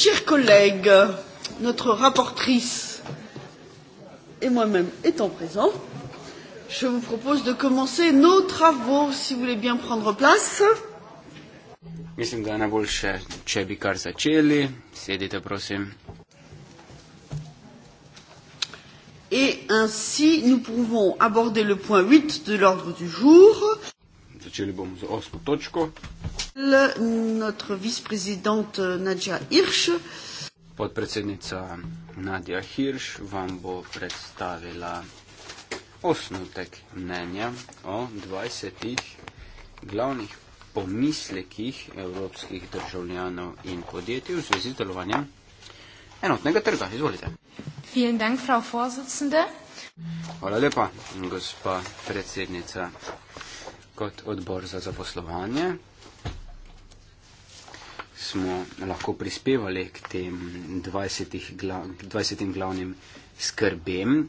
chers collègues notre rapporteure et moi même étant présents je vous propose de commencer nos travaux si vous voulez bien prendre place Mislim, da je najboljše, če bi kar začeli. Sedite, prosim. Ainsi, le point 8 de du jour. Začeli bomo z osmo točko notre vice-présidente euh, Nadia Hirsch. Podpredsednica Nadia Hirsch vam bo predstavila osnutek mnenja o 20 glavnih pomislekih evropskih državljanov in podjetij v zvezi z delovanjem enotnega trga. Izvolite. Dank, Frau Hvala lepa, gospa predsednica. Kot odbor za zaposlovanje smo lahko prispevali k tem 20, gla, 20 glavnim skrbem,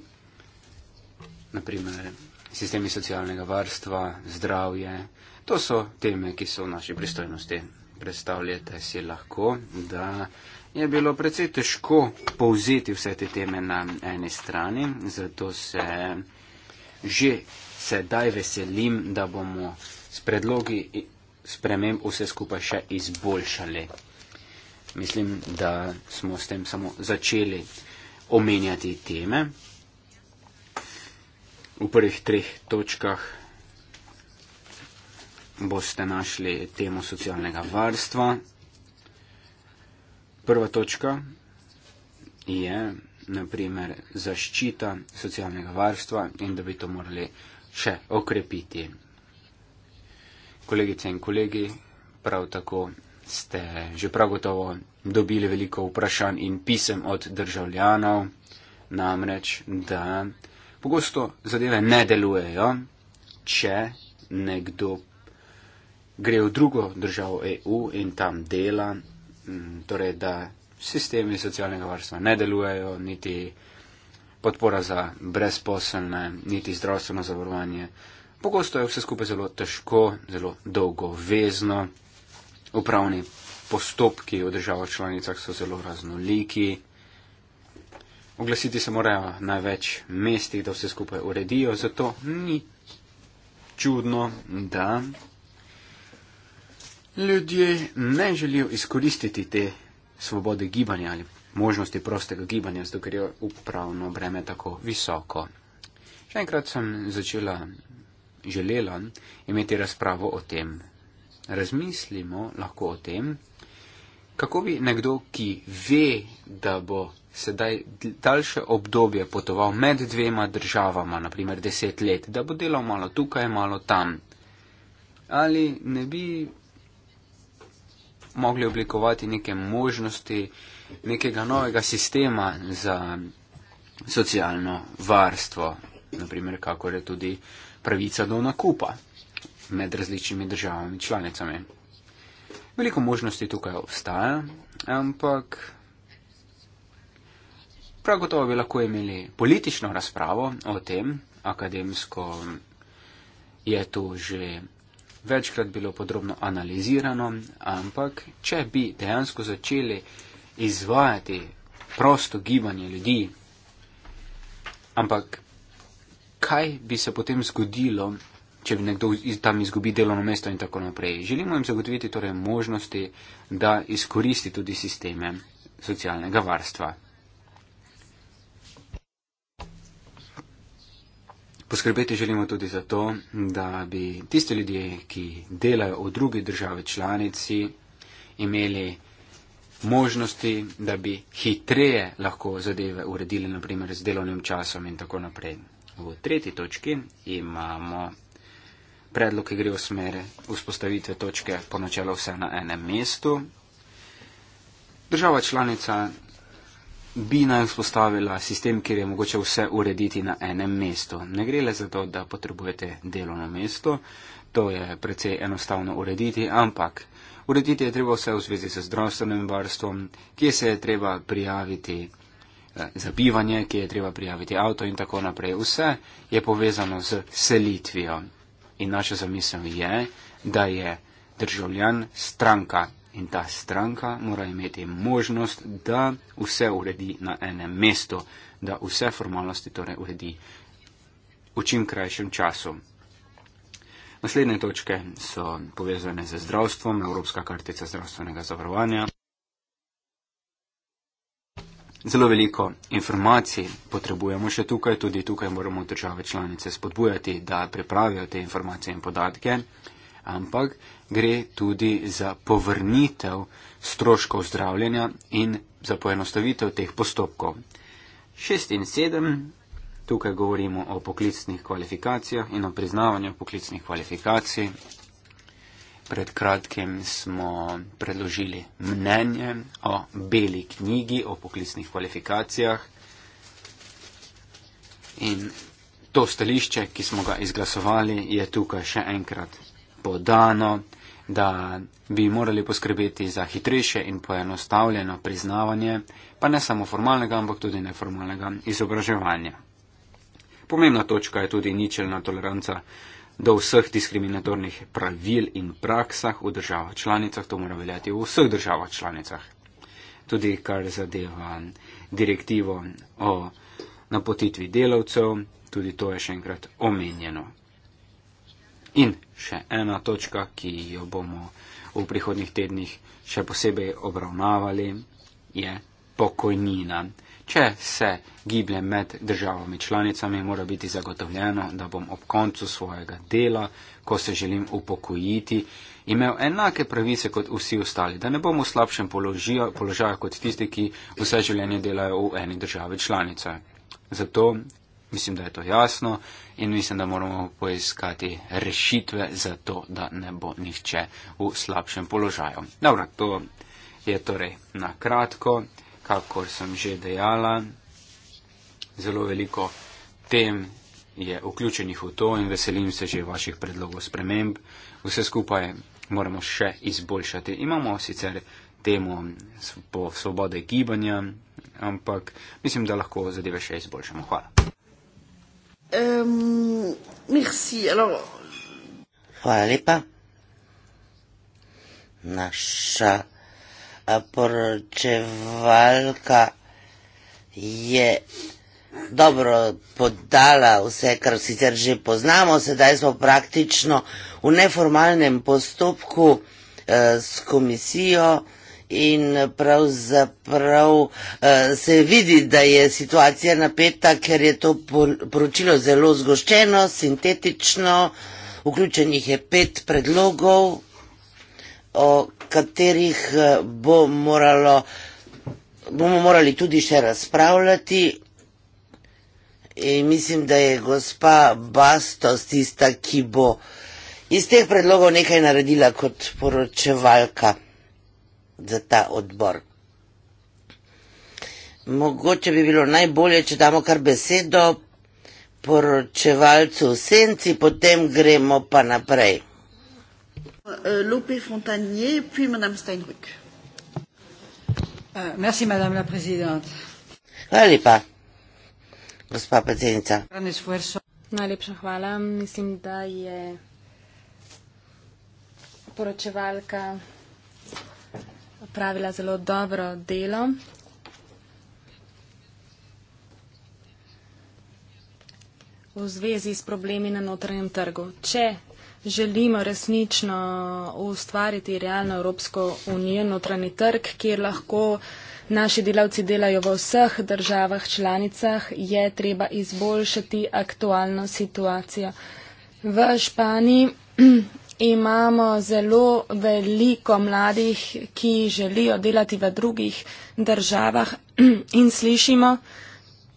naprimer sistemi socialnega varstva, zdravje. To so teme, ki so v naši pristojnosti. Predstavljate si lahko, da je bilo precej težko povzeti vse te teme na eni strani, zato se že sedaj veselim, da bomo s predlogi sprememb vse skupaj še izboljšali. Mislim, da smo s tem samo začeli omenjati teme. V prvih treh točkah boste našli temo socialnega varstva. Prva točka je naprimer zaščita socialnega varstva in da bi to morali še okrepiti kolegice in kolegi, prav tako ste že prav gotovo dobili veliko vprašanj in pisem od državljanov, namreč, da pogosto zadeve ne delujejo, če nekdo gre v drugo državo EU in tam dela, mm, torej da sistemi socialnega varstva ne delujejo, niti podpora za brezposelne, niti zdravstveno zavarovanje. Pogosto je vse skupaj zelo težko, zelo dolgo vezno. Upravni postopki v državah članicah so zelo raznoliki. Oglasiti se morajo na več mestih, da vse skupaj uredijo, zato ni čudno, da ljudje ne želijo izkoristiti te svobode gibanja ali možnosti prostega gibanja, zato ker je upravno breme tako visoko. Še enkrat sem začela želela imeti razpravo o tem. Razmislimo lahko o tem, kako bi nekdo, ki ve, da bo sedaj daljše obdobje potoval med dvema državama, naprimer deset let, da bo delal malo tukaj, malo tam, ali ne bi mogli oblikovati neke možnosti nekega novega sistema za socialno varstvo, naprimer kakor je tudi uh, pravica do nakupa med različnimi državami članicami. Veliko možnosti tukaj obstaja, ampak prav gotovo bi lahko imeli politično razpravo o tem, akademsko je to že večkrat bilo podrobno analizirano, ampak če bi dejansko začeli izvajati prosto gibanje ljudi, ampak kaj bi se potem zgodilo, če bi nekdo tam izgubi delovno mesto in tako naprej. Želimo jim zagotoviti torej možnosti, da izkoristi tudi sisteme socialnega varstva. Poskrbeti želimo tudi za to, da bi tiste ljudje, ki delajo v drugi državi članici, imeli možnosti, da bi hitreje lahko zadeve uredili, naprimer z delovnim časom in tako naprej. V tretji točki imamo predlog, ki gre v smeri vzpostavitve točke po načelu vse na enem mestu. Država članica bi naj vzpostavila sistem, kjer je mogoče vse urediti na enem mestu. Ne gre le za to, da potrebujete delovno mesto, to je precej enostavno urediti, ampak urediti je treba vse v zvezi z zdravstvenim varstvom, kje se je treba prijaviti. Eh, za bivanje, ki je treba prijaviti avto in tako naprej. Vse je povezano z selitvijo. In naša zamisel je, da je državljan stranka in ta stranka mora imeti možnost, da vse uredi na enem mestu, da vse formalnosti torej uredi v čim krajšem času. Naslednje točke so povezane z zdravstvom, Evropska kartica zdravstvenega zavarovanja zelo veliko informacij potrebujemo še tukaj, tudi tukaj moramo države članice spodbujati, da pripravijo te informacije in podatke, ampak gre tudi za povrnitev stroškov zdravljenja in za poenostavitev teh postopkov. 6 in 7. Tukaj govorimo o poklicnih kvalifikacijah in o priznavanju poklicnih kvalifikacij pred kratkim smo predložili mnenje o beli knjigi o poklicnih kvalifikacijah in to stališče, ki smo ga izglasovali, je tukaj še enkrat podano, da bi morali poskrbeti za hitrejše in poenostavljeno priznavanje, pa ne samo formalnega, ampak tudi neformalnega izobraževanja. Pomembna točka je tudi ničelna toleranca do vseh diskriminatornih pravil in praksah v državah članicah, to mora veljati v vseh državah članicah. Tudi kar zadeva direktivo o napotitvi delavcev, tudi to je še enkrat omenjeno. In še ena točka, ki jo bomo v prihodnih tednih še posebej obravnavali, je pokojnina. Če se giblje med državami članicami, mora biti zagotovljeno, da bom ob koncu svojega dela, ko se želim upokojiti, imel enake pravice kot vsi ostali, da ne bom v slabšem položijo, položaju kot tisti, ki vse življenje delajo v eni državi članice. Zato mislim, da je to jasno in mislim, da moramo poiskati rešitve za to, da ne bo nihče v slabšem položaju. Dobro, to je torej na kratko kakor sem že dejala, zelo veliko tem je vključenih v to in veselim se že vaših predlogov sprememb. Vse skupaj moramo še izboljšati. Imamo sicer temo po svobode gibanja, ampak mislim, da lahko zadeve še izboljšamo. Hvala. Um, merci, Hvala lepa. Naša poročevalka je dobro podala vse, kar sicer že poznamo, sedaj smo praktično v neformalnem postopku eh, s komisijo in pravzaprav eh, se vidi, da je situacija napeta, ker je to poročilo zelo zgoščeno, sintetično, vključenih je pet predlogov, o katerih eh, bo moralo, bomo morali tudi še razpravljati. In mislim, da je gospa Bastos tista, ki bo iz teh predlogov nekaj naredila kot poročevalka za ta odbor. Mogoče bi bilo najbolje, če damo kar besedo poročevalcu v senci, potem gremo pa naprej. Euh, Lopé Fontanier, puis Madame Steinruck. Euh, merci Madame la Présidente. Allez pas. Gospa predsednica. Najlepša hvala. Mislim, da je poročevalka pravila zelo dobro delo. V zvezi s problemi na notranjem trgu. Če želimo resnično ustvariti realno Evropsko unijo, notranji trg, kjer lahko naši delavci delajo v vseh državah članicah, je treba izboljšati aktualno situacijo. V Španiji imamo zelo veliko mladih, ki želijo delati v drugih državah in slišimo,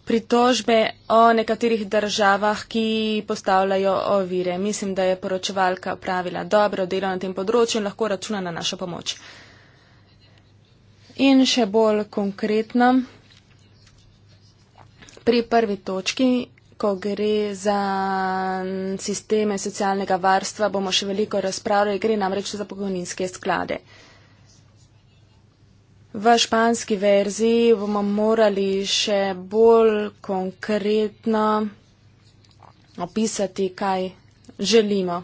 pritožbe o nekaterih državah, ki postavljajo ovire. Mislim, da je poročevalka pravila dobro delo na tem področju in lahko računa na našo pomoč. In še bolj konkretno, pri prvi točki, ko gre za sisteme socialnega varstva, bomo še veliko razpravljali, gre namreč za pogoninske sklade. V španski verziji bomo morali še bolj konkretno opisati, kaj želimo.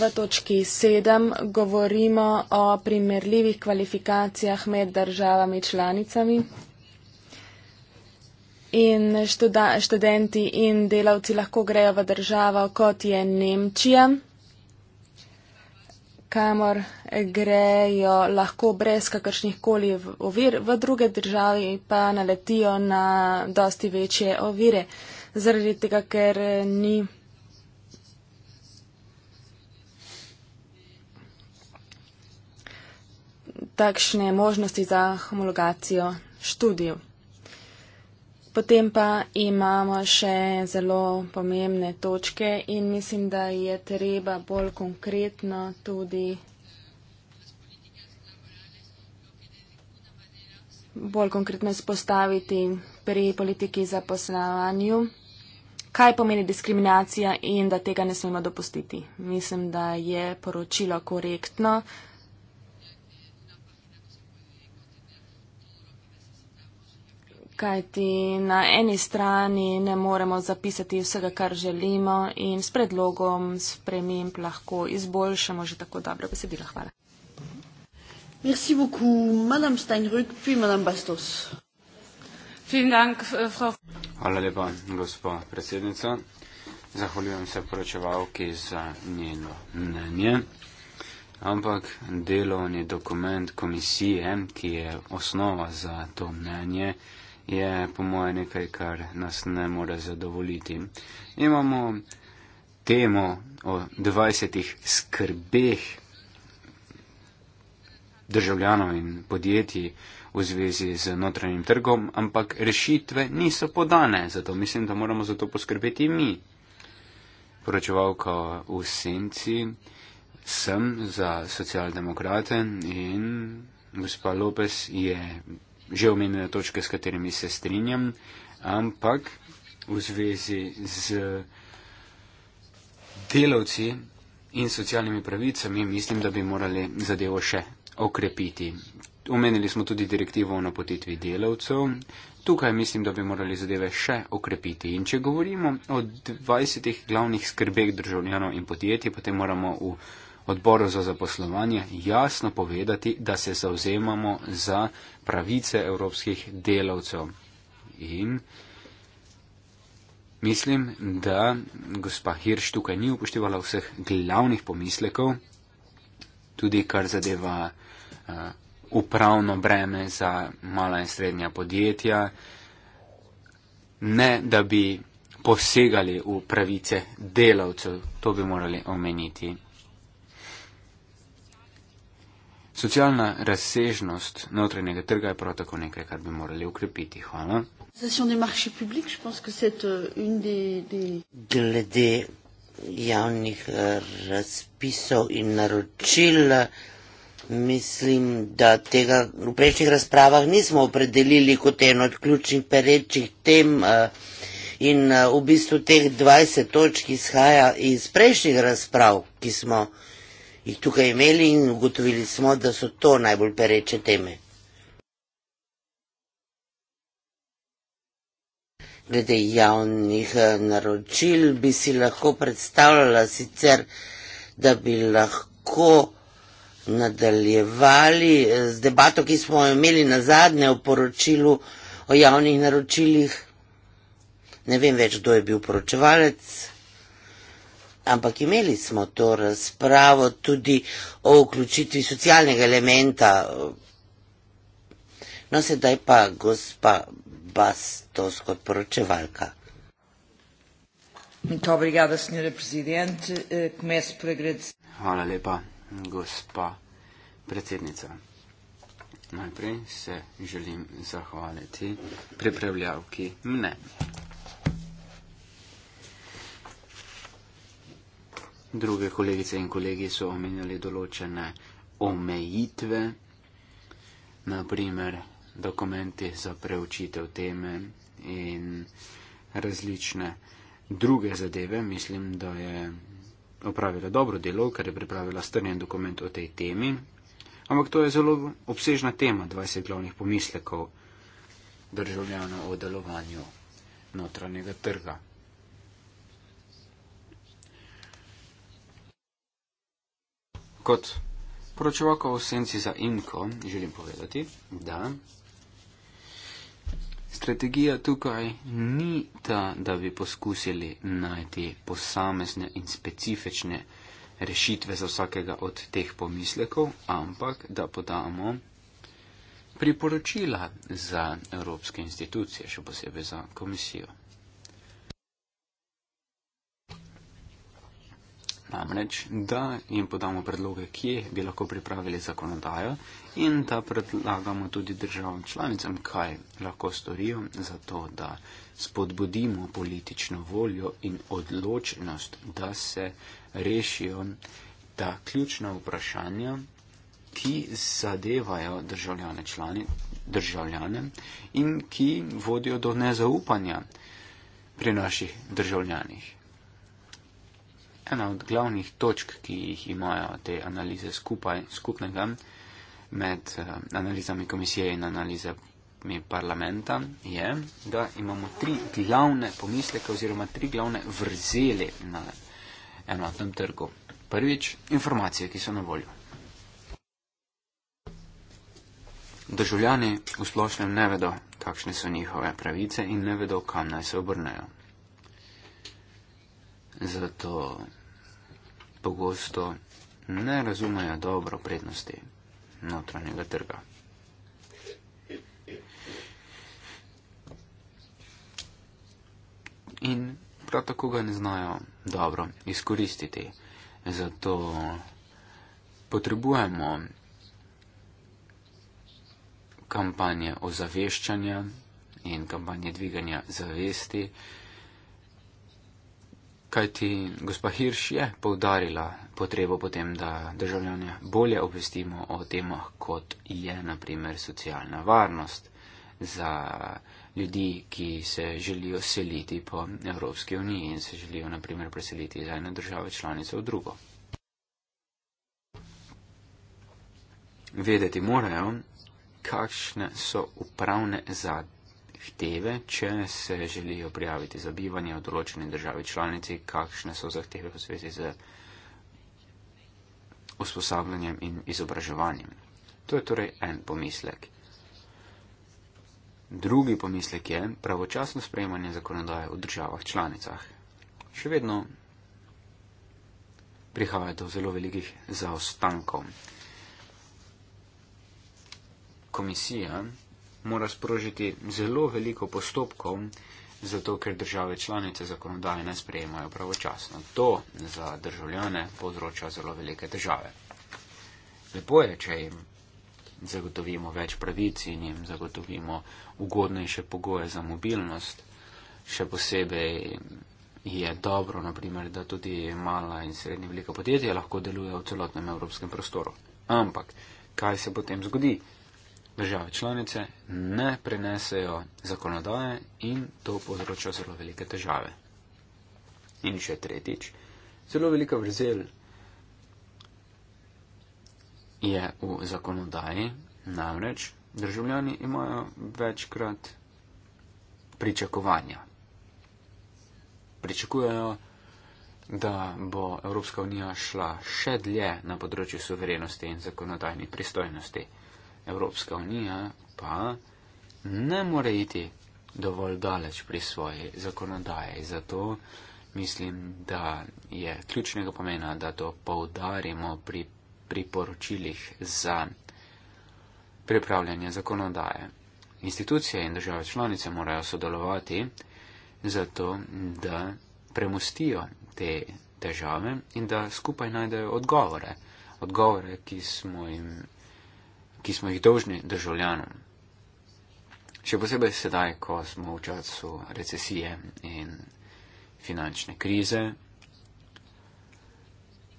V točki sedem govorimo o primerljivih kvalifikacijah med državami članicami. In študa, študenti in delavci lahko grejo v državo, kot je Nemčija kamor grejo lahko brez kakršnih koli ovir, v druge države pa naletijo na dosti večje ovire, zaradi tega, ker ni. takšne možnosti za homologacijo študijev. Potem pa imamo še zelo pomembne točke in mislim, da je treba bolj konkretno tudi. bolj konkretno spostaviti pri politiki zaposlovanju, kaj pomeni diskriminacija in da tega ne smemo dopustiti. Mislim, da je poročilo korektno. kajti na eni strani ne moremo zapisati vsega, kar želimo in s predlogom sprememb lahko izboljšamo že tako dobro besedilo. Hvala. Merci beaucoup, madame Steinruck, puis madame Bastos. Dank, uh, Hvala lepa, gospod predsednica. Zahvaljujem se poročevalki za njeno mnenje. Ampak delovni dokument komisije, ki je osnova za to mnenje, je po moje nekaj, kar nas ne more zadovoljiti. Imamo temo o 20 skrbeh državljanov in podjetij v zvezi z notranjim trgom, ampak rešitve niso podane, zato mislim, da moramo za to poskrbeti mi. Poročevalka v senci sem za socialdemokrate in gospa Lopes je že omenjene točke, s katerimi se strinjam, ampak v zvezi z delavci in socialnimi pravicami mislim, da bi morali zadevo še okrepiti. Omenili smo tudi direktivo o napotitvi delavcev. Tukaj mislim, da bi morali zadeve še okrepiti. In če govorimo o 20 glavnih skrbeh državljanov in podjetij, potem moramo v odboru za zaposlovanje jasno povedati, da se zauzemamo za pravice evropskih delavcev. In mislim, da gospa Hirš tukaj ni upoštevala vseh glavnih pomislekov, tudi kar zadeva uh, upravno breme za mala in srednja podjetja, ne da bi posegali v pravice delavcev, to bi morali omeniti. Socialna razsežnost notranjega trga je prav tako nekaj, kar bi morali ukrepiti. Hvala. Euh, Glede javnih eh, razpisov in naročil, mislim, da tega v prejšnjih razpravah nismo opredelili kot eno od ključnih perečih tem. Eh, in eh, v bistvu teh 20 točk izhaja iz prejšnjih razprav, ki smo jih jih tukaj imeli in ugotovili smo, da so to najbolj pereče teme. Glede javnih eh, naročil bi si lahko predstavljala sicer, da bi lahko nadaljevali eh, z debato, ki smo jo imeli na zadnje v poročilu o javnih naročilih. Ne vem več, kdo je bil poročevalec. Ampak imeli smo to razpravo tudi o vključitvi socialnega elementa. No, sedaj pa gospa Bastos kot poročevalka. Obrigada, senjore prezident, kmes eh, pregred. Hvala lepa, gospa predsednica. Najprej se želim zahvaliti pripravljavki mne. Druge kolegice in kolegi so omenjali določene omejitve, naprimer dokumenti za preučitev teme in različne druge zadeve. Mislim, da je opravila dobro delo, ker je pripravila strnjen dokument o tej temi. Ampak to je zelo obsežna tema 20 glavnih pomislekov državljanov o delovanju notranjega trga. kot poročevalka v senci za Inko želim povedati, da strategija tukaj ni ta, da bi poskusili najti posamezne in specifične rešitve za vsakega od teh pomislekov, ampak da podamo priporočila za evropske institucije, še posebej za komisijo. namreč, da jim podamo predloge, kje bi lahko pripravili zakonodajo in da predlagamo tudi državam članicam, kaj lahko storijo za to, da spodbudimo politično voljo in odločenost, da se rešijo ta ključna vprašanja, ki zadevajo državljane, člani, državljane in ki vodijo do nezaupanja pri naših državljanih ena od glavnih točk, ki jih imajo te analize skupaj, skupnega med eh, analizami komisije in analizami parlamenta, je, da imamo tri glavne pomisleke oziroma tri glavne vrzeli na enotnem trgu. Prvič, informacije, ki so na voljo. Državljani v splošnem ne vedo, kakšne so njihove pravice in ne vedo, kam naj se obrnejo. Zato pogosto ne razumejo dobro prednosti notranjega trga. In prav tako ga ne znajo dobro izkoristiti. Zato potrebujemo kampanje ozaveščanja in kampanje dviganja zavesti kajti gospa Hirš je povdarila potrebo potem, da državljanje bolje obvestimo o temah, kot je naprimer socialna varnost za ljudi, ki se želijo seliti po Evropski uniji in se želijo naprimer preseliti iz ene države članice v drugo. Vedeti morajo, kakšne so upravne zadnje zahteve, če se želijo prijaviti za bivanje v določeni državi članici, kakšne so zahteve v zvezi z usposabljanjem in izobraževanjem. To je torej en pomislek. Drugi pomislek je pravočasno sprejemanje zakonodaje v državah članicah. Še vedno prihaja do zelo velikih zaostankov. Komisija mora sprožiti zelo veliko postopkov, zato ker države članice zakonodaje ne sprejemajo pravočasno. To za državljane povzroča zelo velike države. Lepo je, če jim zagotovimo več pravic in jim zagotovimo ugodnejše pogoje za mobilnost, še posebej je dobro, naprimer, da tudi mala in srednja velika podjetja lahko delujejo v celotnem evropskem prostoru. Ampak, kaj se potem zgodi? države članice ne prenesejo zakonodaje in to povzroča zelo velike težave. In še tretjič, zelo velika vrzel je v zakonodaji, namreč državljani imajo večkrat pričakovanja. Pričakujejo, da bo Evropska unija šla še dlje na področju suverenosti in zakonodajni pristojnosti. Evropska unija pa ne more iti dovolj daleč pri svoji zakonodaji. Zato mislim, da je ključnega pomena, da to poudarimo pri priporočilih za pripravljanje zakonodaje. Institucije in države članice morajo sodelovati zato, da premustijo te težave in da skupaj najdejo odgovore. Odgovore, ki smo jim ki smo jih dolžni državljanom. Še posebej sedaj, ko smo v času recesije in finančne krize,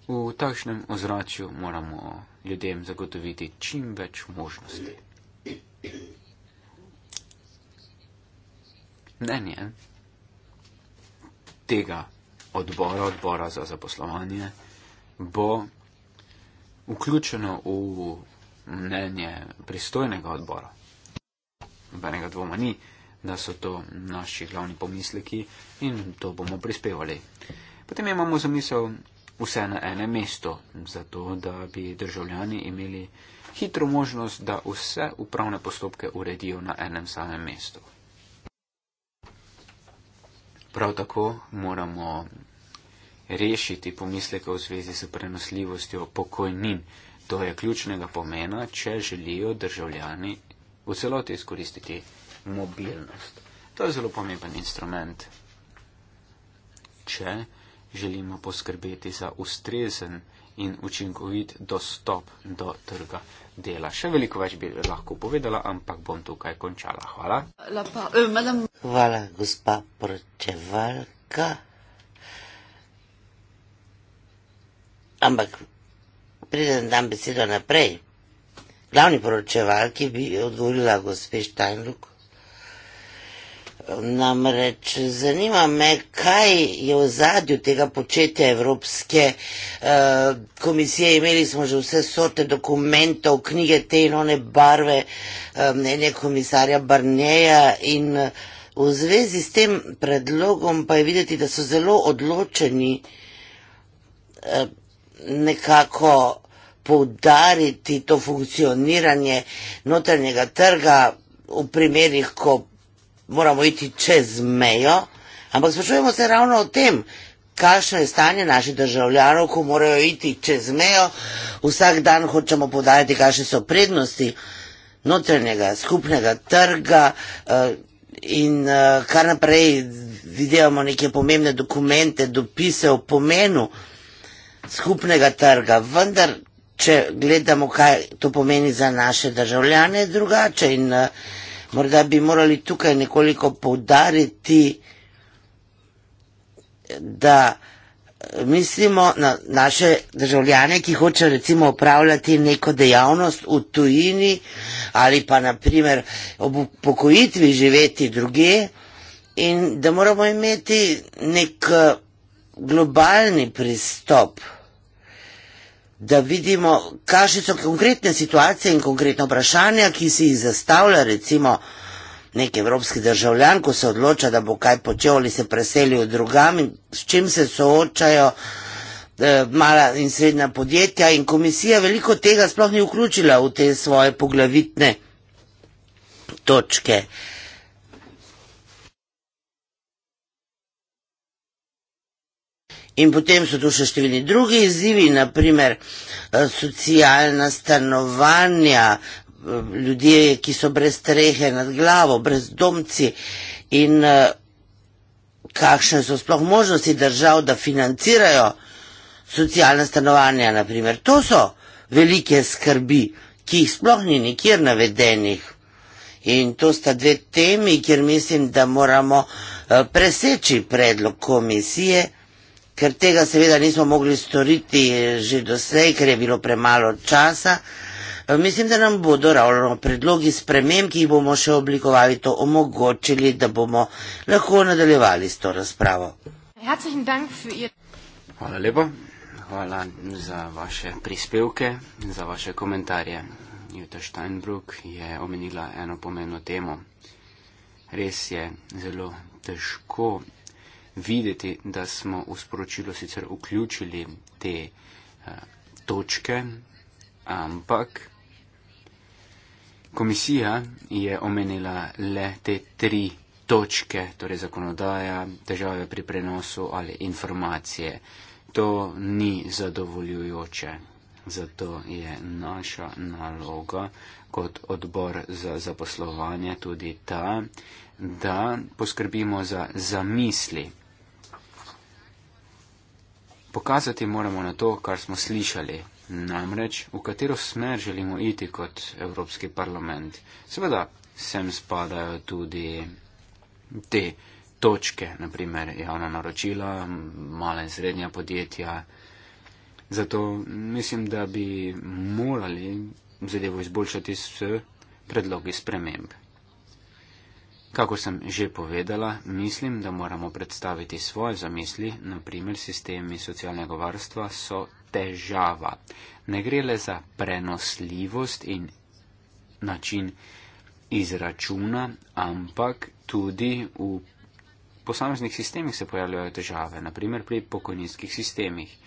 v takšnem ozračju moramo ljudem zagotoviti čim več možnosti. Mnenje tega odbora, odbora za zaposlovanje, bo vključeno v mnenje pristojnega odbora. Nobenega dvoma ni, da so to naši glavni pomisleki in to bomo prispevali. Potem imamo zamisel vse na eno mesto, zato da bi državljani imeli hitro možnost, da vse upravne postopke uredijo na enem samem mestu. Prav tako moramo rešiti pomisleke v zvezi s prenosljivostjo pokojnin. To je ključnega pomena, če želijo državljani v celoti izkoristiti mobilnost. To je zelo pomemben instrument. Če želimo poskrbeti za ustrezen in učinkovit dostop do trga dela. Še veliko več bi lahko povedala, ampak bom tukaj končala. Hvala. Lepa, eh, madam... Hvala, gospa Pročevalka. Ampak preden dam besedo naprej. Glavni poročevalki bi odgovorila gospe Štajnluk. Namreč zanima me, kaj je v zadju tega početja Evropske eh, komisije. Imeli smo že vse sorte dokumentov, knjige te in one barve, eh, mnenje komisarja Barneja in eh, v zvezi s tem predlogom pa je videti, da so zelo odločeni. Eh, nekako poudariti to funkcioniranje notranjega trga v primerih, ko moramo iti čez mejo, ampak sprašujemo se ravno o tem, kakšno je stanje naših državljanov, ko morajo iti čez mejo. Vsak dan hočemo podajati, kakšne so prednosti notranjega skupnega trga eh, in eh, kar naprej vidimo neke pomembne dokumente, dopise o pomenu skupnega trga. Vendar, če gledamo, kaj to pomeni za naše državljane, je drugače in eh, morda bi morali tukaj nekoliko poudariti, da eh, mislimo na naše državljane, ki hoče recimo upravljati neko dejavnost v tujini ali pa naprimer ob pokojitvi živeti druge in da moramo imeti nek eh, globalni pristop da vidimo, kakšne so konkretne situacije in konkretne vprašanja, ki si jih zastavlja recimo nek evropski državljan, ko se odloča, da bo kaj počel ali se preselil drugam in s čim se soočajo eh, mala in srednja podjetja in komisija veliko tega sploh ni vključila v te svoje poglavitne točke. Uh, In potem so tu še številni drugi izzivi, naprimer eh, socialna stanovanja, eh, ljudje, ki so brez strehe nad glavo, brez domci in eh, kakšne so sploh možnosti držav, da financirajo socialna stanovanja, naprimer. To so velike skrbi, ki jih sploh ni nikjer navedenih. In to sta dve temi, kjer mislim, da moramo preseči predlog komisije, ker tega seveda nismo mogli storiti že doslej, ker je bilo premalo časa. Eh, mislim, da nam bodo ravno predlogi spremem, ki jih bomo še oblikovali, to omogočili, da bomo lahko nadaljevali s to razpravo. Hvala lepa. Hvala za vaše prispevke, za vaše komentarje. Jutta Steinbrück je omenila eno pomembno temo. Res je zelo težko videti, da smo v sporočilo sicer vključili te eh, točke, ampak komisija je omenila le te tri točke, torej zakonodaja, težave pri prenosu ali informacije. To ni zadovoljujoče. Zato je naša naloga kot odbor za zaposlovanje tudi ta, da poskrbimo za zamisli. Pokazati moramo na to, kar smo slišali, namreč v katero smer želimo iti kot Evropski parlament. Seveda sem spadajo tudi te točke, naprimer javna naročila, male in srednja podjetja. Zato mislim, da bi morali zadevo izboljšati s predlogi sprememb. Kako sem že povedala, mislim, da moramo predstaviti svoje zamisli, naprimer sistemi socialnega varstva so težava. Ne gre le za prenosljivost in način izračuna, ampak tudi v posameznih sistemih se pojavljajo težave, naprimer pri pokojninskih sistemih.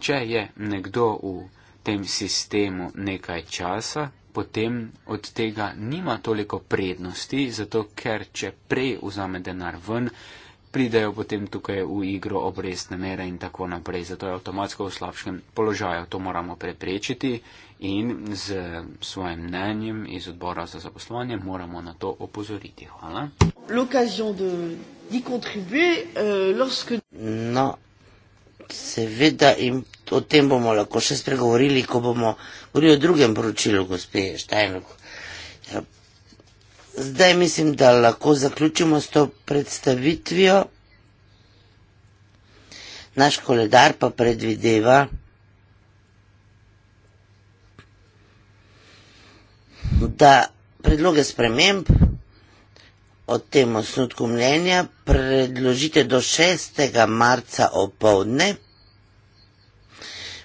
Če je nekdo v tem sistemu nekaj časa, potem od tega nima toliko prednosti, zato ker če prej vzame denar ven, pridejo potem tukaj v igro obrestne mere in tako naprej. Zato je avtomatsko v slabšem položaju. To moramo preprečiti in z svojim mnenjem iz odbora za zaposlovanje moramo na to opozoriti. Hvala. Euh, na seveda in o tem bomo lahko še spregovorili, ko bomo govorili o drugem poročilu, gospe Štajnok. Ja. Zdaj mislim, da lahko zaključimo s to predstavitvijo. Naš koledar pa predvideva. Da predloge sprememb o tem osnutku mnenja predložite do 6. marca o povdne,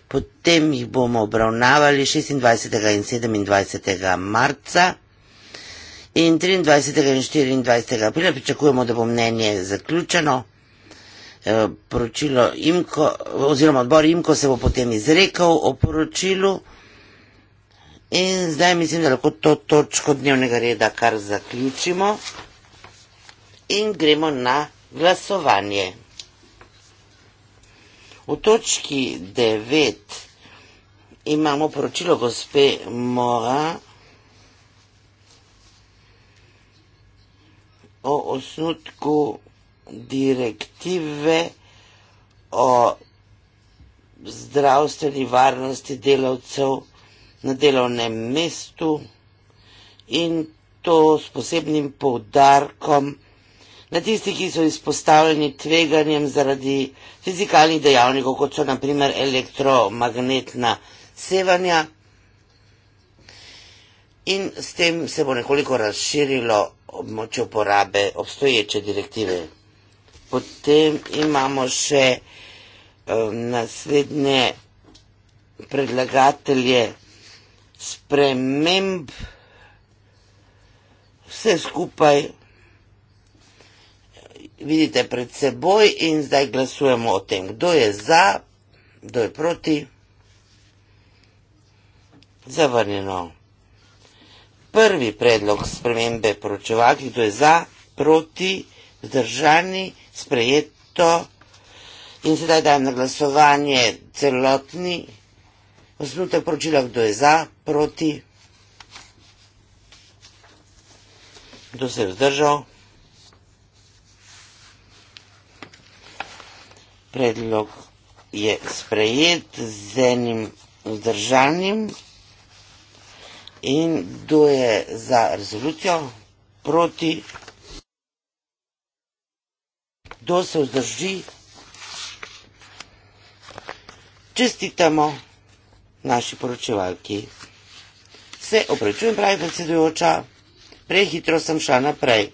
potem jih bomo obravnavali 26. in 27. marca in 23. in 24. aprila pričakujemo, da bo mnenje zaključeno. E, poročilo IMKO oziroma odbor IMKO se bo potem izrekel o poročilu. In zdaj mislim, da lahko to točko dnevnega reda kar zaključimo in gremo na glasovanje. V točki 9 imamo poročilo gospe Mora o osnutku direktive o zdravstveni varnosti delavcev na delovnem mestu in to s posebnim poudarkom na na tisti, ki so izpostavljeni tveganjem zaradi fizikalnih dejavnikov, kot so naprimer elektromagnetna sevanja. In s tem se bo nekoliko razširilo območje uporabe obstoječe direktive. Potem imamo še eh, naslednje predlagatelje sprememb, vse skupaj vidite pred seboj in zdaj glasujemo o tem, kdo je za, kdo je proti. Zavrnjeno. Prvi predlog spremembe poročevalki, kdo je za, proti, vzdržani, sprejeto in sedaj dajem na glasovanje celotni osnutek poročila, kdo je za, proti, kdo se je vzdržal. predlog je sprejet z enim vzdržanim in kdo je za rezolucijo proti, kdo se vzdrži, čestitamo naši poročevalki. Se opračujem, pravi predsedujoča, prehitro sem šla naprej.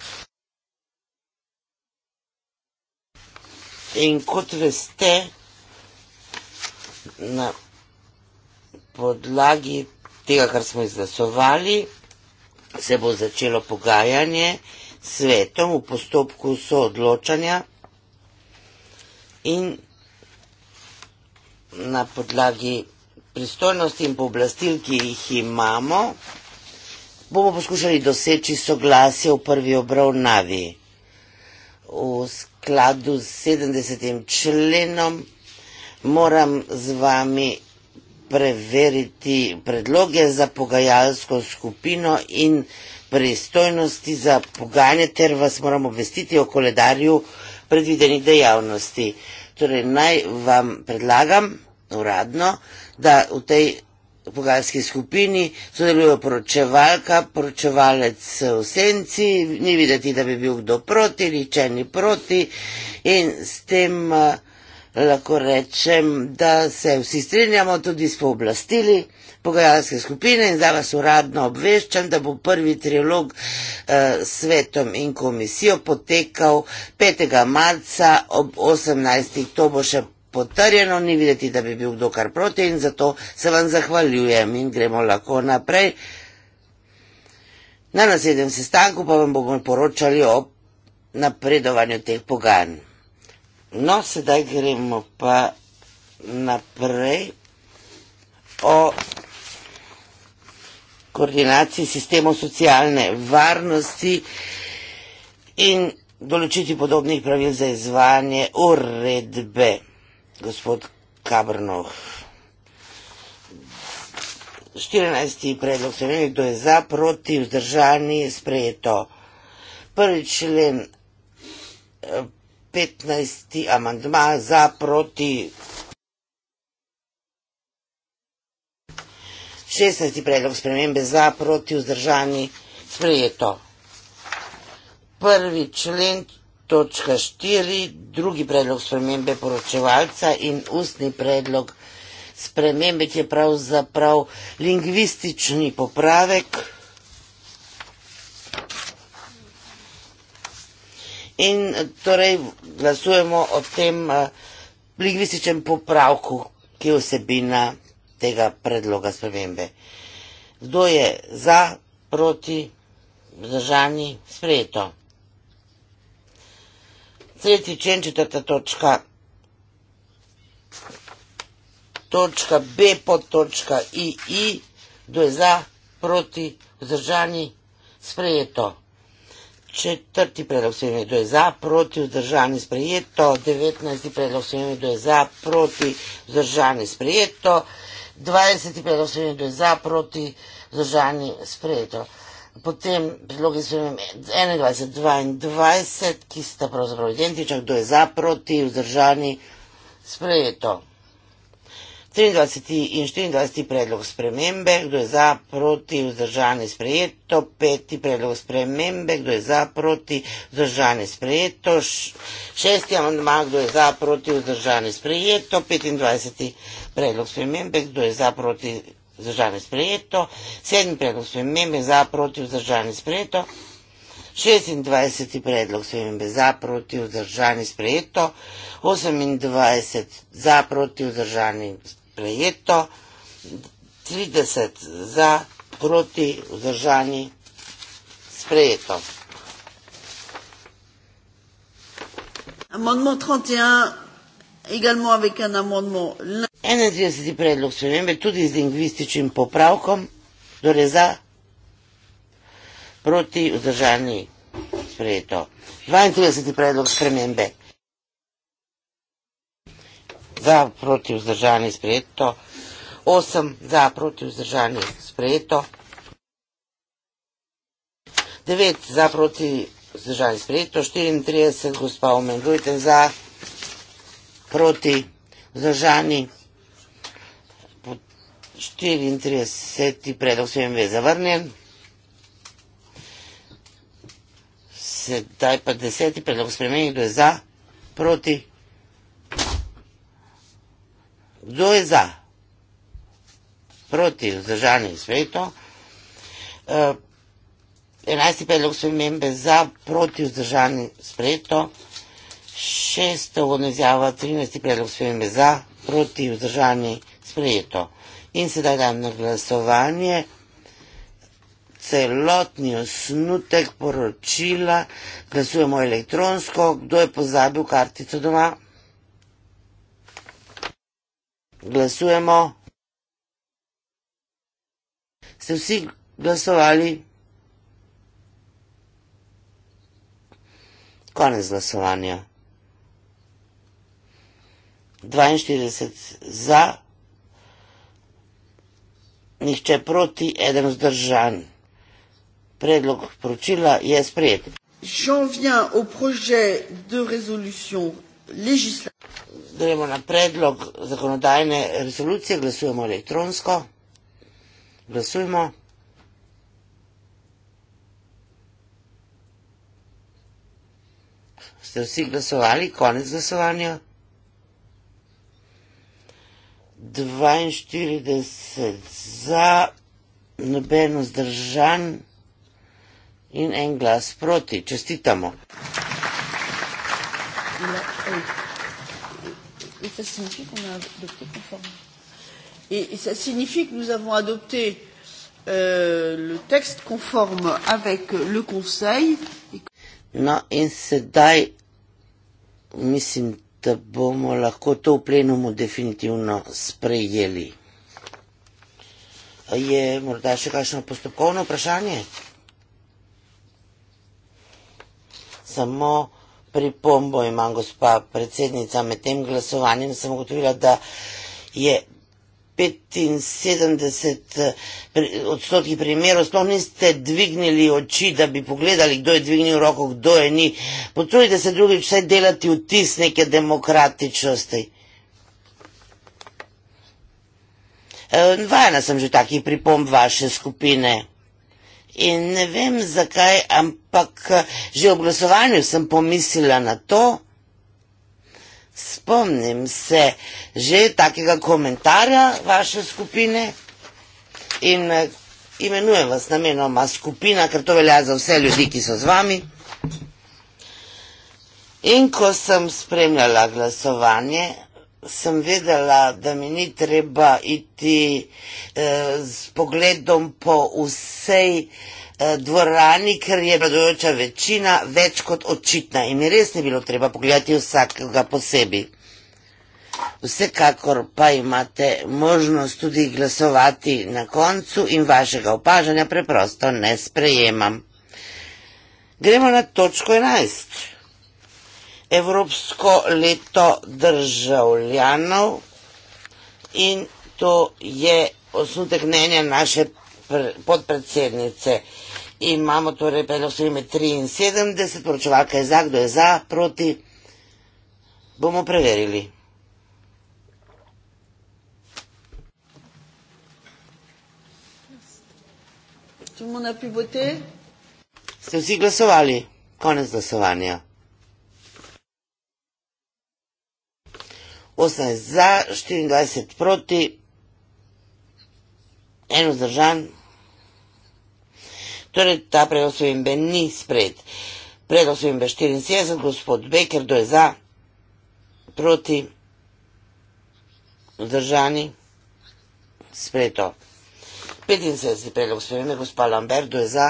In kot veste, na podlagi tega, kar smo izglasovali, se bo začelo pogajanje s svetom v postopku soodločanja in na podlagi pristojnosti in pooblastil, ki jih imamo, bomo poskušali doseči soglasje v prvi obravnavi. V skladu z 70. členom moram z vami preveriti predloge za pogajalsko skupino in pristojnosti za pogajanje ter vas moram obvestiti o koledarju predvidenih dejavnosti. Torej, naj vam predlagam uradno, da v tej v pogajalski skupini, sodeluje poročevalka, poročevalec v senci, ni videti, da bi bil kdo proti, niče ni proti in s tem eh, lahko rečem, da se vsi strinjamo tudi s pooblastili pogajalske skupine in za vas uradno obveščam, da bo prvi trilog eh, s eh, svetom in komisijo potekal 5. marca ob 18. To bo še potrjeno, ni videti, da bi bil dokar proti in zato se vam zahvaljujem in gremo lahko naprej. Na naslednjem sestanku pa vam bomo poročali o napredovanju teh pogajanj. No, sedaj gremo pa naprej o koordinaciji sistemov socialne varnosti in določiti podobnih pravil za izvajanje uredbe gospod Kabrnoh. 14. predlog se meni, kdo je za, proti, vzdržani, sprejeto. Prvi člen, 15. Eh, amandma, za, proti. 16. predlog spremembe za, proti, vzdržani, sprejeto. Prvi člen, točka štiri, drugi predlog spremembe poročevalca in ustni predlog spremembe, ki je pravzaprav lingvistični popravek. In torej glasujemo o tem lingvističnem popravku, ki je vsebina tega predloga spremembe. Kdo je za, proti, zdržani, sprejeto? Tretji čen, četrta točka. Točka B pod točka I, I, do je za, proti, vzdržani, sprejeto. Četrti predlog sprejeme, do je za, proti, vzdržani, sprejeto. Devetnajsti predlog sprejeme, do je za, proti, vzdržani, sprejeto. Dvajseti predlog sprejeme, do je za, proti, vzdržani, sprejeto. Potem predloge so 21-22, ki sta pravzaprav identična, kdo je za, proti, vzdržani, sprejeto. 23 in 24 predlog spremembe, kdo je za, proti, vzdržani, sprejeto. 5 predlog spremembe, kdo je za, proti, vzdržani, sprejeto. 6 amandma, kdo je za, proti, vzdržani, sprejeto. 25 predlog spremembe, kdo je za, proti, vzdržani, sprejeto vzdržane sprejeto, sedem predlog spremembe za proti vzdržane sprejeto, 26. predlog spremembe za proti vzdržane sprejeto, 28. za proti vzdržane sprejeto, 30. za proti vzdržane sprejeto. Amendment 31. Également avec un amendement. 31. Prédlog spremembe, tudi z lingvističnim popravkom, torej za proti vzdržani sprejeto. 32. predlog spremembe. Za proti vzdržani sprejeto. 8. Za proti vzdržani sprejeto. 9. Za proti vzdržani sprejeto. 34. Gospa Omen Dujten za proti zdržani. 34. predlog se jim je zavrnjen. Sedaj pa 10. predlog spremeni, kdo je za, proti. Kdo je za? Proti vzdržani sveto. 11. E, predlog spremembe za, proti vzdržani sveto šesto vodno izjavo, trinajsti predlog spremembe za, proti vzdržani sprejeto. In sedaj dajem na glasovanje celotni osnutek poročila, glasujemo elektronsko, kdo je pozabil kartico doma. Glasujemo. Ste vsi glasovali? Konec glasovanja. 42 za, nihče proti, eden vzdržan. Predlog poročila je sprejet. Gremo na predlog zakonodajne resolucije, glasujemo elektronsko. Glasujemo. Ste vsi glasovali? Konec glasovanja. 42 za, noben vzdržan in en glas proti. Čestitamo. Ça signifie que nous avons adopté euh, le texte conforme avec le Conseil. Non, et c'est da bomo lahko to v plenumu definitivno sprejeli. Je morda še kakšno postopkovno vprašanje? Samo pripombo imam, gospa predsednica, med tem glasovanjem sem ugotovila, da je 75 odstotkih primerov sploh niste dvignili oči, da bi pogledali, kdo je dvignil roko, kdo je ni. Potrudite se drugič vsaj delati vtis neke demokratičnosti. E, vajena sem že takih pripomb vaše skupine. In ne vem zakaj, ampak že ob glasovanju sem pomislila na to, spomnim se že takega komentarja vaše skupine in eh, imenujem vas namenoma skupina, ker to velja za vse ljudi, ki so z vami. In ko sem spremljala glasovanje, sem vedela, da mi ni treba iti eh, s pogledom po vsej eh, Eh, dvorani, ker je vladajoča večina več kot očitna in res ni bilo treba pogledati vsakega posebej. Vsekakor pa imate možnost tudi glasovati na koncu in vašega opažanja preprosto ne sprejemam. Gremo na točko 11. Evropsko leto državljanov in to je osnutek mnenja naše podpredsednice. Imamo torej pelostrime 73, poročevalka je za, kdo je za, proti. Bomo preverili. Čemo na pivote? Ste vsi glasovali? Konec glasovanja. 18 za, 24 proti, eno zdržan. Torej, ta predlog spremembe ni spred. Predlog spremembe 74, gospod Becker, kdo je za, proti, vzdržani, spredo. 75. predlog spremembe, gospod Lambert, kdo je za,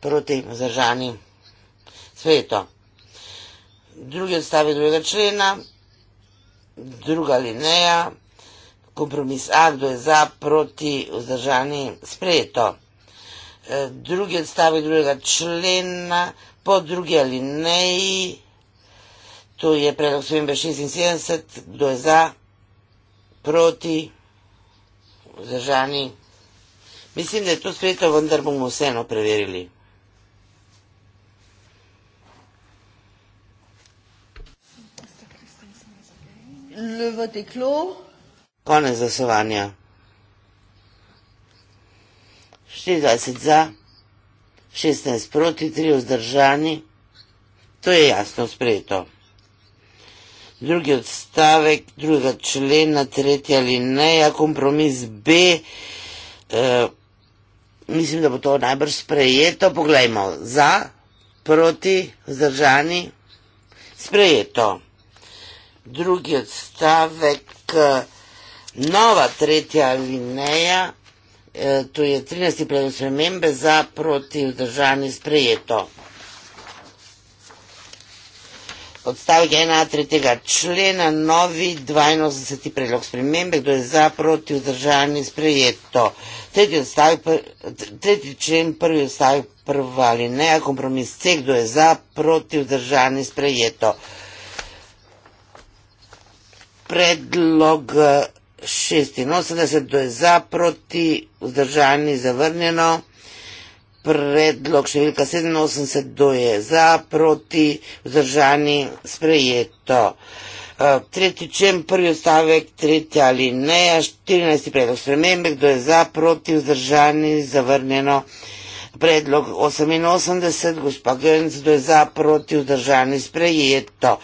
proti, vzdržani, spredo. Drugi odstavek drugega člena, druga linija, kompromis A, kdo je za, proti, vzdržani, spredo. E, drugi odstavek drugega člena po drugi alineji. To je predlog spremembe 76, kdo je za, proti, vzdržani. Mislim, da je to sprejeto, vendar bomo vseeno preverili. Le v teklo. Konec zasovanja. 60 za, 16 proti, 3 vzdržani. To je jasno sprejeto. Drugi odstavek, druga člena, tretja ali ne, kompromis B, eh, mislim, da bo to najbrž sprejeto. Poglejmo, za, proti, vzdržani, sprejeto. Drugi odstavek, nova tretja alineja. E, to je 13. predlog spremembe za proti vzdržani sprejeto. Odstavek 1. 3. člena, novi 82. predlog spremembe, kdo je za proti vzdržani sprejeto. Tretji, odstavek, tretji člen, prvi odstavek, prva ali ne, kompromis C, kdo je za proti vzdržani sprejeto. Predlog uh, 86, to je za, proti, vzdržani, zavrnjeno. Predlog številka 87, to je za, proti, vzdržani, sprejeto. Eh, tretji čem, prvi odstavek, tretja ali neja, 14. predlog spremembe, kdo je za, proti, vzdržani, zavrnjeno predlog 88, gospa Gensdo je za proti vzdržani sprejeto.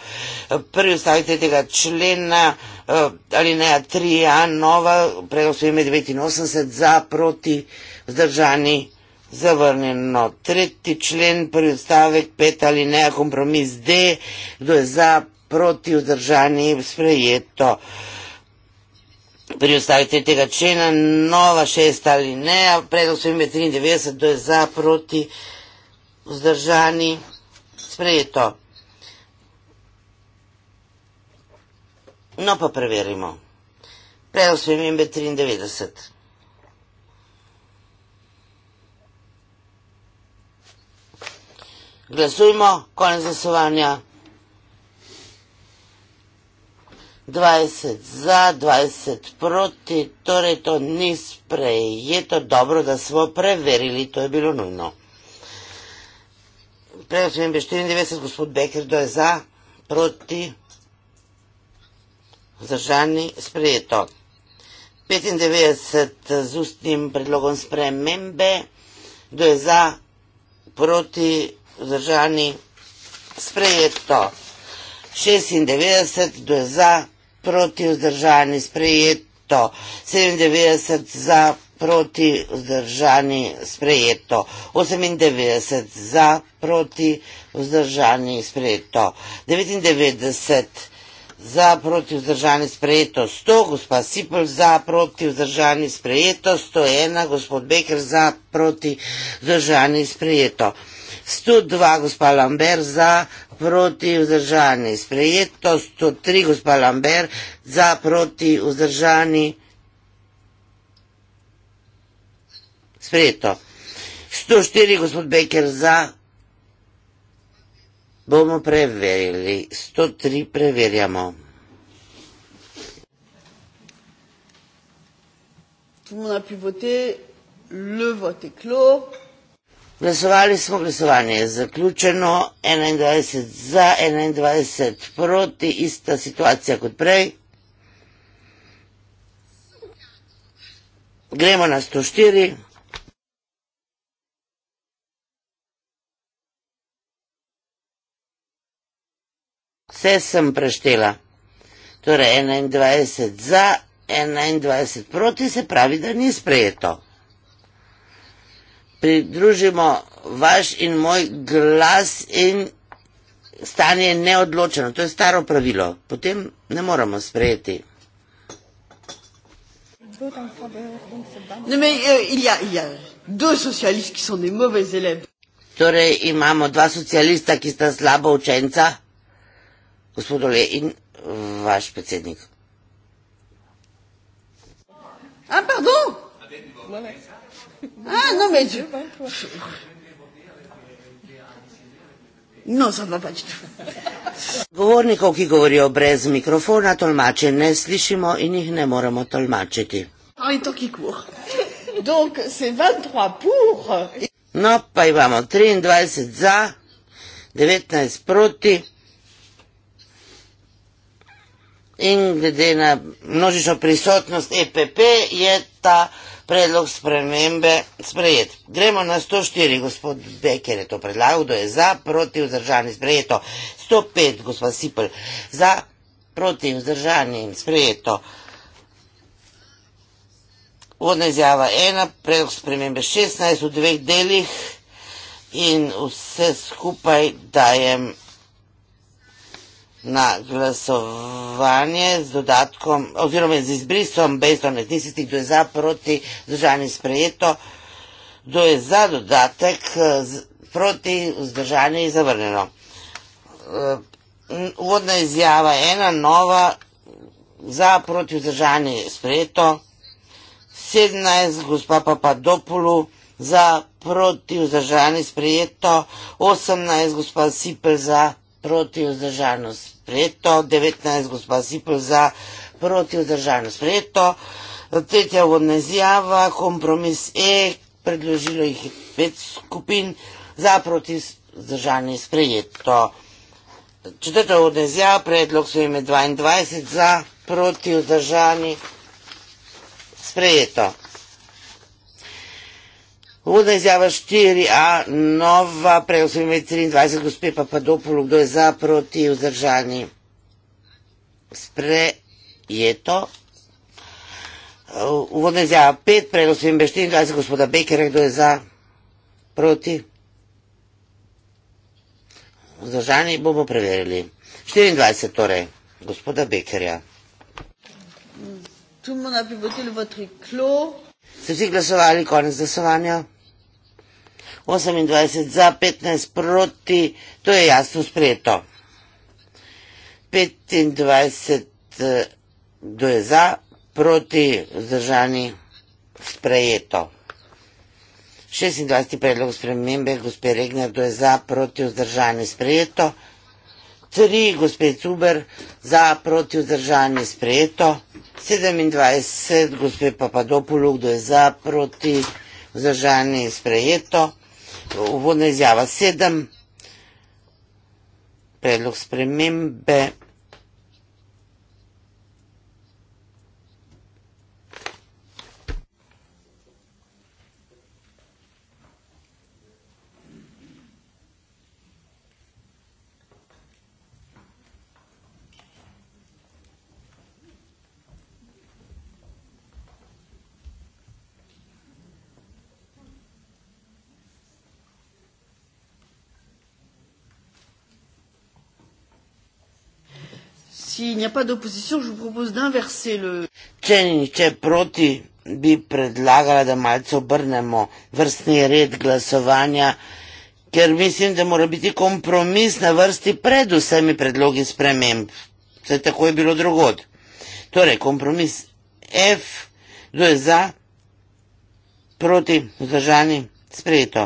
Prvi ustavite tega člena, eh, ali ne, a tri, a nova, predlog so ime 89, za proti vzdržani zavrnjeno. Tretji člen, prvi stavek, pet ali ne, kompromis D, kdo je za, proti, vzdržani, sprejeto. Uh, pri ostalih 3. člena, nova 6. ali ne, predlog so ime 93, to je za, proti, vzdržani, sprejeto. No pa preverimo. Predlog so ime 93. Glasujmo, konec zasovanja. 20 za, 20 proti, torej to ni sprejeto, dobro, da smo preverili, to je bilo nujno. Preglasujem bi 94, gospod Beker, to je za, proti, zažani, sprejeto. 95 z ustnim predlogom spremembe, to je za, proti, zažani, sprejeto. 96, to je za, proti, zažani, sprejeto proti vzdržani, sprejeto. 97 za proti vzdržani, sprejeto. 98 za proti vzdržani, sprejeto. 99 za proti vzdržani, sprejeto. 100, gospa Sipol, za proti vzdržani, sprejeto. 101, gospod Beker, za proti vzdržani, sprejeto. 102, gospa Lambert, za proti vzdržani. Sprejeto 103, gospa Lamber, za proti vzdržani. Sprejeto. 104, gospod Beker, za. Bomo preverili. 103 preverjamo. Tu mu na pivote le vote clos. Glasovali smo, glasovanje je zaključeno, 21 za, 21 proti, ista situacija kot prej. Gremo na 104. Vse sem preštela. Torej 21 za, 21 proti se pravi, da ni sprejeto pridružimo vaš in moj glas in stanje neodločeno. To je staro pravilo. Potem ne moremo sprejeti. No, euh, torej imamo dva socialista, ki sta slaba učenca, gospod Ole in vaš predsednik. Ah, pardon! Voilà. Ah, Ah, no me eche. No, sam pa pač. Govornikov, ki govorijo brez mikrofona, tolmače ne slišimo in jih ne moremo tolmačiti. Aj, to ki kuh. Donc, c'est 23 pour. No, pa imamo 23 za, 19 proti. In glede na množično prisotnost EPP je ta predlog spremembe sprejet. Gremo na 104, gospod Beker je to predlagal, da je za, proti, vzdržani, sprejeto. 105, gospod Sipel, za, proti, vzdržani, sprejeto. Vodna izjava 1, predlog spremembe 16 v dveh delih in vse skupaj dajem na glasovanje z dodatkom oziroma z izbrisom bejstone tisti, kdo je za proti zdržanje sprejeto, kdo je za dodatek proti zdržanje je zavrneno. E, uvodna izjava ena, nova, za proti vzdržanje je sprejeto, 17, gospa Papadopulu, za proti vzdržanje je sprejeto, 18, gospa Sipel za proti vzdržanje je sprejeto, protivzdržano sprejeto, 19 gospa Sipl za protivzdržano sprejeto, tretja vodna izjava, kompromis E, predložilo jih je pet skupin za protivzdržano sprejeto. Četrta vodna izjava, predlog so ime 22 za protivzdržano sprejeto. Uvodna izjava 4a, nova, prej v sredini 23, gospe Papadopolu, kdo je za, proti, vzdržani. Sprejeto. Uvodna izjava 5, prej v sredini 24, gospoda Bekera, kdo je za, proti. Vzdržani bomo preverili. 24, torej, gospoda Bekerja. Tu bomo napivotili v tri klo. Ste vsi glasovali, konec glasovanja? 28 za, 15 proti, to je jasno sprejeto. 25, eh, kdo je za, proti, vzdržani, sprejeto. 26 predlog spremembe, gospe Regner, kdo je za, proti, vzdržani, sprejeto. 3, gospe Cuber, za, proti, vzdržani, sprejeto. 27, gospe Papadopoulou, kdo je za, proti, vzdržani, sprejeto uvodna izjava sedem, predlog spremembe s'il n'y a pas d'opposition, je vous propose d'inverser le. Če niče proti, bi predlagala, da malce obrnemo vrstni red glasovanja, ker mislim, da mora biti kompromis na vrsti pred vsemi predlogi sprememb. Se tako je bilo drugod. Torej, kompromis F, kdo je za, proti, vzdržani, sprejeto.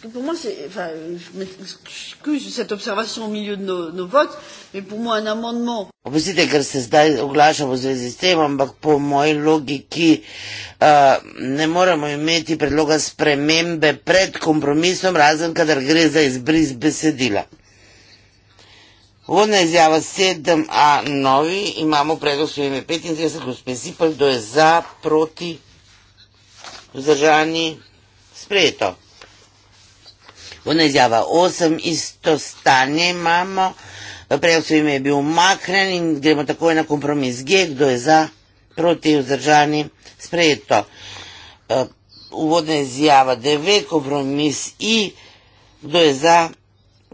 Parce que pour moi, c'est, enfin, je m'excuse de cette observation au milieu de nos, nos votes, mais pour moi, un amendement. Oppustite, ker se zdaj oglašamo v zvezi s tem, ampak po moji logiki uh, ne moremo imeti predloga spremembe pred kompromisom, razen kadar gre za izbris besedila. Uvodna izjava 7a novi, imamo predlog svojim 35, gospod Zipal, kdo je za, proti, vzdržani, sprejeto. Ona izjava, osem isto stanje imamo, prej so ime bil umaknen in gremo takoj na kompromis. Gdje, kdo je za, proti, vzdržani, sprejeto. E, uvodna izjava, deve, kompromis i, kdo je za,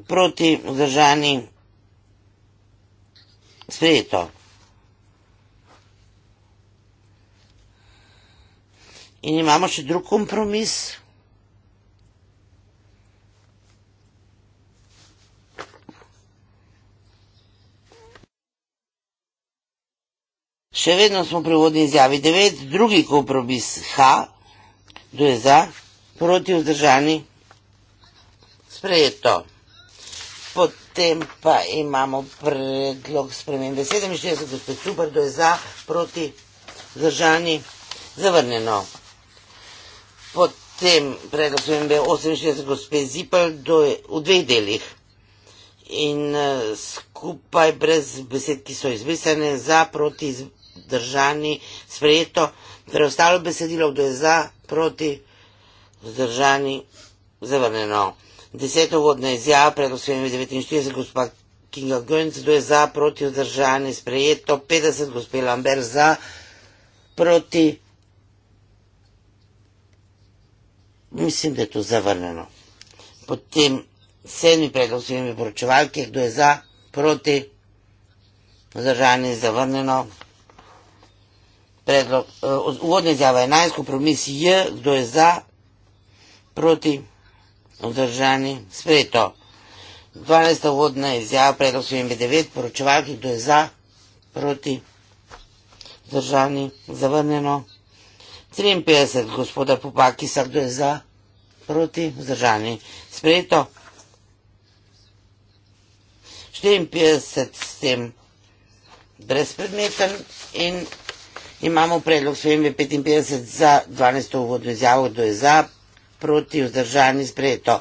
proti, vzdržani, sprejeto. In imamo še drug kompromis, vzdržani. Še vedno smo pri vodni izjavi 9, drugi kompromis H, kdo je za, proti vzdržani, sprejeto. Potem pa imamo predlog spremembe 67, gospod Super, kdo je za, proti vzdržani, zavrnjeno. Potem predlog spremembe 68, gospod Zipel, kdo je v dveh delih in eh, skupaj brez besed, ki so izbisane, za, proti vzdržani vzdržani, sprejeto. Preostalo besedilo, kdo je za, proti, vzdržani, zavrneno. Deseto vodna izjava, pred osvojenjem 49, gospa Kinga Gönc, kdo je za, proti, vzdržani, sprejeto. 50, gospod Lambert, za, proti. Mislim, da je to zavrneno. Potem sedmi predlog svojimi poročevalke, kdo je za, proti, zdržani, zavrneno, predlog, eh, uvodna izjava 11, kompromis je, kdo je za, proti, vzdržani, sprejeto. 12. uvodna izjava, predlog SVM 9, poročevalki, kdo je za, proti, vzdržani, zavrnjeno. 53. gospoda Popakisa, kdo je za, proti, vzdržani, sprejeto. 54. s tem brezpredmeten in Imamo predlog svojime 55 za 12. uvodno izjavo, kdo je za, proti, vzdržan, izprejeto.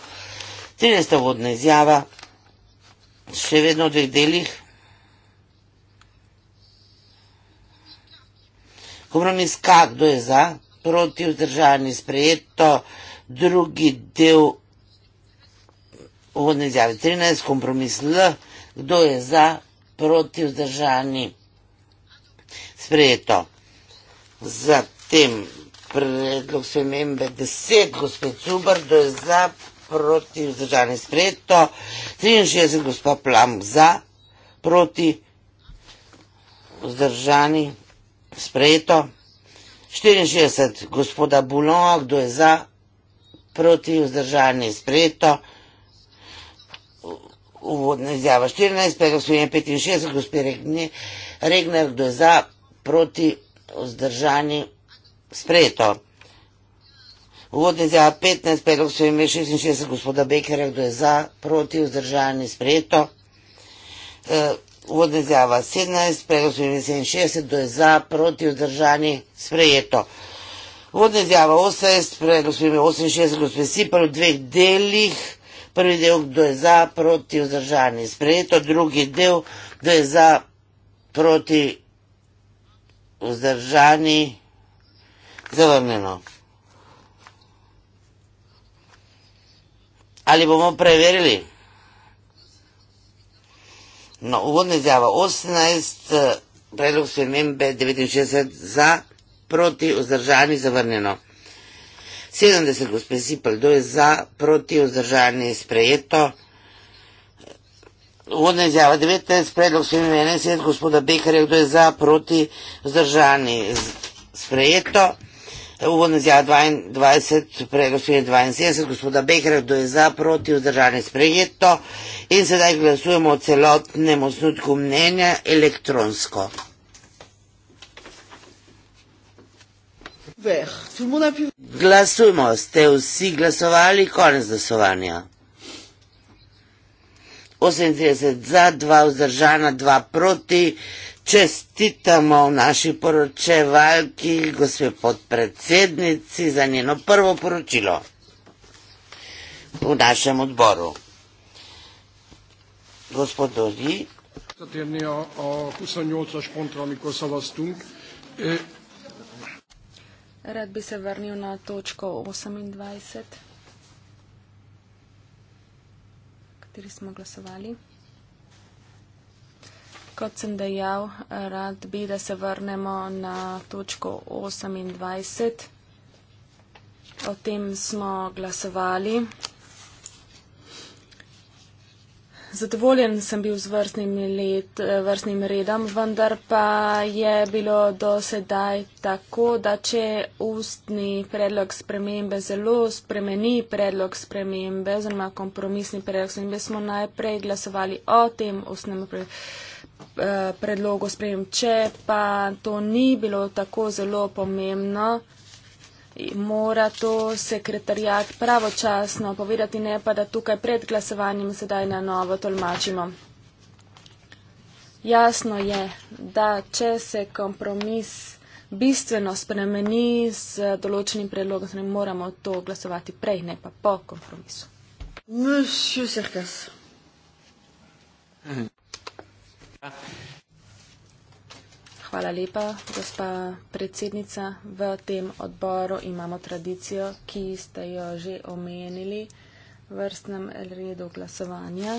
13. uvodna izjava, še vedno v dveh delih. Kompromis K, kdo je za, proti, vzdržan, izprejeto. Drugi del uvodne izjave, 13. kompromis L, kdo je za, proti, vzdržan, izprejeto. 14. Zatem predlog spremembe 10, gospod Cubar, da je za proti vzdržanje sprejeto, 63, gospa Plam, za proti vzdržanje sprejeto, 64, gospoda Bulova, kdo je za proti vzdržanje sprejeto, uvodna izjava 14, predlog spremembe 65, gospod Regner, kdo je za proti vzdržanje sprejeto, vzdržani sprejeto. Uvodni zjava 15, predlog so ime 66 gospoda Bekerja, kdo je za, proti, vzdržani sprejeto. E, Uvodni zjava 17, predlog so ime 67, kdo je za, proti, vzdržani sprejeto. Uvodni zjava 18, predlog so ime 68, gospod Sipar v dveh delih, prvi del, kdo je za, proti, vzdržani sprejeto, drugi del, kdo je za, proti, vzdržani sprejeto vzdržani, zavrneno. Ali bomo preverili? No, uvodna izjava 18, eh, predlog spremembe 69 za, proti, vzdržani, zavrnjeno. 70, gospod Sipel, do je za, proti, vzdržani, sprejeto. Uvodna izjava 19, predlog svim imene, svijet gospoda Bekarja, kdo je za, proti, zdržani, sprejeto. Uvodna izjava 20, predlog svim imene 72, gospoda Bekarja, kdo je za, proti, zdržani, sprejeto. In sedaj glasujemo o celotnem osnutku mnenja elektronsko. Glasujmo, ste vsi glasovali, konec glasovanja. 38 za, 2 vzdržana, 2 proti. Čestitamo v naši poročevalki, gospe podpredsednici, za njeno prvo poročilo v našem odboru. Gospod Dodi. Zatrnijo o kusanjoca špontrami Kosova stung. Rad bi se vrnil na točko 28. kateri smo glasovali. Kot sem dejal, rad bi, da se vrnemo na točko 28. O tem smo glasovali zadovoljen sem bil z vrstnim, let, eh, vrstnim redom, vendar pa je bilo do sedaj tako, da če ustni predlog spremembe zelo spremeni predlog spremembe oziroma kompromisni predlog spremembe, smo najprej glasovali o tem ustnem eh, predlogu spremembe. Če pa to ni bilo tako zelo pomembno, mora to sekretarjat pravočasno povedati, ne pa da tukaj pred glasovanjem sedaj na novo tolmačimo. Jasno je, da če se kompromis bistveno spremeni z določenim predlogom, se ne moramo to glasovati prej, ne pa po kompromisu. Monsieur Serkas. Mhm. Hvala lepa, gospa predsednica. V tem odboru imamo tradicijo, ki ste jo že omenili v vrstnem redu glasovanja,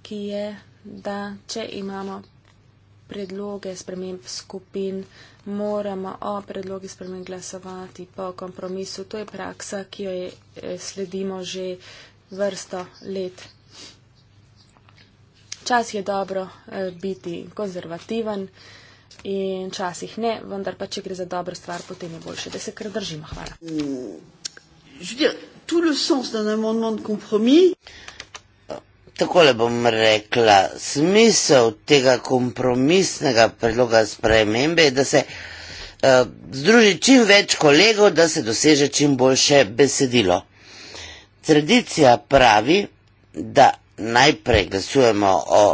ki je, da če imamo predloge sprememb skupin, moramo o predlogi sprememb glasovati po kompromisu. To je praksa, ki jo je, eh, sledimo že vrsto let. Čas je dobro eh, biti konzervativen in časih ne, vendar pa, če gre za dobro stvar, potem je boljše, da se kar držimo. Hvala. Takole bom rekla, smisel tega kompromisnega predloga spremembe je, da se eh, združi čim več kolegov, da se doseže čim boljše besedilo. Tradicija pravi, da najprej glasujemo o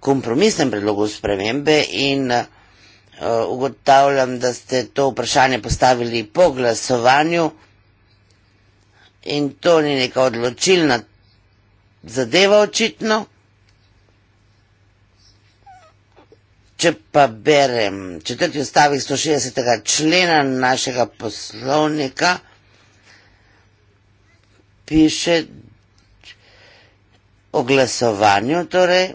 kompromisnem predlogu spremembe in uh, Eh, ugotavljam, da ste to vprašanje postavili po glasovanju in to ni neka odločilna zadeva očitno. Če pa berem četrti ustavek 160. člena našega poslovnika, piše o glasovanju, torej,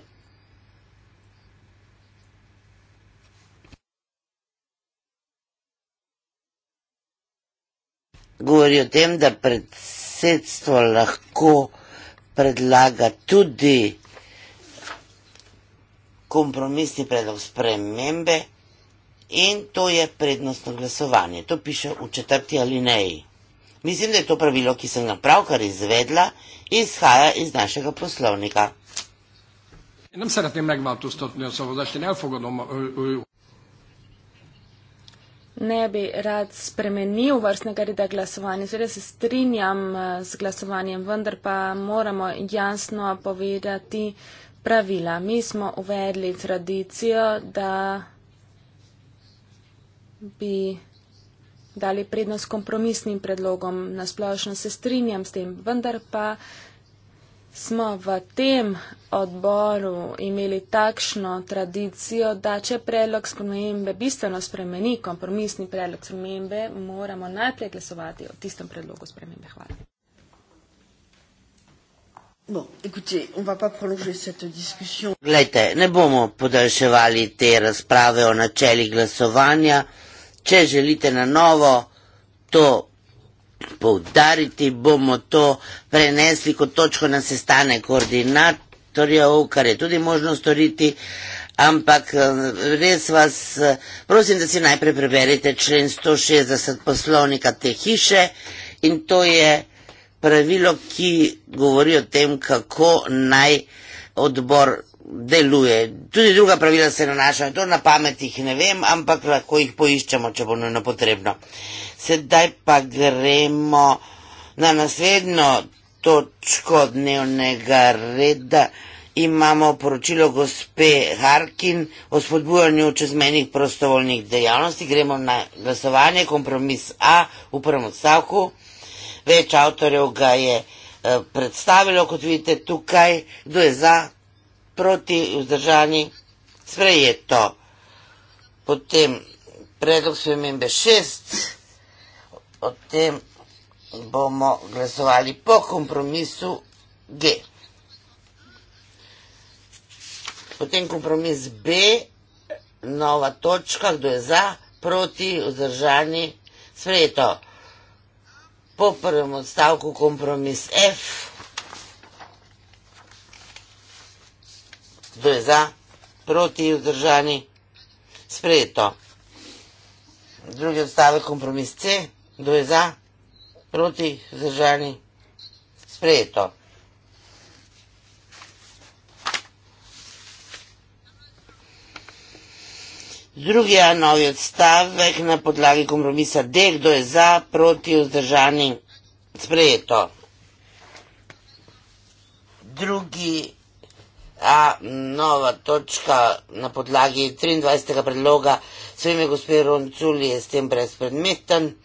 govori o tem, da predsedstvo lahko predlaga tudi kompromisni predlog spremembe in to je prednostno glasovanje. To piše v četrti alineji. Mislim, da je to pravilo, ki sem ga pravkar izvedla, izhaja iz našega poslovnika. Nem szeretném megváltoztatni a szavazást, én elfogadom ne bi rad spremenil vrstnega reda glasovanja. Seveda se strinjam eh, z glasovanjem, vendar pa moramo jasno povedati pravila. Mi smo uvedli tradicijo, da bi dali prednost kompromisnim predlogom. Nasplošno se strinjam s tem, vendar pa smo v tem odboru imeli takšno tradicijo, da če predlog spremembe bistveno spremeni kompromisni predlog spremembe, moramo najprej glasovati o tistem predlogu spremembe. Hvala. Glejte, ne bomo podaljševali te razprave o načeli glasovanja. Če želite na novo to poudariti, bomo to prenesli kot točko na sestane koordinatorjev, kar je tudi možno storiti. Ampak eh, res vas eh, prosim, da si najprej preberete člen 160 poslovnika te hiše in to je pravilo, ki govori o tem, kako naj odbor deluje. Tudi druga pravila se nanašajo, to na pamet jih ne vem, ampak lahko jih poiščemo, če bo nujno potrebno. Sedaj pa gremo na naslednjo točko dnevnega reda. Imamo poročilo gospe Harkin o spodbujanju čezmenih prostovoljnih dejavnosti. Gremo na glasovanje, kompromis A v prvem odstavku. Več avtorjev ga je eh, predstavilo, kot vidite tukaj, kdo je za, proti vzdržani sprejeto. Potem predlog spremembe šest, o tem bomo glasovali po kompromisu G. Potem kompromis B, nova točka, kdo je za, proti, vzdržani, sprejeto. Po prvem odstavku kompromis F, Kdo je za? Proti vzdržani? Sprejeto. Drugi odstavek kompromis C. Kdo je za? Proti vzdržani? Sprejeto. Drugi A ja, novi odstavek na podlagi kompromisa D. Kdo je za? Proti vzdržani? Sprejeto. Drugi a nova točka na podlagi 23. predloga svojime gospe Ronculi je s tem brezpredmeten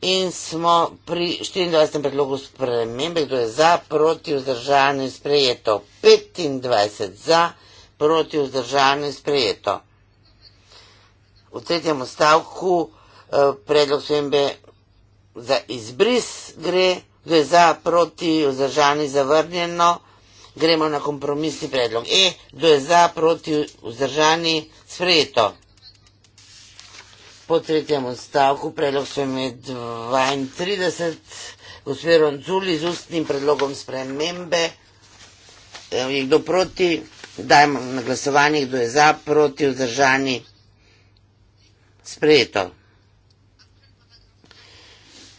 in smo pri 24. predlogu spremembe, kdo je za, proti, vzdržano in sprejeto. 25 za, proti, vzdržano in sprejeto. V tretjem stavku eh, predlog svojime za izbris gre, kdo je za, proti, vzdržano in zavrnjeno in sprejeto gremo na kompromisni predlog. E, kdo je za, proti, vzdržani, sprejeto. Po tretjem odstavku predlog so ime 32, gospodin Culi z ustnim predlogom spremembe. E, je kdo proti, dajmo na glasovanje, kdo je za, proti, vzdržani, sprejeto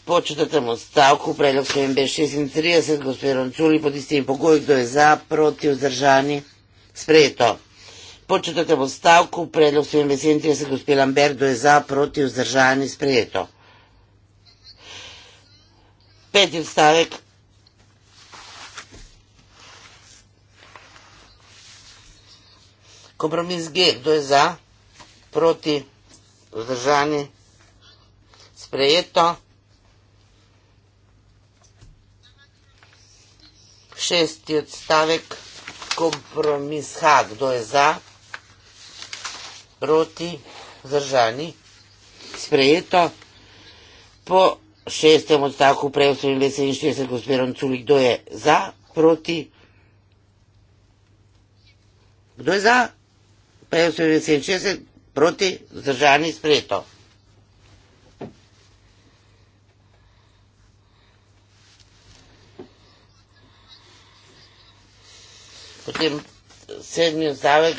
по четвртому ставку, предлог што им беше 630, господин Чули, под истини погоди, кто е за, против, задржани, спрето. По четвртому ставку, предлог што им беше 730, господин Ламбер, кто е за, против, задржани, спрето. Пети ставек. Компромис Г, кто е за, против, задржани, спрето. Спрето. Šesti odstavek, kompromis H, kdo je za, proti, zdržani, sprejeto. Po šestem odstavku, prej v 47, gospodin Culi, kdo je za, proti, kdo je za, prej v 47, proti, zdržani, sprejeto. potem sedmi odstavek,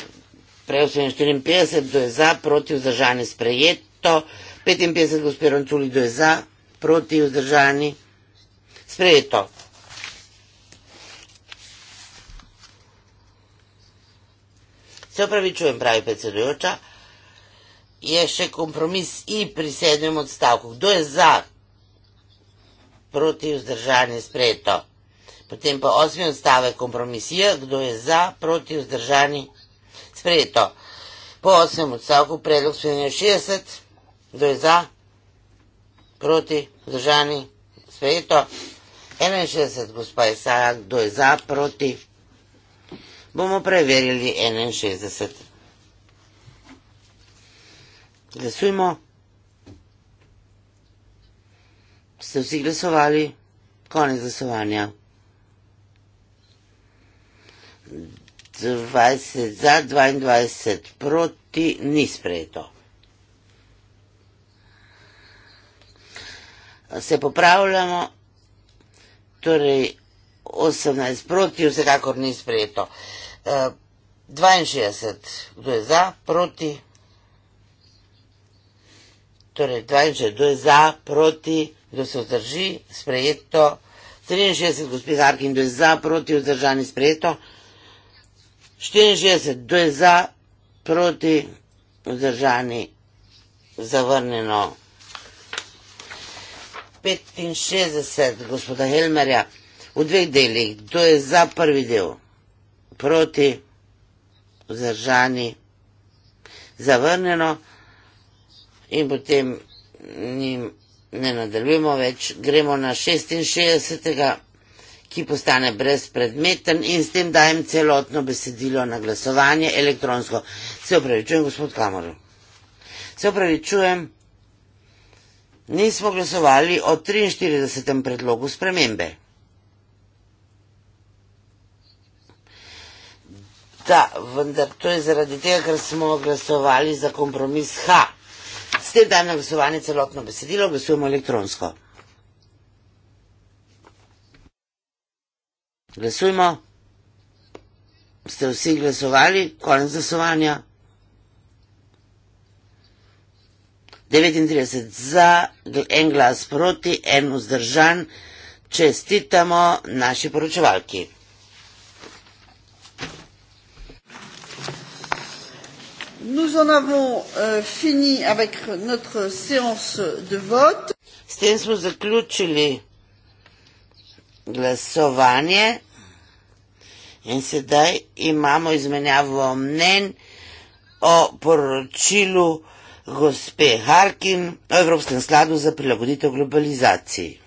prej 54, kdo je za, proti vzdržani, sprejeto, 55, gospod Rončuli, kdo je za, proti vzdržani, sprejeto. Se upravičujem, pravi predsedujoča, je še kompromis i pri sedmem odstavku. Kdo je za, proti vzdržani, sprejeto. Potem pa osmi odstavek kompromisija, kdo je za, proti, vzdržani, sprejeto. Po osmem odstavku predlog spremenja 60, kdo je za, proti, vzdržani, sprejeto. 61, gospa je saja, kdo je za, proti. Bomo preverili 61. Glasujmo. Ste vsi glasovali? Konec glasovanja. 20 za, 22 proti, ni sprejeto. Se popravljamo, torej 18 proti, vsekakor ni sprejeto. 62, e, kdo je za, proti, torej 62, kdo je za, proti, kdo se vzdrži, sprejeto, 63, gospod Harkin, kdo je za, proti, vzdržani, sprejeto, 64, kdo je za, proti, vzdržani, zavrnjeno. 65, gospoda Helmerja, v dveh delih, kdo je za prvi del, proti, vzdržani, zavrnjeno in potem ni, ne nadaljujemo več, gremo na 66 ki postane brezpredmeten in s tem dajem celotno besedilo na glasovanje elektronsko. Se upravičujem, gospod Kamor. Se upravičujem, nismo glasovali o 43. predlogu spremembe. Da, vendar to je zaradi tega, ker smo glasovali za kompromis H. Ste dan na glasovanje celotno besedilo, glasujemo elektronsko. Glasujmo. Ste vsi glasovali? Konec glasovanja. 39 za, en glas proti, en vzdržan. Čestitamo naši poročevalki. Nous en avons euh, fini avec notre séance de vote. S tem smo zaključili glasovanje in sedaj imamo izmenjavo mnen o poročilu gospe Harkin o Evropskem skladu za prilagoditev globalizaciji.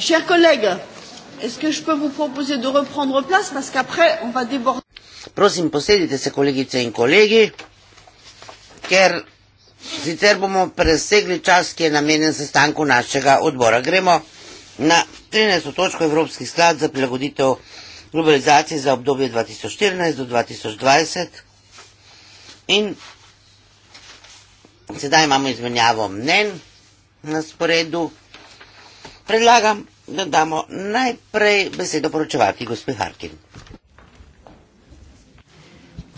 Chers collègues, est-ce que je peux vous proposer de reprendre place parce qu'après on va déborder. Prosim, posedite se kolegice in kolegi, ker sicer bomo presegli čas, ki je namenjen sestanku našega odbora. Gremo na 13. točko Evropski sklad za prilagoditev globalizacije za obdobje 2014 do 2020. In sedaj imamo izmenjavo mnen na sporedu predlagam, da damo najprej besedo poročevati gospe Harkin.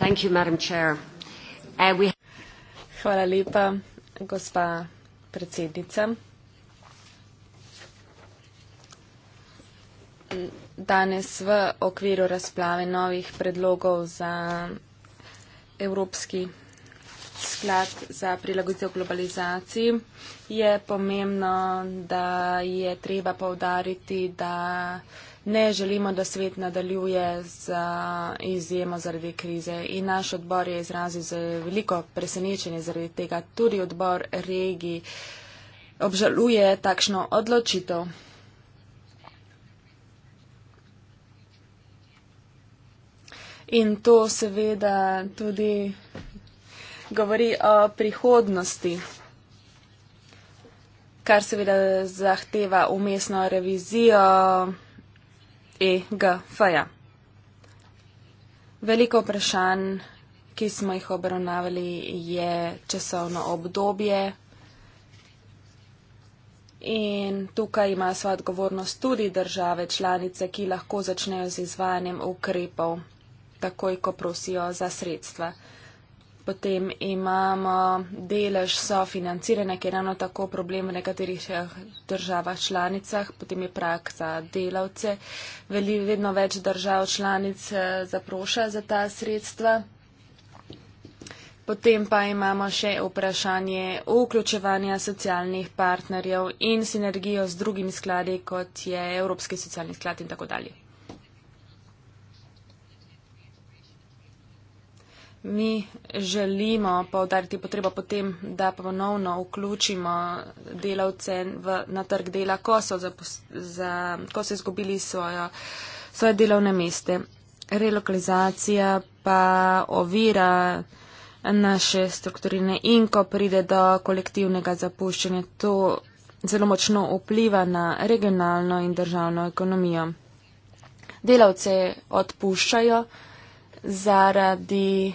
Uh, Hvala lepa, gospa predsednica. Danes v okviru razplave novih predlogov za Evropski sklad za prilagoditev globalizaciji, je pomembno, da je treba povdariti, da ne želimo, da svet nadaljuje z uh, izjemo zaradi krize. In naš odbor je izrazil veliko presenečenje zaradi tega. Tudi odbor regij obžaluje takšno odločitev. In to seveda tudi govori o prihodnosti, kar seveda zahteva umestno revizijo EGF-ja. Veliko vprašanj, ki smo jih obravnavali, je časovno obdobje in tukaj ima svojo odgovornost tudi države članice, ki lahko začnejo z izvajanjem ukrepov takoj, ko prosijo za sredstva. Potem imamo delež sofinanciranja, ki je ravno tako problem v nekaterih eh, državah članicah. Potem je prak za delavce. Veli, vedno več držav članic eh, zaproša za ta sredstva. Potem pa imamo še vprašanje vključevanja socialnih partnerjev in sinergijo z drugimi skladi, kot je Evropski socialni sklad in tako dalje. mi želimo povdariti potrebo potem, da ponovno vključimo delavce v, na trg dela, ko so, zapos, za, ko so izgubili svojo, svoje delovne meste. Relokalizacija pa ovira naše strukturine in ko pride do kolektivnega zapuščanja, to zelo močno vpliva na regionalno in državno ekonomijo. Delavce odpuščajo zaradi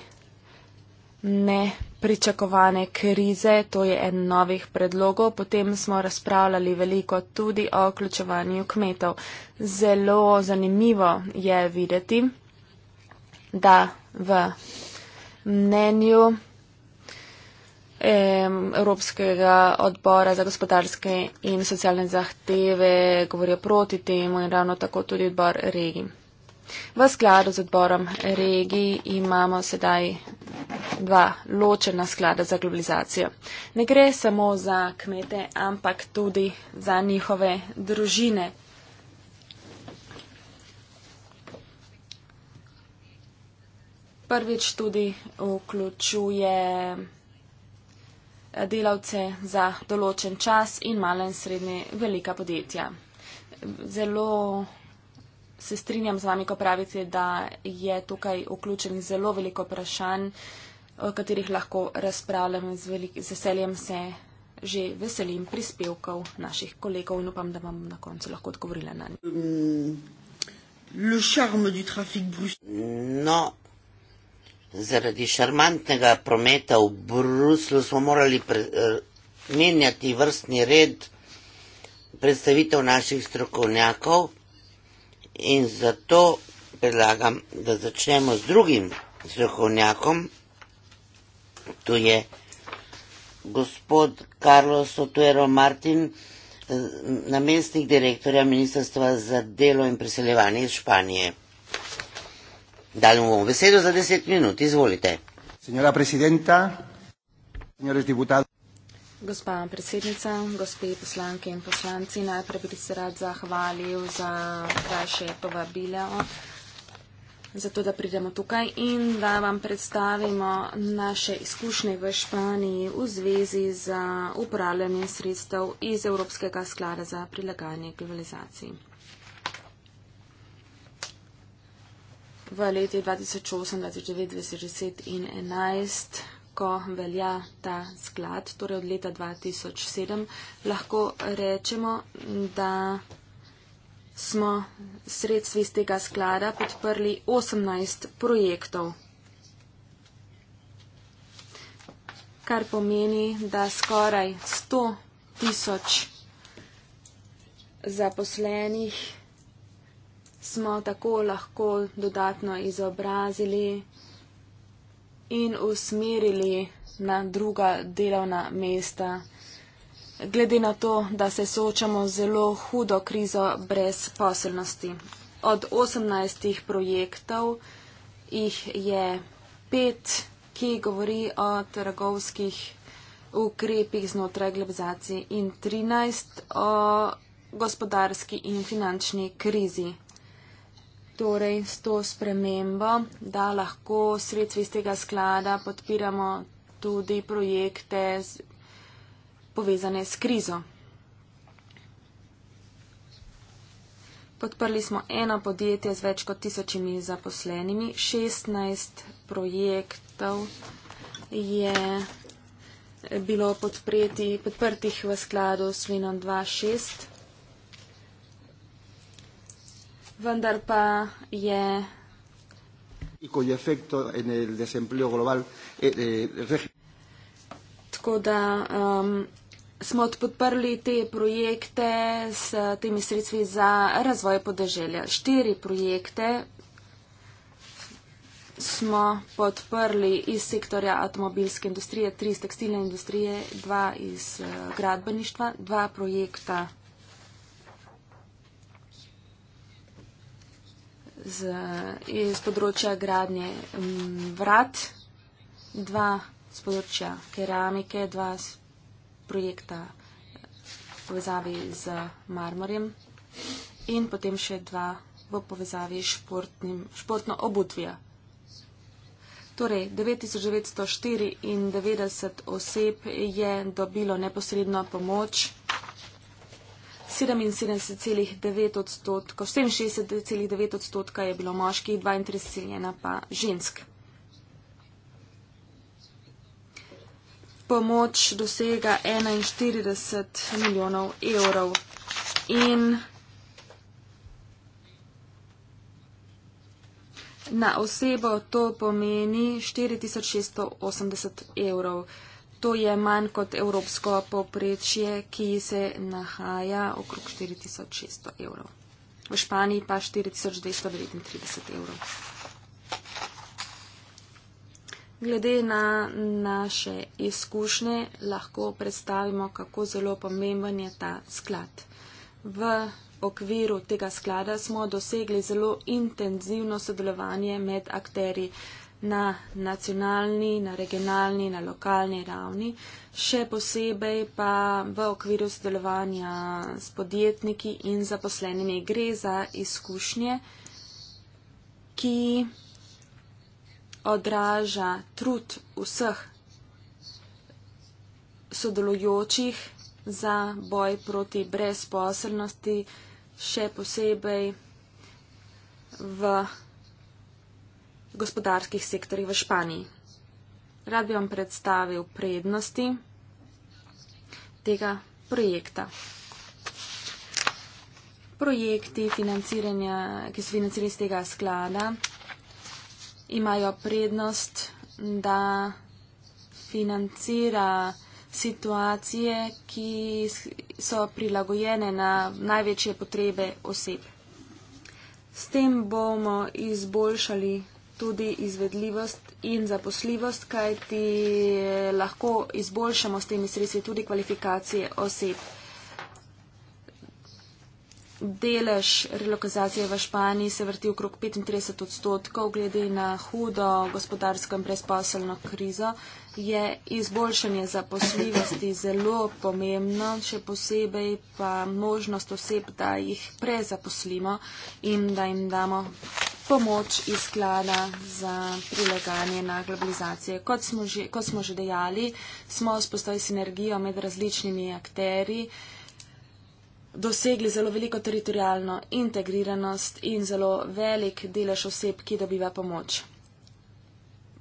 nepričakovane krize, to je en novih predlogov. Potem smo razpravljali veliko tudi o vključevanju kmetov. Zelo zanimivo je videti, da v mnenju Evropskega odbora za gospodarske in socialne zahteve govorijo proti temu in ravno tako tudi odbor regij. V skladu z odborom regij imamo sedaj dva ločena sklada za globalizacijo. Ne gre samo za kmete, ampak tudi za njihove družine. Prvič tudi vključuje delavce za določen čas in male in srednje velika podjetja. Zelo se strinjam z vami, ko pravite, da je tukaj vključen zelo veliko vprašanj, o katerih lahko razpravljamo z veseljem se, že veselim prispevkov naših kolegov in upam, da vam na koncu lahko odgovorila na njih. Le charme du trafic Bruxelles. No, zaradi šarmantnega prometa v Bruslu smo morali pre, eh, menjati vrstni red predstavitev naših strokovnjakov. In zato predlagam, da začnemo s drugim strokovnjakom. Tu je gospod Carlos Otuero Martin, namestnik direktorja Ministrstva za delo in preseljevanje iz Španije. Dali mu bomo besedo za deset minut. Izvolite. Senjora presidenta, senjores diputati. Gospa predsednica, gospe poslanke in poslanci, najprej bi se rad zahvalil za vaše povabilo, zato da pridemo tukaj in da vam predstavimo naše izkušnje v Španiji v zvezi z upravljanjem sredstev iz Evropskega sklada za prilagajanje globalizaciji. V letih 2008, 2009, 2010 in 2011 ko velja ta sklad, torej od leta 2007, lahko rečemo, da smo sredstvi iz tega sklada podprli 18 projektov. kar pomeni, da skoraj 100 tisoč zaposlenih smo tako lahko dodatno izobrazili in usmerili na druga delovna mesta. Glede na to, da se soočamo z zelo hudo krizo brez poselnosti. Od 18 projektov jih je pet, ki govori o trgovskih ukrepih znotraj globalizacije in 13 o gospodarski in finančni krizi torej s to spremembo, da lahko sredstvi iz tega sklada podpiramo tudi projekte z, povezane s krizo. Podprli smo eno podjetje z več kot tisočimi zaposlenimi. 16 projektov je bilo podpreti, podprtih v skladu s Svinom 2.6 vendar pa je eh, eh, Tako da um, smo podprli te projekte s temi sredstvi za razvoj podeželja. Štiri projekte smo podprli iz sektorja avtomobilske industrije, tri iz tekstilne industrije, dva iz eh, gradbeništva, dva projekta. z, iz področja gradnje vrat, dva z področja keramike, dva z projekta eh, povezavi z marmorjem in potem še dva v povezavi s športno obutvijo. Torej, 9994 oseb je dobilo neposredno pomoč. 77,9 odstotka, 67,9 odstotka je bilo moških, 32,1 pa žensk. Pomoč dosega 41 milijonov evrov in na osebo to pomeni 4680 evrov. To je manj kot evropsko poprečje, ki se nahaja okrog 4600 evrov. V Španiji pa 4239 evrov. Glede na naše izkušnje lahko predstavimo, kako zelo pomemben je ta sklad. V okviru tega sklada smo dosegli zelo intenzivno sodelovanje med akteri na nacionalni, na regionalni, na lokalni ravni, še posebej pa v okviru sodelovanja s podjetniki in zaposlenimi. Gre za izkušnje, ki odraža trud vseh sodelujočih za boj proti brezposelnosti, še posebej v gospodarskih sektorjih v Španiji. Rad bi vam predstavil prednosti tega projekta. Projekti, ki so financirani iz tega sklada, imajo prednost, da financira situacije, ki so prilagojene na največje potrebe oseb. S tem bomo izboljšali tudi izvedljivost in zaposljivost, kaj ti eh, lahko izboljšamo s temi sredstvi tudi kvalifikacije oseb. Delež relokazacije v Španiji se vrti okrog 35 odstotkov, glede na hudo gospodarsko in brezposelno krizo je izboljšanje zaposljivosti zelo pomembno, še posebej pa možnost oseb, da jih prezaposlimo in da jim damo pomoč iz sklada za prilagajanje na globalizacijo. Kot smo že, kot smo že dejali, smo vzpostavili sinergijo med različnimi akteri, dosegli zelo veliko teritorijalno integriranost in zelo velik delež oseb, ki dobiva pomoč.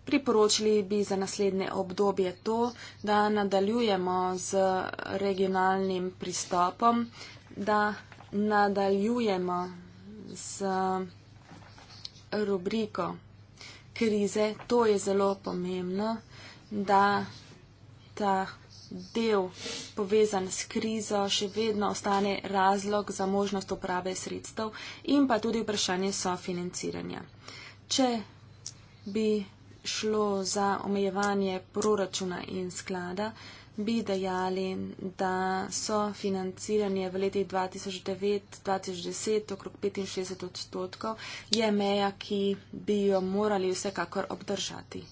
Priporočili bi za naslednje obdobje to, da nadaljujemo z regionalnim pristopom, da nadaljujemo z rubriko krize, to je zelo pomembno, da ta del povezan s krizo še vedno ostane razlog za možnost uprave sredstev in pa tudi vprašanje sofinanciranja. Če bi šlo za omejevanje proračuna in sklada, bi dejali, da so financiranje v letih 2009-2010 okrog 65 odstotkov, je meja, ki bi jo morali vsekakor obdržati.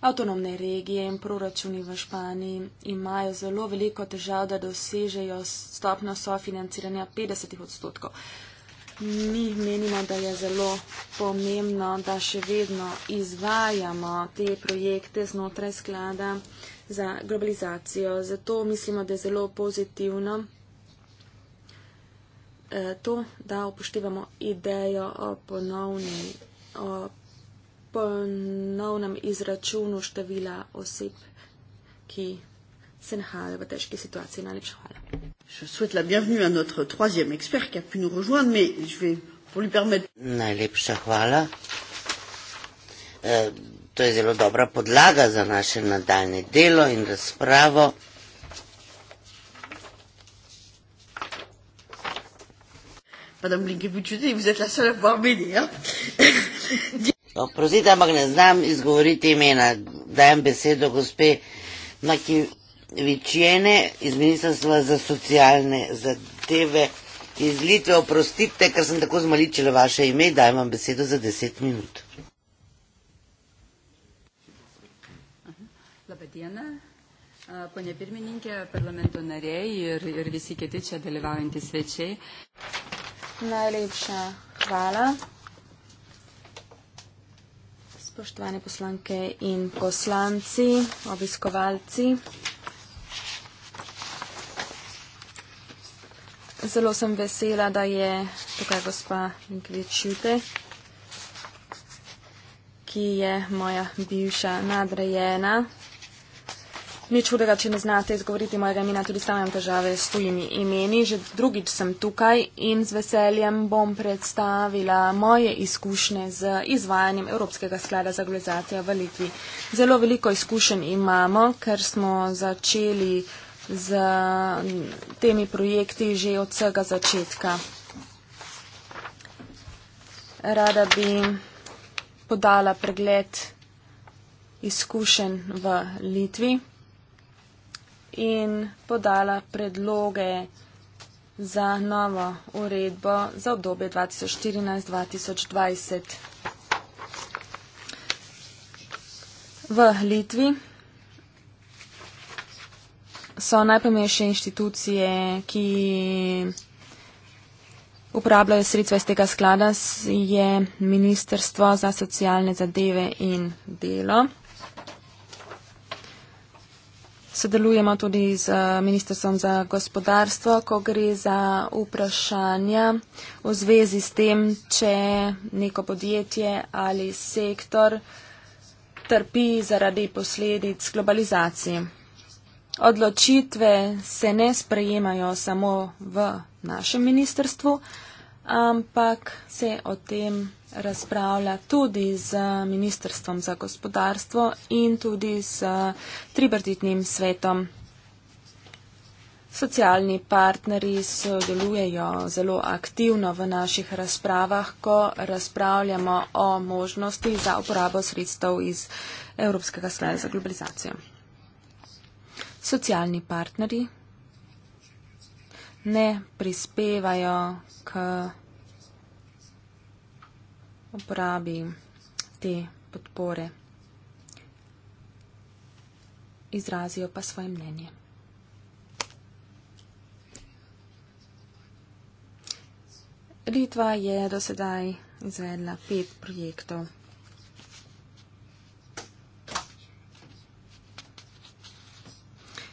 Avtonomne regije in proračuni v Španiji imajo zelo veliko težav, da dosežejo stopno sofinanciranja 50 odstotkov. Mi menimo, da je zelo pomembno, da še vedno izvajamo te projekte znotraj sklada za globalizacijo. Zato mislimo, da je zelo pozitivno eh, to, da upoštevamo idejo o, ponovni, o ponovnem izračunu števila oseb, ki se nahajajo v težki situaciji. Najlepša hvala. Najlepša hvala. Eh, to je zelo dobra podlaga za naše nadaljne delo in razpravo. Madame Blinkevič, tudi bi zašla se lepo omeni, ja? No, prosite, ampak ne znam izgovoriti imena. Dajem besedo gospe Makivičjene iz Ministrstva za socialne zadeve iz Litve. Oprostite, ker sem tako zmaličila vaše ime, dajem vam besedo za deset minut. diena, ponė pirmininkė, parlamento nariai ir, ir visi kiti čia dalyvaujantys svečiai. Najlepša hvala. Spoštovane poslanke in poslanci, obiskovalci. Zelo sem vesela, da je tukaj gospa Inkvičute, ki je moja bivša nadrejena nič hudega, če ne znate izgovoriti mojega imena, tudi sam imam težave s tujimi imeni. Že drugič sem tukaj in z veseljem bom predstavila moje izkušnje z izvajanjem Evropskega sklada za globalizacijo v Litvi. Zelo veliko izkušenj imamo, ker smo začeli z temi projekti že od vsega začetka. Rada bi podala pregled izkušenj v Litvi in podala predloge za novo uredbo za obdobje 2014-2020. V Litvi so najpomembnejše inštitucije, ki uporabljajo sredstva iz tega sklada, je Ministrstvo za socialne zadeve in delo sodelujemo tudi z eh, Ministrstvom za gospodarstvo, ko gre za vprašanja v zvezi s tem, če neko podjetje ali sektor trpi zaradi posledic globalizacije. Odločitve se ne sprejemajo samo v našem ministrstvu, ampak se o tem razpravlja tudi z Ministrstvom za gospodarstvo in tudi z tripartitnim svetom. Socialni partnerji sodelujejo zelo aktivno v naših razpravah, ko razpravljamo o možnosti za uporabo sredstev iz Evropskega sveta za globalizacijo. Socialni partnerji ne prispevajo k uporabi te podpore, izrazijo pa svoje mnenje. Litva je do sedaj izvedla pet projektov.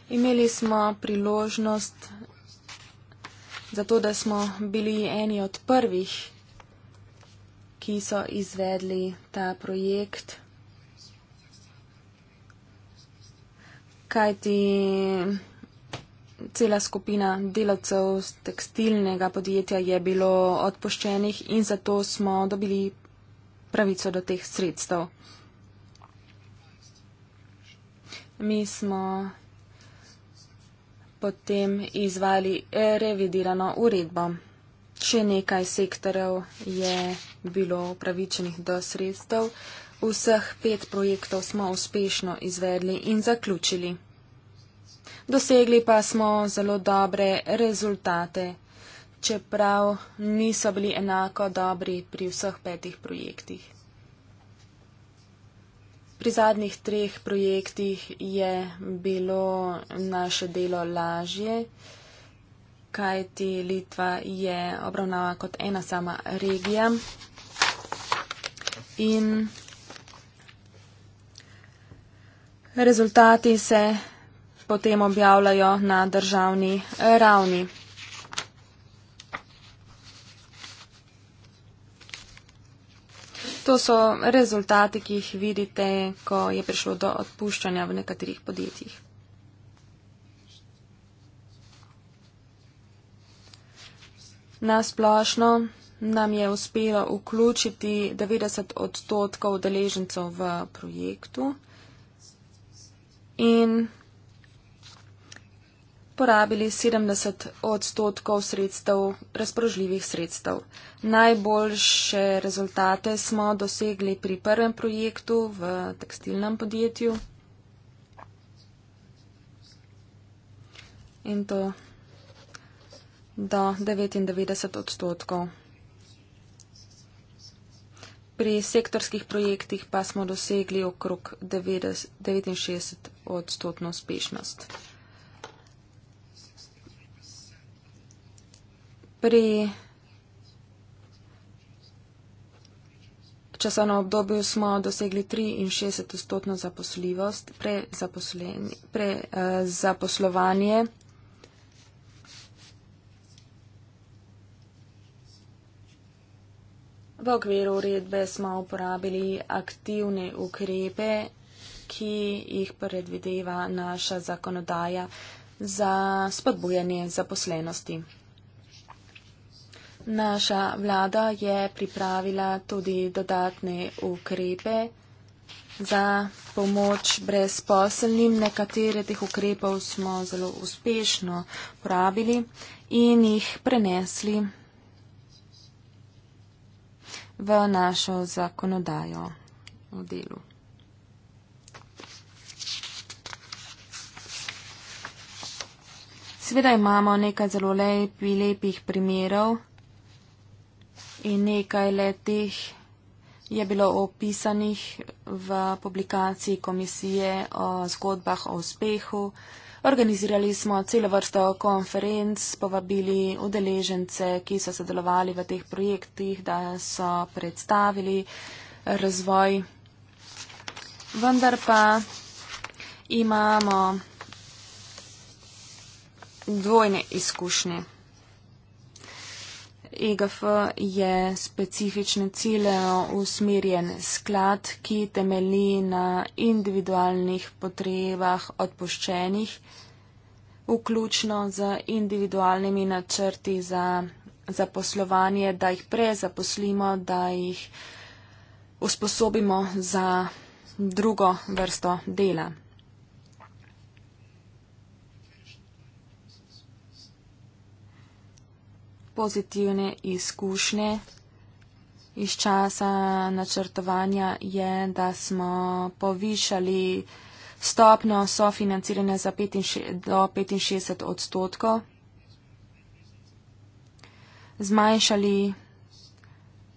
Imeli smo priložnost, zato da smo bili eni od prvih ki so izvedli ta projekt. Kajti cela skupina delavcev z tekstilnega podjetja je bilo odpoščenih in zato smo dobili pravico do teh sredstev. Mi smo potem izvali revidirano uredbo. Če nekaj sektorjev je bilo upravičenih do sredstev, vseh pet projektov smo uspešno izvedli in zaključili. Dosegli pa smo zelo dobre rezultate, čeprav niso bili enako dobri pri vseh petih projektih. Pri zadnjih treh projektih je bilo naše delo lažje kaj ti Litva je obravnava kot ena sama regija. In rezultati se potem objavljajo na državni ravni. To so rezultati, ki jih vidite, ko je prišlo do odpuščanja v nekaterih podjetjih. Nasplošno nam je uspelo vključiti 90 odstotkov deležencov v projektu in porabili 70 odstotkov sredstev, razpoložljivih sredstev. Najboljše rezultate smo dosegli pri prvem projektu v tekstilnem podjetju. In to do 99 odstotkov. Pri sektorskih projektih pa smo dosegli okrog 69 odstotno uspešnost. Pri časovnem obdobju smo dosegli 63 odstotno zaposlivost, prezaposlovanje. Pre, uh, v okviru uredbe smo uporabili aktivne ukrepe, ki jih predvideva naša zakonodaja za spodbujanje zaposlenosti. Naša vlada je pripravila tudi dodatne ukrepe za pomoč brezposelnim. Nekatere teh ukrepov smo zelo uspešno uporabili in jih prenesli v našo zakonodajo o delu. Seveda imamo nekaj zelo lepi, lepih primerov in nekaj letih je bilo opisanih v publikaciji komisije o zgodbah o uspehu, Organizirali smo celo vrsto konferenc, povabili udeležence, ki so sodelovali v teh projektih, da so predstavili razvoj. Vendar pa imamo dvojne izkušnje. EGF je specifične cilje usmerjen sklad, ki temeli na individualnih potrebah odpuščenih, vključno z individualnimi načrti za zaposlovanje, da jih prezaposlimo, da jih usposobimo za drugo vrsto dela. pozitivne izkušnje iz časa načrtovanja je, da smo povišali stopno sofinanciranja za 65, do 65 odstotkov, zmanjšali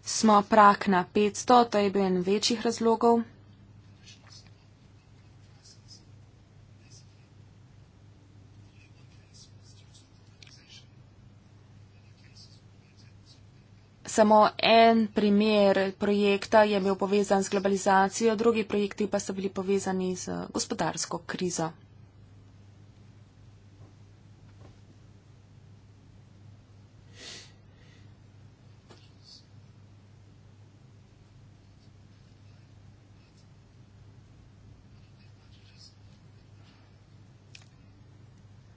smo prak na 500, to je bil en večjih razlogov. samo en primer projekta je bil povezan z globalizacijo, drugi projekti pa so bili povezani z gospodarsko krizo.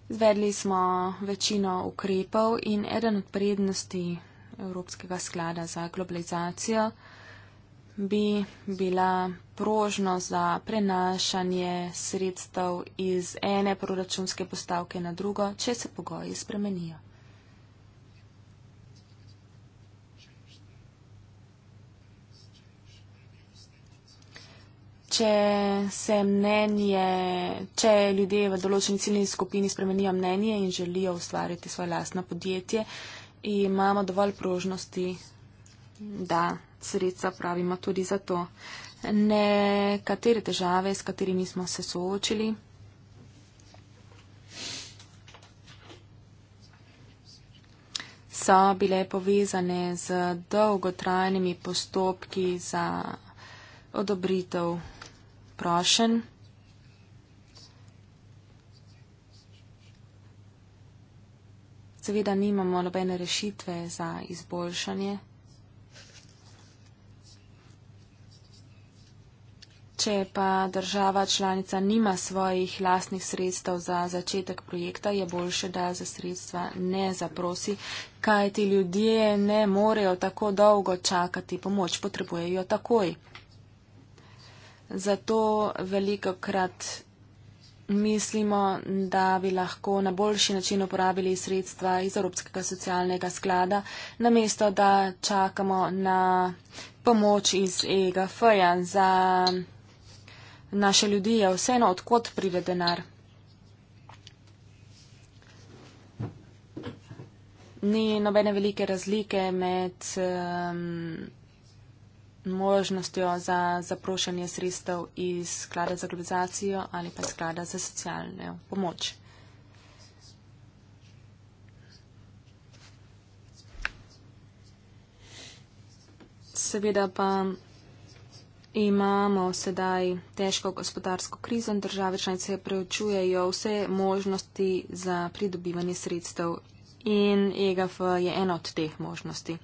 Zvedli smo večino ukrepov in eden od prednosti Evropskega sklada za globalizacijo bi bila prožnost za prenašanje sredstev iz ene proračunske postavke na drugo, če se pogoji spremenijo. Če se mnenje, če ljudje v določeni ciljni skupini spremenijo mnenje in želijo ustvariti svoje lastno podjetje, imamo dovolj prožnosti, da sredstva pravimo tudi za to. Nekatere težave, s katerimi smo se soočili, so bile povezane z dolgotrajnimi postopki za odobritev prošen. seveda nimamo nobene rešitve za izboljšanje. Če pa država članica nima svojih lastnih sredstev za začetek projekta, je boljše, da za sredstva ne zaprosi, kaj ti ljudje ne morejo tako dolgo čakati pomoč, potrebujejo takoj. Zato veliko krat mislimo, da bi lahko na boljši način uporabili sredstva iz Evropskega socialnega sklada, namesto da čakamo na pomoč iz EGF-ja za naše ljudi, je vseeno, odkot pride denar. Ni nobene velike razlike med. Um, možnostjo za zaprošanje sredstev iz sklada za globalizacijo ali pa sklada za socialno pomoč. Seveda pa imamo sedaj težko gospodarsko krizo in države članice preučujejo vse možnosti za pridobivanje sredstev in EGF je ena od teh možnosti.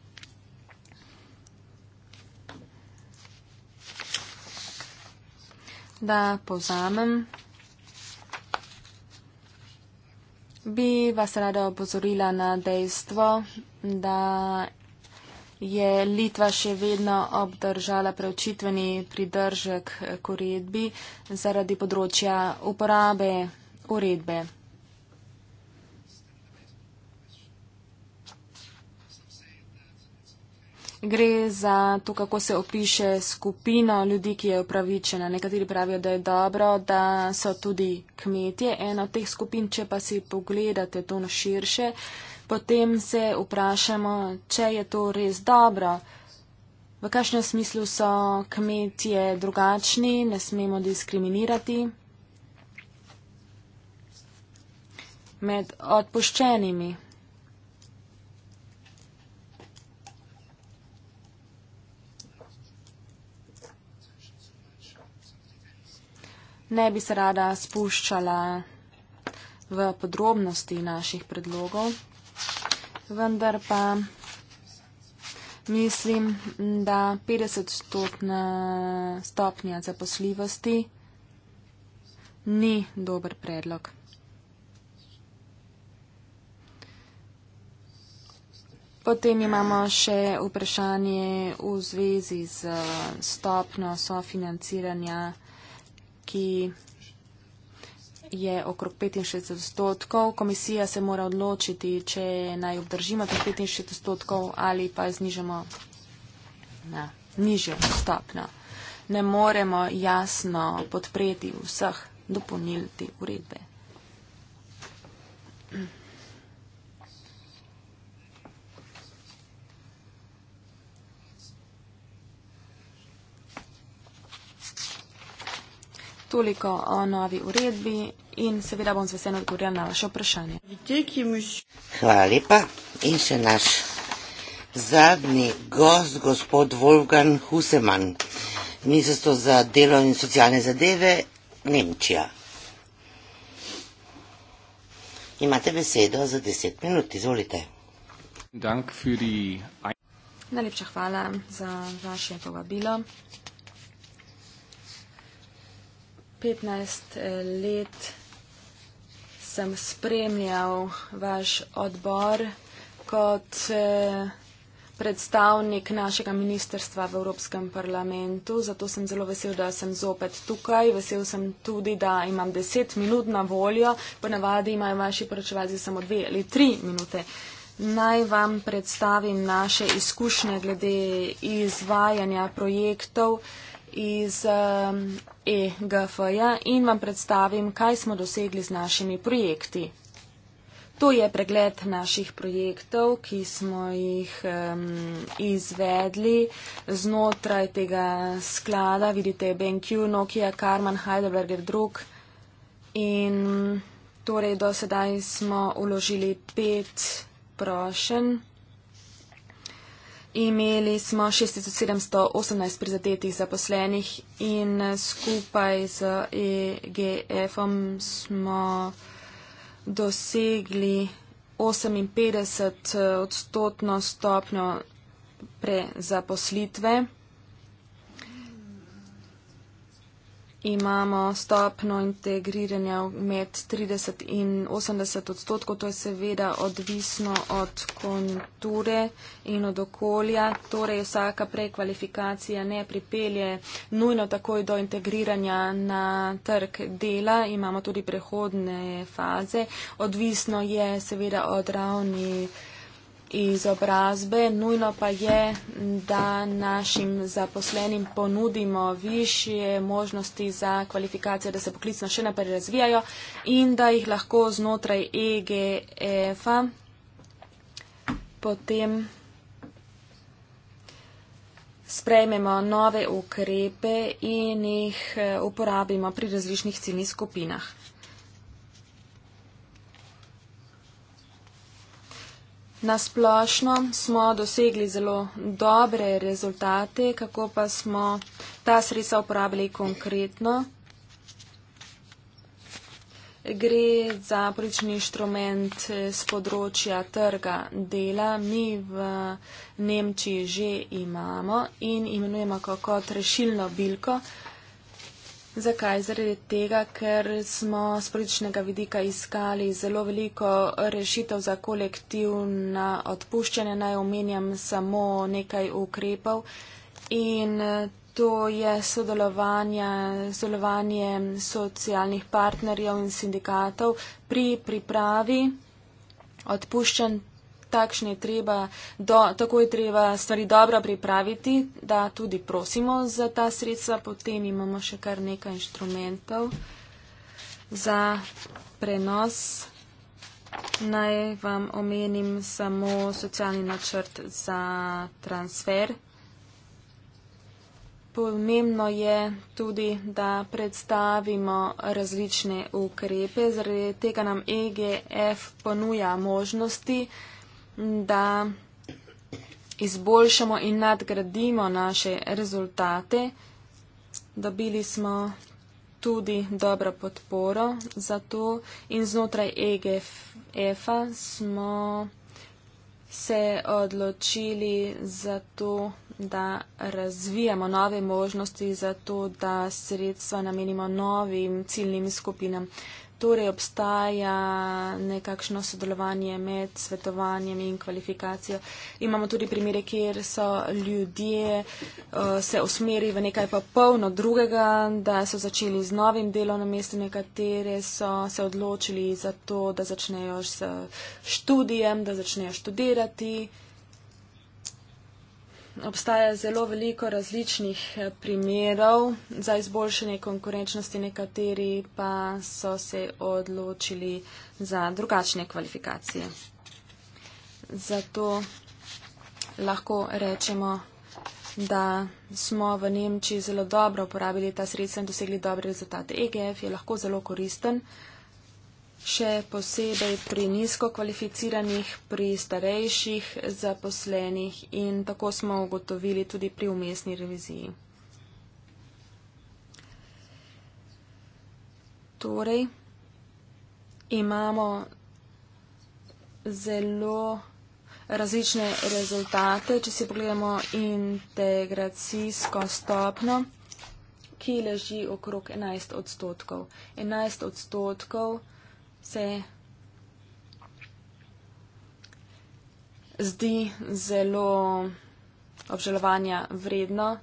da povzamem, bi vas rada opozorila na dejstvo, da je Litva še vedno obdržala preučitveni pridržek k uredbi zaradi področja uporabe uredbe. gre za to, kako se opiše skupino ljudi, ki je upravičena. Nekateri pravijo, da je dobro, da so tudi kmetje ena od teh skupin, če pa si pogledate to na širše, potem se vprašamo, če je to res dobro. V kakšnem smislu so kmetje drugačni, ne smemo diskriminirati med odpuščenimi. ne bi se rada spuščala v podrobnosti naših predlogov, vendar pa mislim, da 50-stotna stopnja zaposljivosti ni dober predlog. Potem imamo še vprašanje v zvezi z stopno sofinanciranja ki je okrog 65 odstotkov. Komisija se mora odločiti, če naj obdržimo teh 65 odstotkov ali pa znižamo na nižjo stopno. Ne moremo jasno podpreti vseh dopolnilti uredbe. Toliko o novi uredbi in seveda bom z veseljem odgovorila na vaše vprašanje. Hvala lepa in še naš zadnji gost, gospod Wolfgang Huseman, Ministrstvo za delo in socialne zadeve Nemčija. Imate besedo za 10 minut, izvolite. Najlepša hvala za vaše povabilo. 15 eh, let sem spremljal vaš odbor kot eh, predstavnik našega ministerstva v Evropskem parlamentu, zato sem zelo vesel, da sem zopet tukaj. Vesel sem tudi, da imam deset minut na voljo, ponavadi imajo vaši poročevalci samo dve ali tri minute. Naj vam predstavim naše izkušnje glede izvajanja projektov iz um, EGFJ in vam predstavim, kaj smo dosegli z našimi projekti. To je pregled naših projektov, ki smo jih um, izvedli znotraj tega sklada. Vidite BenQ, Nokia, Karman, Heidelberger, drug. In torej do sedaj smo uložili pet prošen. Imeli smo 6718 prizadetih zaposlenih in eh, skupaj z EGF-om smo dosegli 58 eh, odstotno stopnjo prezaposlitve. imamo stopno integriranja med 30 in 80 odstotkov. To je seveda odvisno od konture in od okolja. Torej, vsaka prekvalifikacija ne pripelje nujno takoj do integriranja na trg dela. Imamo tudi prehodne faze. Odvisno je seveda od ravni izobrazbe, nujno pa je, da našim zaposlenim ponudimo višje možnosti za kvalifikacije, da se poklicno še naprej razvijajo in da jih lahko znotraj EGF-a e potem sprejmemo nove ukrepe in jih eh, uporabimo pri različnih ciljnih skupinah. Na splošno smo dosegli zelo dobre rezultate, kako pa smo ta sredstva uporabili konkretno. Gre za prični inštrument z eh, področja trga dela. Mi v Nemčiji že imamo in imenujemo kot rešilno bilko. Zakaj? Zaradi tega, ker smo z političnega vidika iskali zelo veliko rešitev za kolektivna odpuščanja. Naj omenjam samo nekaj ukrepov in to je sodelovanje socialnih partnerjev in sindikatov pri pripravi odpuščanj takšne treba, do, tako je treba stvari dobro pripraviti, da tudi prosimo za ta sredstva. Potem imamo še kar nekaj inštrumentov za prenos. Naj vam omenim samo socialni načrt za transfer. Pomembno je tudi, da predstavimo različne ukrepe, zaradi tega nam EGF ponuja možnosti, uh, da izboljšamo in nadgradimo naše rezultate. Dobili smo tudi dobro podporo za to in znotraj EGF-a smo se odločili za to, da razvijamo nove možnosti, za to, da sredstva namenimo novim ciljnim skupinam torej obstaja nekakšno sodelovanje med svetovanjem in kvalifikacijo. Imamo tudi primere, kjer so ljudje eh, se usmerili v nekaj popolno drugega, da so začeli z novim delom na mestu, nekatere so se odločili za to, da začnejo s študijem, da začnejo študirati obstaja zelo veliko različnih eh, primerov za izboljšanje konkurenčnosti, nekateri pa so se odločili za drugačne kvalifikacije. Zato lahko rečemo, da smo v Nemčiji zelo dobro uporabili ta sredstva in dosegli dobre rezultate. EGF je lahko zelo koristen še posebej pri nizko kvalificiranih, pri starejših zaposlenih in tako smo ugotovili tudi pri umestni reviziji. Torej, imamo zelo različne rezultate, če si pogledamo integracijsko stopno, ki leži okrog 11 odstotkov. 11 odstotkov se zdi zelo obžalovanja vredno,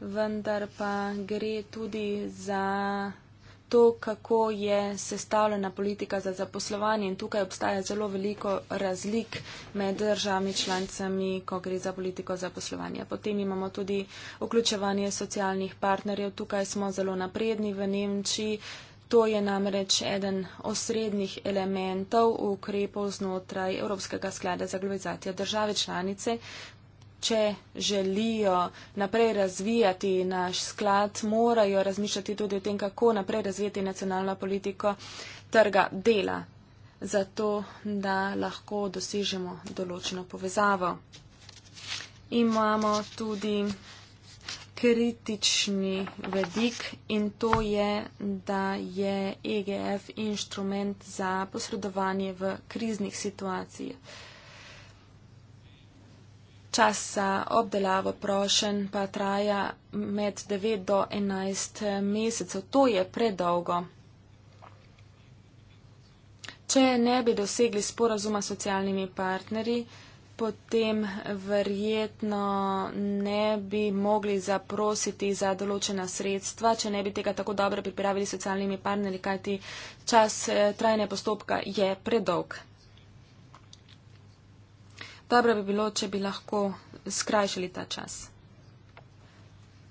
vendar pa gre tudi za to, kako je sestavljena politika za zaposlovanje in tukaj obstaja zelo veliko razlik med državami članicami, ko gre za politiko zaposlovanja. Potem imamo tudi vključevanje socialnih partnerjev, tukaj smo zelo napredni v Nemčiji, To je namreč eden osrednjih elementov ukrepov znotraj Evropskega sklada za globalizacijo države članice. Če želijo naprej razvijati naš sklad, morajo razmišljati tudi o tem, kako naprej razvijati nacionalno politiko trga dela, zato da lahko dosežemo določeno povezavo. Imamo tudi kritični vedik in to je, da je EGF inštrument za posredovanje v kriznih situacijah. Čas za obdelavo prošen pa traja med 9 do 11 mesecev. To je predolgo. Če ne bi dosegli sporazuma s socialnimi partnerji, potem verjetno ne bi mogli zaprositi za določena sredstva, če ne bi tega tako dobro pripravili socialnimi partnerji, kajti čas eh, trajanja postopka je predolg. Dobro bi bilo, če bi lahko skrajšali ta čas.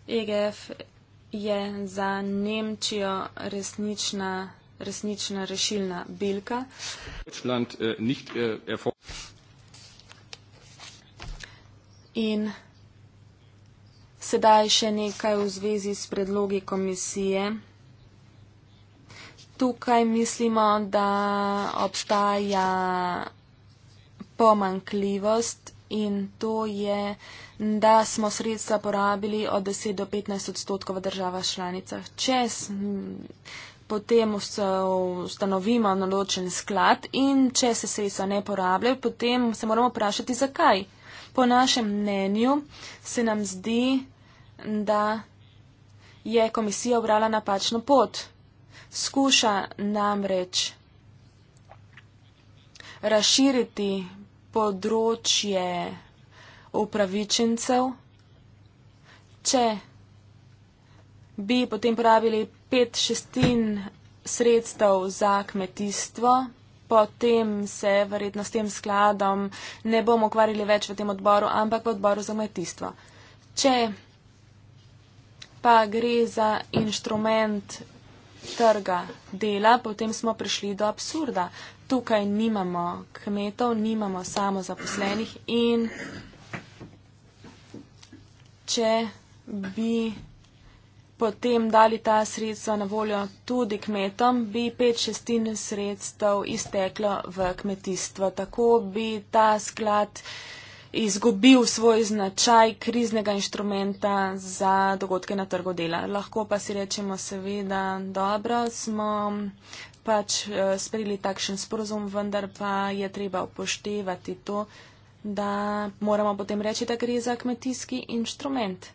EGF je za Nemčijo resnična, resnična rešilna bilka. Deutschland, eh, nicht, eh, In sedaj še nekaj v zvezi s predlogi komisije. Tukaj mislimo, da obstaja pomankljivost in to je, da smo sredstva porabili od 10 do 15 odstotkov v državah članicah. Če potem ustanovimo naločen sklad in če se sredstva ne porabljajo, potem se moramo vprašati, zakaj. Po našem mnenju se nam zdi, da je komisija obrala napačno pot. Skuša namreč razširiti področje upravičencev, če bi potem porabili pet šestin sredstev za kmetijstvo, potem se verjetno s tem skladom ne bomo ukvarjali več v tem odboru, ampak v odboru za kmetijstvo. Če pa gre za inštrument trga dela, potem smo prišli do absurda. Tukaj nimamo kmetov, nimamo samo zaposlenih in če bi potem dali ta sredstva na voljo tudi kmetom, bi pet šestin sredstev izteklo v kmetijstvo. Tako bi ta sklad izgubil svoj značaj kriznega inštrumenta za dogodke na trgu dela. Lahko pa si rečemo, seveda, dobro, smo pač eh, sprejeli takšen sporozum, vendar pa je treba upoštevati to, da moramo potem reči, da gre za kmetijski inštrument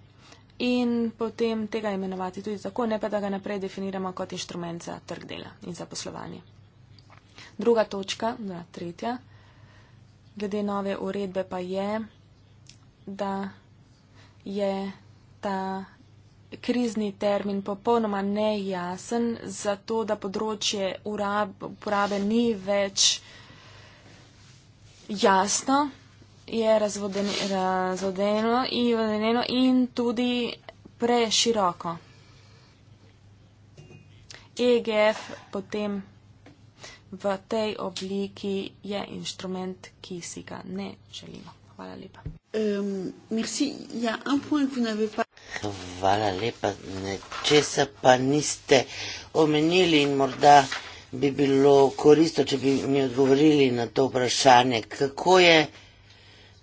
in potem tega imenovati tudi tako, ne pa da ga naprej definiramo kot inštrument za trg dela in za poslovanje. Druga točka, oziroma tretja, glede nove uredbe pa je, da je ta krizni termin popolnoma nejasen, zato da področje urab, uporabe ni več jasno, je razvodeno in vodeneno in tudi preširoko. EGF potem v tej obliki je inštrument, ki si ga ne želimo. Hvala lepa. Um, ja, pa... Hvala lepa. Česa pa niste omenili in morda bi bilo koristo, če bi mi odgovorili na to vprašanje, kako je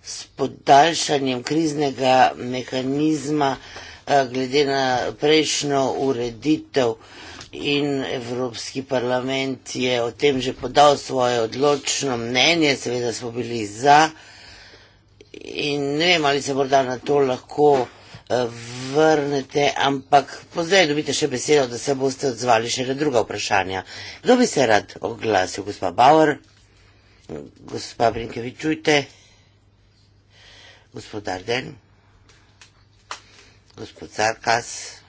s podaljšanjem kriznega mehanizma eh, glede na prejšnjo ureditev in Evropski parlament je o tem že podal svoje odločno mnenje, seveda smo bili za in ne vem, ali se morda na to lahko eh, vrnete, ampak pozdaj dobite še besedo, da se boste odzvali še na druga vprašanja. Kdo bi se rad oglasil, gospa Bauer? Gospa Brinkevičujte. čujte gospod Arden, gospod Sarkas,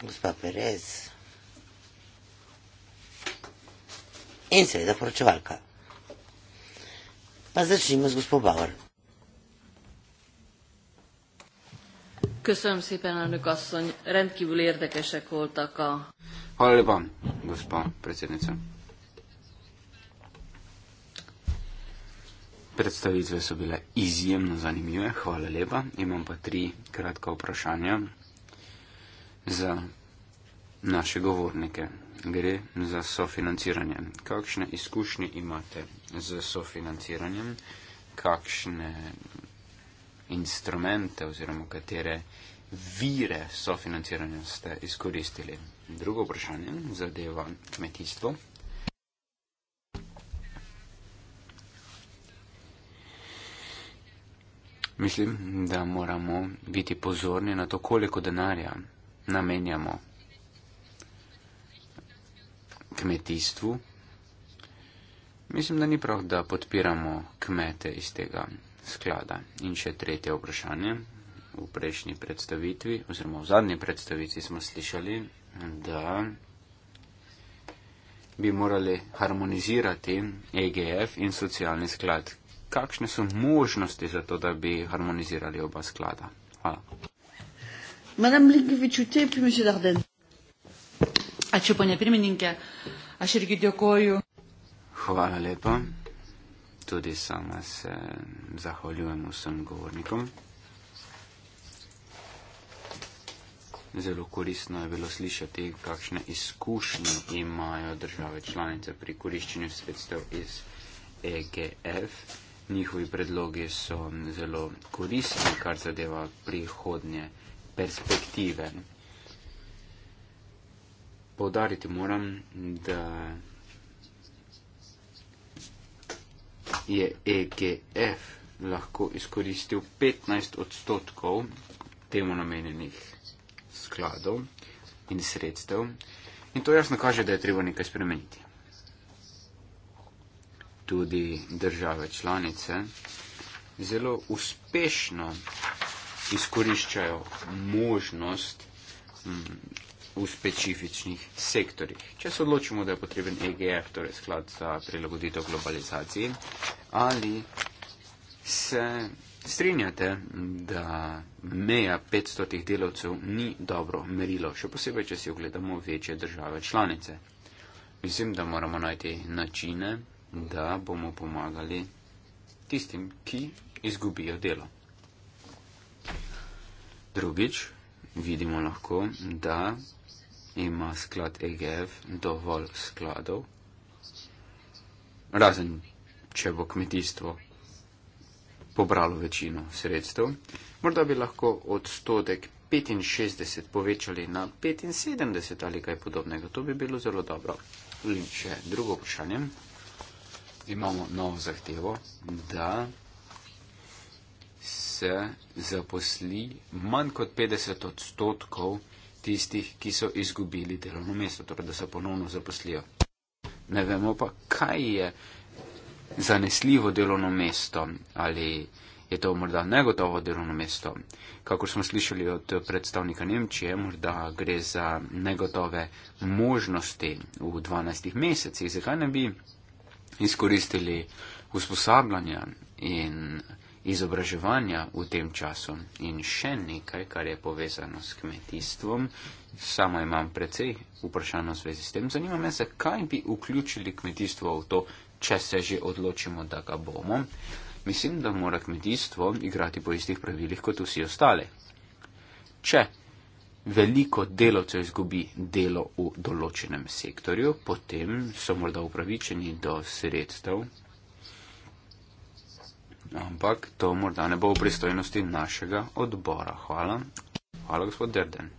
gospod Perez in seveda poročevalka. Pa začnimo z gospod Bauer. Köszönöm szépen, elnök asszony. Rendkívül érdekesek voltak a... Hallja gospa gospod Predstavitve so bile izjemno zanimive, hvala lepa. Imam pa tri kratka vprašanja za naše govornike. Gre za sofinanciranje. Kakšne izkušnje imate z sofinanciranjem? Kakšne instrumente oziroma katere vire sofinanciranja ste izkoristili? Drugo vprašanje zadeva kmetijstvo. Mislim, da moramo biti pozorni na to, koliko denarja namenjamo kmetijstvu. Mislim, da ni prav, da podpiramo kmete iz tega sklada. In še tretje vprašanje. V prejšnji predstavitvi oziroma v zadnji predstavitvi smo slišali, da bi morali harmonizirati EGF in socialni sklad kakšne so možnosti za to, da bi harmonizirali oba sklada. Hvala. Madame Linkovič, v tej primi se darden. A če ponje primeninke, a širki djokoju. Hvala lepa. Tudi sama se zahvaljujem vsem govornikom. Zelo koristno je bilo slišati, kakšne izkušnje imajo države članice pri koriščenju sredstev iz EGF njihovi predlogi so zelo koristni, kar zadeva prihodnje perspektive. Povdariti moram, da je EGF lahko izkoristil 15 odstotkov temu namenjenih skladov in sredstev. In to jasno kaže, da je treba nekaj spremeniti tudi države članice zelo uspešno izkoriščajo možnost mm, v specifičnih sektorjih. Če se odločimo, da je potreben EGF, torej sklad za prilagoditev globalizaciji, ali se strinjate, da meja 500 delavcev ni dobro merilo, še posebej, če si ogledamo večje države članice. Mislim, da moramo najti načine, da bomo pomagali tistim, ki izgubijo delo. Drugič, vidimo lahko, da ima sklad EGF dovolj skladov, razen če bo kmetijstvo pobralo večino sredstev, morda bi lahko odstotek 65 povečali na 75 ali kaj podobnega. To bi bilo zelo dobro. In še drugo vprašanje, imamo novo zahtevo, da se zaposli manj kot 50 odstotkov tistih, ki so izgubili delovno mesto, torej da se ponovno zaposlijo. Ne vemo pa, kaj je zanesljivo delovno mesto ali je to morda negotovo delovno mesto. Kako smo slišali od predstavnika Nemčije, morda gre za negotove možnosti v 12 mesecih. Zakaj ne bi izkoristili usposabljanja in izobraževanja v tem času in še nekaj, kar je povezano s kmetijstvom. Samo imam precej vprašanj v zvezi s tem. Zanima me, zakaj bi vključili kmetijstvo v to, če se že odločimo, da ga bomo. Mislim, da mora kmetijstvo igrati po istih pravilih kot vsi ostali. Če veliko delavcev izgubi delo v določenem sektorju, potem so morda upravičeni do sredstev, ampak to morda ne bo v pristojnosti našega odbora. Hvala. Hvala, gospod Derden.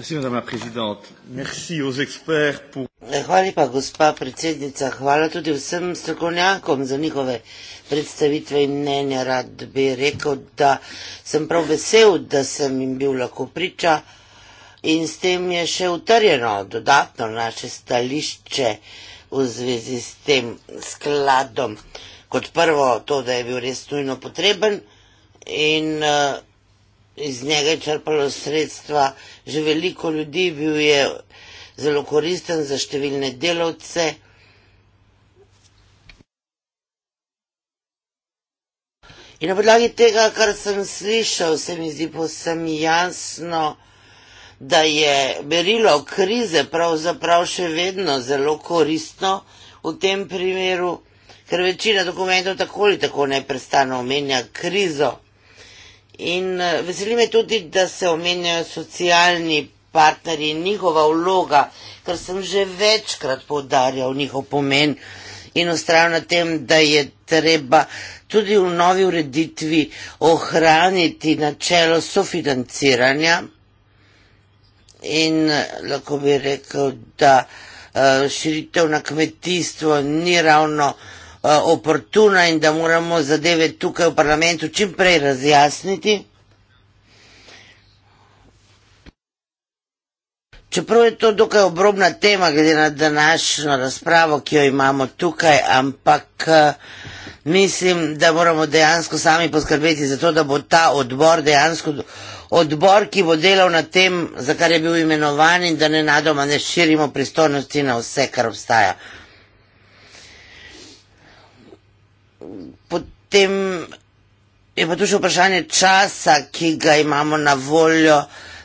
Merci, madame la présidente. Merci aux experts pour. E, hvala pa, gospa predsednica, hvala tudi vsem strokovnjakom za njihove predstavitve in mnenja. Rad bi rekel, da sem prav vesel, da sem jim bil lahko priča in s tem je še utrjeno dodatno naše stališče v zvezi s tem skladom. Kot prvo, to, da je bil res nujno potreben in uh, iz njega črpalo sredstva že veliko ljudi, bil je zelo koristen za številne delavce. In na podlagi tega, kar sem slišal, se mi zdi posem jasno, da je berilo krize pravzaprav še vedno zelo koristno v tem primeru, ker večina dokumentov tako ali tako neprestano omenja krizo. In eh, veseli me tudi, da se omenjajo socialni partneri in njihova vloga, ker sem že večkrat povdarjal njihov pomen in ustrajal na tem, da je treba tudi v novi ureditvi ohraniti načelo sofinanciranja in eh, lahko bi rekel, da eh, širitev na kmetijstvo ni ravno uh, Eh, oportuna in da moramo zadeve tukaj v parlamentu čim prej razjasniti. Čeprav je to dokaj obrobna tema, glede na današnjo razpravo, ki jo imamo tukaj, ampak eh, mislim, da moramo dejansko sami poskrbeti za to, da bo ta odbor dejansko odbor, ki bo delal na tem, za kar je bil imenovan in da ne nadoma ne širimo pristojnosti na vse, kar obstaja. potem je pa tu še vprašanje časa, ki ga imamo na voljo,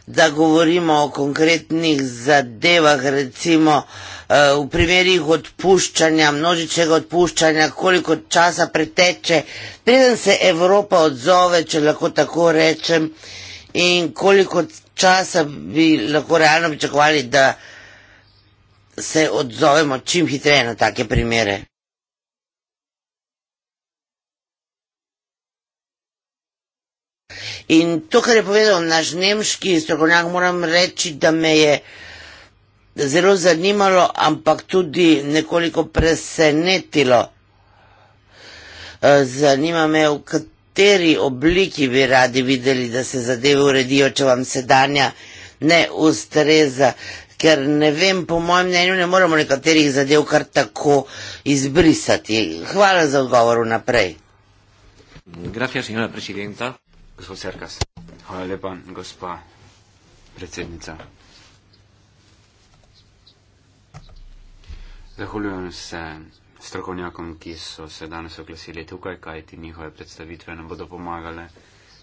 da govorimo o konkretnih zadevah, recimo eh, v primerih odpuščanja, množičnega odpuščanja, koliko časa preteče, preden se Evropa odzove, če lahko tako rečem, in koliko časa bi lahko realno pričakovali, da se odzovemo čim hitreje na take primere. In to, kar je povedal naš nemški strokovnjak, moram reči, da me je zelo zanimalo, ampak tudi nekoliko presenetilo. Eh, zanima me, v kateri obliki bi radi videli, da se zadeve uredijo, če vam sedanja ne ustreza, ker ne vem, po mojem mnenju, ne moremo nekaterih zadev kar tako izbrisati. Hvala za odgovor naprej. Gracias, señora presidenta. Gospod Serkas. Hvala lepa, gospa predsednica. Zahvaljujem se strokovnjakom, ki so se danes oglasili tukaj, kaj ti njihove predstavitve nam bodo pomagale,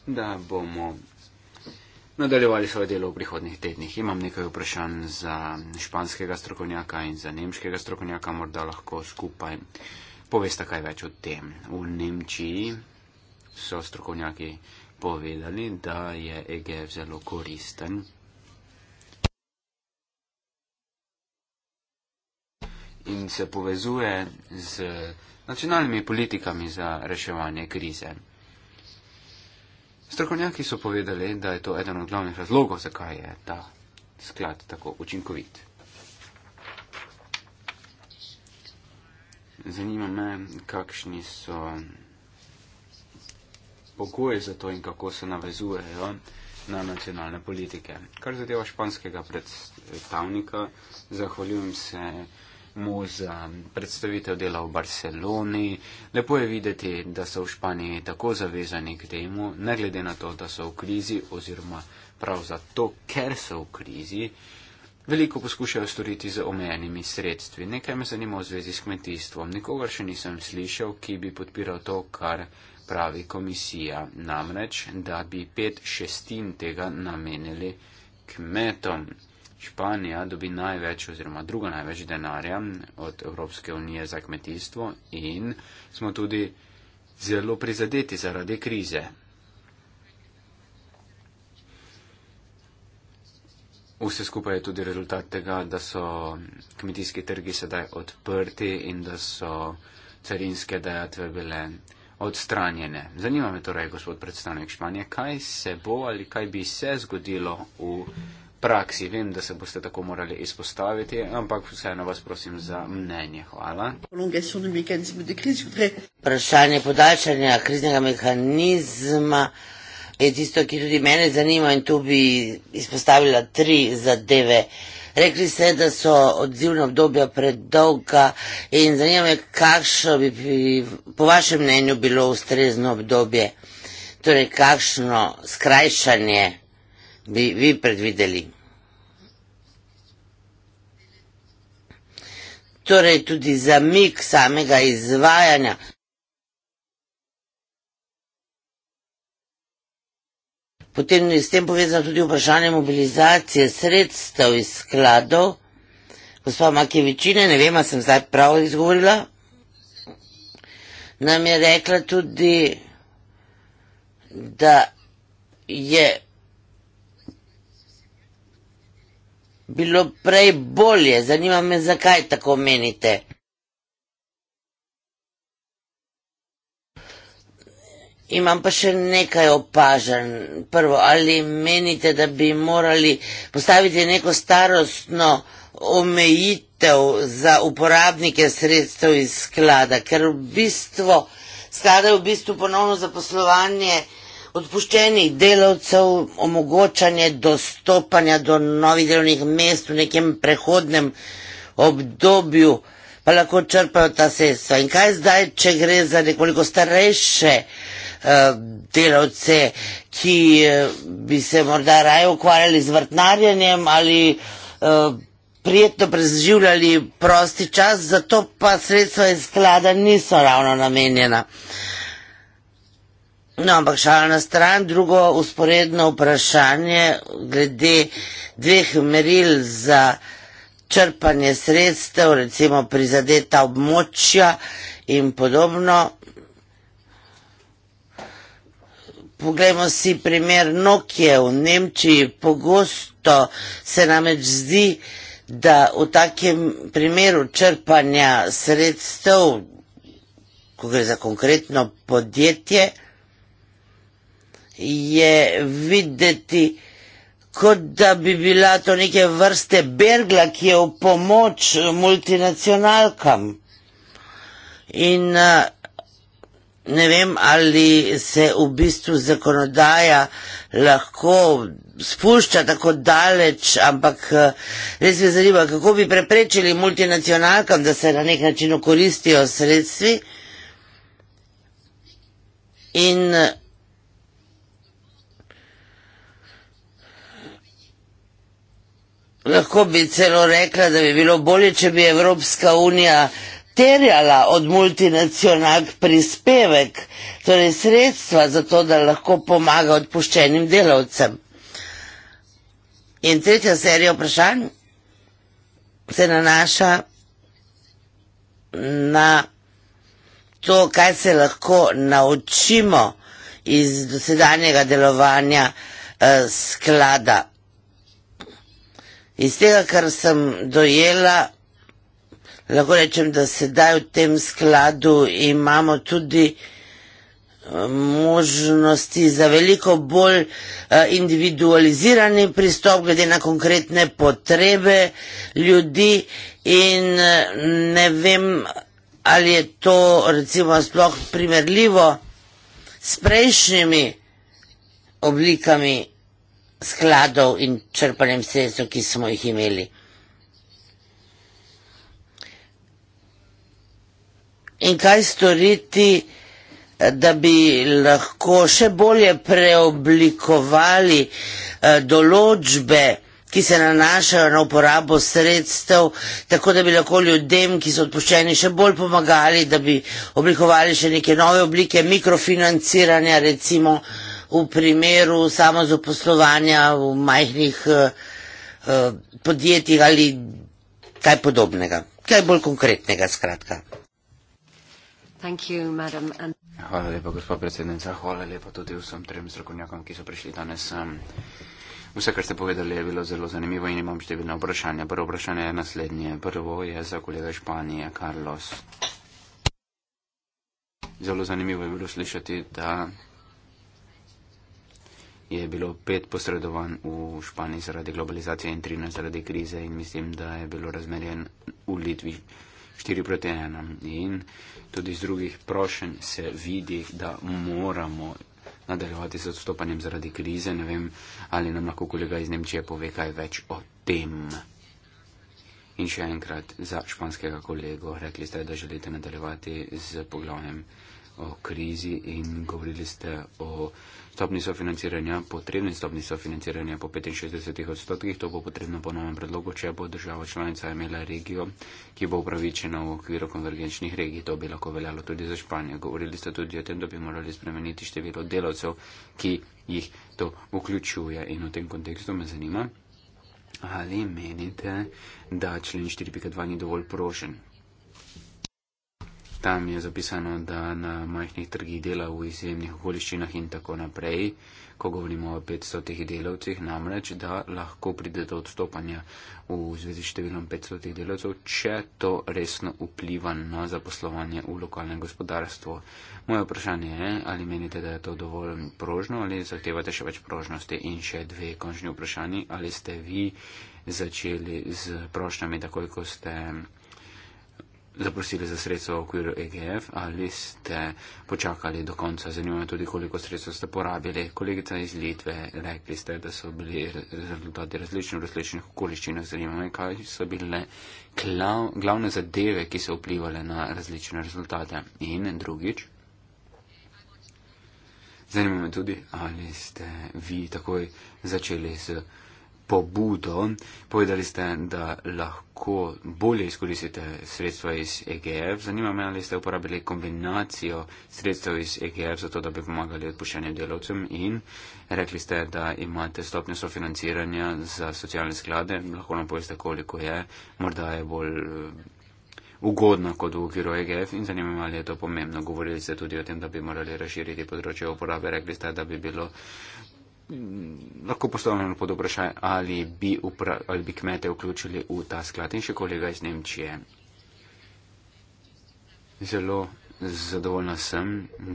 da bomo nadaljevali svoje delo v prihodnih tednih. Imam nekaj vprašanj za španskega strokovnjaka in za nemškega strokovnjaka, morda lahko skupaj povesta kaj več o tem. V Nemčiji so strokovnjaki povedali, da je Egev zelo koristen. In se povezuje z nacionalnimi politikami za reševanje krize. Strokovnjaki so povedali, da je to eden od glavnih razlogov, zakaj je ta sklad tako učinkovit. Zanima me, kakšni so pogoje za to in kako se navezujejo na nacionalne politike. Kar zadeva španskega predstavnika, zahvaljujem se mu za predstavitev dela v Barceloni. Lepo je videti, da so v Španiji tako zavezani k temu, ne glede na to, da so v krizi oziroma prav zato, ker so v krizi, veliko poskušajo storiti z omejenimi sredstvi. Nekaj me zanima v zvezi s kmetijstvom. Nikogar še nisem slišal, ki bi podpiral to, kar pravi komisija. Namreč, da bi pet šestin tega namenili kmetom. Španija dobi največ oziroma druga največ denarja od Evropske unije za kmetijstvo in smo tudi zelo prizadeti zaradi krize. Vse skupaj je tudi rezultat tega, da so kmetijski trgi sedaj odprti in da so carinske dejatve bile odstranjene. Zanima me torej, gospod predstavnik Španije, kaj se bo ali kaj bi se zgodilo v praksi. Vem, da se boste tako morali izpostaviti, ampak vseeno vas prosim za mnenje. Hvala. Vprašanje podaljšanja kriznega mehanizma je tisto, ki tudi mene zanima in tu bi izpostavila tri zadeve. Rekli ste, da so odzivna obdobja predolga in zanima me, kakšno bi po vašem mnenju bilo ustrezno obdobje, torej kakšno skrajšanje bi vi predvideli. Torej tudi za mik samega izvajanja. Potem je s tem povezano tudi vprašanje mobilizacije sredstev iz skladov. Gospa Makevičine, ne vem, ali sem zdaj prav izgovorila, nam je rekla tudi, da je bilo prej bolje. Zanima me, zakaj tako menite. Imam pa še nekaj opažanj. Prvo, ali menite, da bi morali postaviti neko starostno omejitev za uporabnike sredstev iz sklada, ker v bistvu sklada je v bistvu ponovno zaposlovanje odpuščenih delavcev, omogočanje dostopanja do novih delovnih mest v nekem prehodnem obdobju pa lahko črpajo ta sredstva. In kaj zdaj, če gre za nekoliko starejše eh, delavce, ki eh, bi se morda raje ukvarjali z vrtnarjenjem ali eh, prijetno preživljali prosti čas, zato pa sredstva iz sklada niso ravno namenjena. No, ampak šala na stran, drugo usporedno vprašanje glede dveh meril za črpanje sredstev, recimo prizadeta območja in podobno. Poglejmo si primer Nokije v Nemčiji. Pogosto se namreč zdi, da v takem primeru črpanja sredstev, ko gre za konkretno podjetje, je videti, kot da bi bila to neke vrste bergla, ki je v pomoč eh, multinacionalkam. In eh, ne vem, ali se v bistvu zakonodaja lahko spušča tako daleč, ampak eh, res me zanima, kako bi preprečili multinacionalkam, da se na nek način okoristijo sredstvi. In Lahko bi celo rekla, da bi bilo bolje, če bi Evropska unija terjala od multinacionalk prispevek, torej sredstva za to, da lahko pomaga odpuščenim delavcem. In tretja serija vprašanj se nanaša na to, kaj se lahko naučimo iz dosedanjega delovanja eh, sklada Iz tega, kar sem dojela, lahko rečem, da sedaj v tem skladu imamo tudi eh, možnosti za veliko bolj eh, individualizirani pristop glede na konkretne potrebe ljudi in eh, ne vem, ali je to recimo sploh primerljivo s prejšnjimi oblikami skladov in črpanjem sredstev, ki smo jih imeli. In kaj storiti, da bi lahko še bolje preoblikovali eh, določbe, ki se nanašajo na uporabo sredstev, tako da bi lahko ljudem, ki so odpuščeni, še bolj pomagali, da bi oblikovali še neke nove oblike mikrofinanciranja, recimo v primeru samozaposlovanja v majhnih uh, podjetjih ali kaj podobnega, kaj bolj konkretnega skratka. You, And... Hvala lepa, gospod predsednica. Hvala lepa tudi vsem trem strokovnjakom, ki so prišli danes. Um... Vse, kar ste povedali, je bilo zelo zanimivo in imam številne vprašanja. Prvo vprašanje je naslednje. Prvo je za kolega Španije, Carlos. Zelo zanimivo je bilo slišati, da je bilo pet posredovanj v Španiji zaradi globalizacije in 13 zaradi krize in mislim, da je bilo razmerjen v Litvi 4 proti 1. In tudi iz drugih prošenj se vidi, da moramo nadaljevati z odstopanjem zaradi krize. Ne vem, ali nam lahko kolega iz Nemčije pove kaj več o tem. In še enkrat za španskega kolego, rekli ste, da želite nadaljevati z poglavjem o krizi in govorili ste o stopni sofinanciranja, potrebni stopni sofinanciranja po 65 odstotkih, to bo potrebno po novem predlogu, če bo država članica imela regijo, ki bo upravičena v okviru konvergenčnih regij. To bi lahko veljalo tudi za Španijo. Govorili ste tudi o tem, da bi morali spremeniti število delavcev, ki jih to vključuje. In v tem kontekstu me zanima, ali menite, da člen 4.2 ni dovolj prošen tam je zapisano, da na majhnih trgih dela v izjemnih okoliščinah in tako naprej, ko govorimo o 500 delavcih, namreč, da lahko pride do odstopanja v zvezi s številom 500 delavcev, če to resno vpliva na zaposlovanje v lokalnem gospodarstvu. Moje vprašanje je, ali menite, da je to dovolj prožno ali zahtevate še več prožnosti in še dve končni vprašanji, ali ste vi začeli z prošnjami takoj, ko ste zaprosili za sredstva v okviru EGF ali ste počakali do konca. Zanima me tudi, koliko sredstev ste porabili. Kolegica iz Litve, rekli ste, da so bili rezultati različni v različnih okoliščinah. Zanima me, kaj so bile klav, glavne zadeve, ki so vplivali na različne rezultate. In drugič. Zanima me tudi, ali ste vi takoj začeli z pobudo. Povedali ste, da lahko bolje izkoristite sredstva iz EGF. Zanima me, ali ste uporabili kombinacijo sredstev iz EGF za to, da bi pomagali odpuščanjem delovcem in rekli ste, da imate stopnjo sofinanciranja za socialne sklade. Lahko nam poveste, koliko je. Morda je bolj eh, ugodna kot v okviru EGF in zanima me, ali je to pomembno. Govorili ste tudi o tem, da bi morali razširiti področje uporabe. Rekli ste, da bi bilo. Mm, lahko postavljeno pod vprašaj, ali bi, upra, ali bi kmete vključili v ta sklad. In še kolega iz Nemčije. Zelo zadovoljna sem,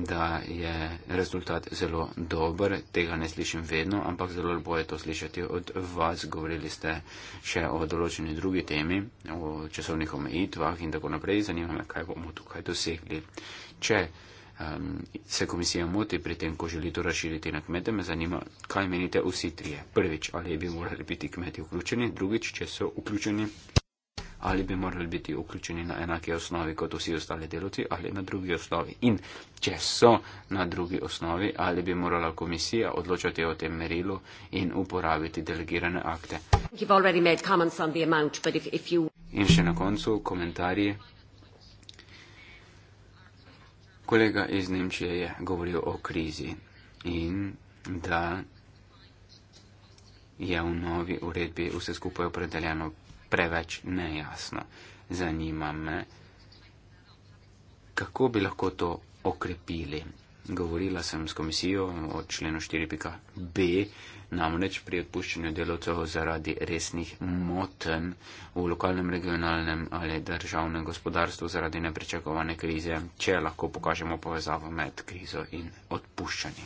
da je rezultat zelo dober. Tega ne slišim vedno, ampak zelo lepo je to slišati od vas. Govorili ste še o določeni drugi temi, o časovnih omejitvah in tako naprej. Zanima me, kaj bomo tukaj dosegli. Če um, se komisija moti pri tem, ko želi to razširiti na kmete, me zanima, kaj menite vsi trije. Prvič, ali bi morali biti kmeti vključeni, drugič, če so vključeni, ali bi morali biti vključeni na enake osnovi kot vsi ostali deloci ali na drugi osnovi. In če so na drugi osnovi, ali bi morala komisija odločati o tem merilu in uporabiti delegirane akte. In še na koncu komentarji kolega iz Nemčije je govoril o krizi in da je v novi uredbi vse skupaj opredeljeno preveč nejasno. Zanima me, kako bi lahko to okrepili. Govorila sem s komisijo o členu 4.b, namreč pri odpuščanju delovcev zaradi resnih moten v lokalnem, regionalnem ali državnem gospodarstvu zaradi nepričakovane krize, če lahko pokažemo povezavo med krizo in odpuščanji.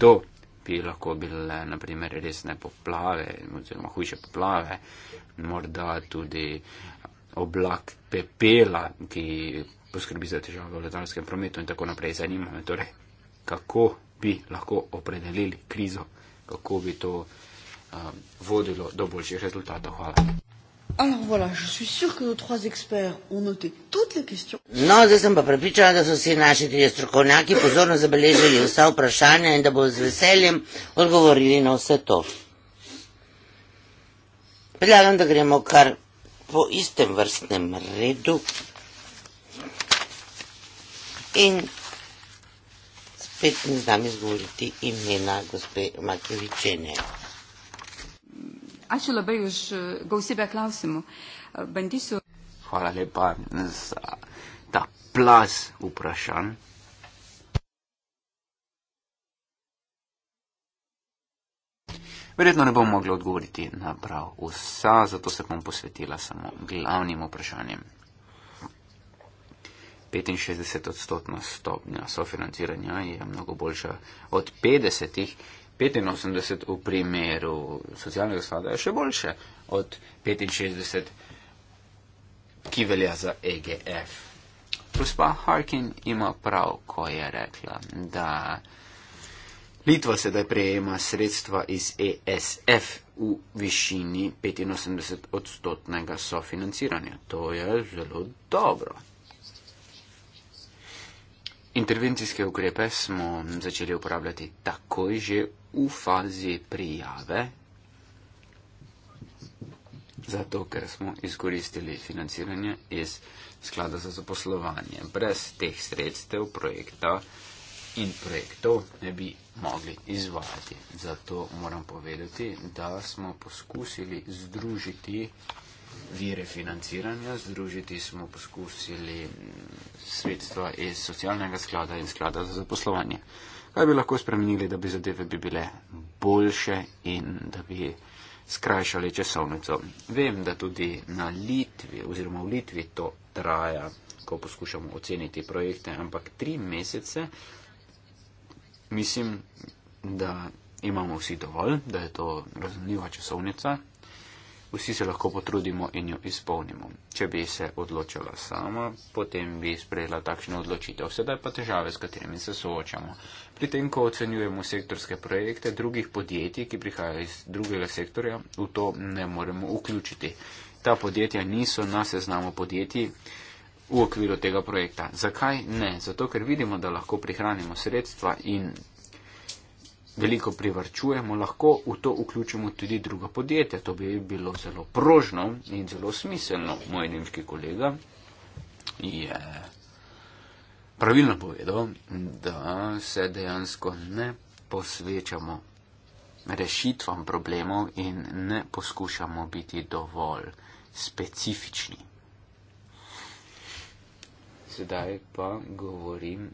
To bi lahko bile naprimer resne poplave oziroma hujše poplave, morda tudi oblak pepela, ki poskrbi za težave v letalskem prometu in tako naprej. Zanima me torej, kako bi lahko opredelili krizo kako bi to um, vodilo do boljših rezultatov. Hvala. Alors voilà, je suis sûr que nos trois experts ont noté toutes les questions. No, zdaj sem pa pripričana, da so vsi naši trije strokovnjaki pozorno zabeležili vsa vprašanja in da bo z veseljem odgovorili na vse to. Predlagam, da gremo kar po istem vrstnem redu. In spet ne znam izgovoriti imena gospe Makevičene. Ačiū labai už e, gausybę klausimų. E, bandysiu. Hvala lepa za ta plas uprašan. Verjetno ne bom mogla odgovoriti na prav vsa, zato se bom posvetila samo glavnim vprašanjem. 65 odstotna stopnja sofinanciranja je mnogo boljša od 50. 85 v primeru socialnega sklada je še boljše od 65, ki velja za EGF. Gospa Harkin ima prav, ko je rekla, da Litva sedaj prejema sredstva iz ESF v višini 85 odstotnega sofinanciranja. To je zelo dobro. Intervencijske ukrepe smo začeli uporabljati takoj že v fazi prijave, zato ker smo izkoristili financiranje iz sklada za zaposlovanje. Brez teh sredstev projekta in projektov ne bi mogli izvajati. Zato moram povedati, da smo poskusili združiti vire financiranja. Združiti smo poskusili sredstva iz socialnega sklada in sklada za zaposlovanje. Kaj bi lahko spremenili, da bi zadeve bi bile boljše in da bi skrajšali časovnico? Vem, da tudi na Litvi oziroma v Litvi to traja, ko poskušamo oceniti projekte, ampak tri mesece mislim, da imamo vsi dovolj, da je to razumljiva časovnica, vsi se lahko potrudimo in jo izpolnimo. Če bi se odločila sama, potem bi sprejela takšno odločitev. Sedaj pa težave, s katerimi se soočamo. Pri tem, ko ocenjujemo sektorske projekte drugih podjetij, ki prihajajo iz drugega sektorja, v to ne moremo vključiti. Ta podjetja niso na seznamu podjetij v okviru tega projekta. Zakaj ne? Zato, ker vidimo, da lahko prihranimo sredstva in veliko privrčujemo, lahko v to vključimo tudi druga podjetja. To bi bilo zelo prožno in zelo smiselno. Moj nemški kolega je pravilno povedal, da se dejansko ne posvečamo rešitvam problemov in ne poskušamo biti dovolj specifični. Sedaj pa govorim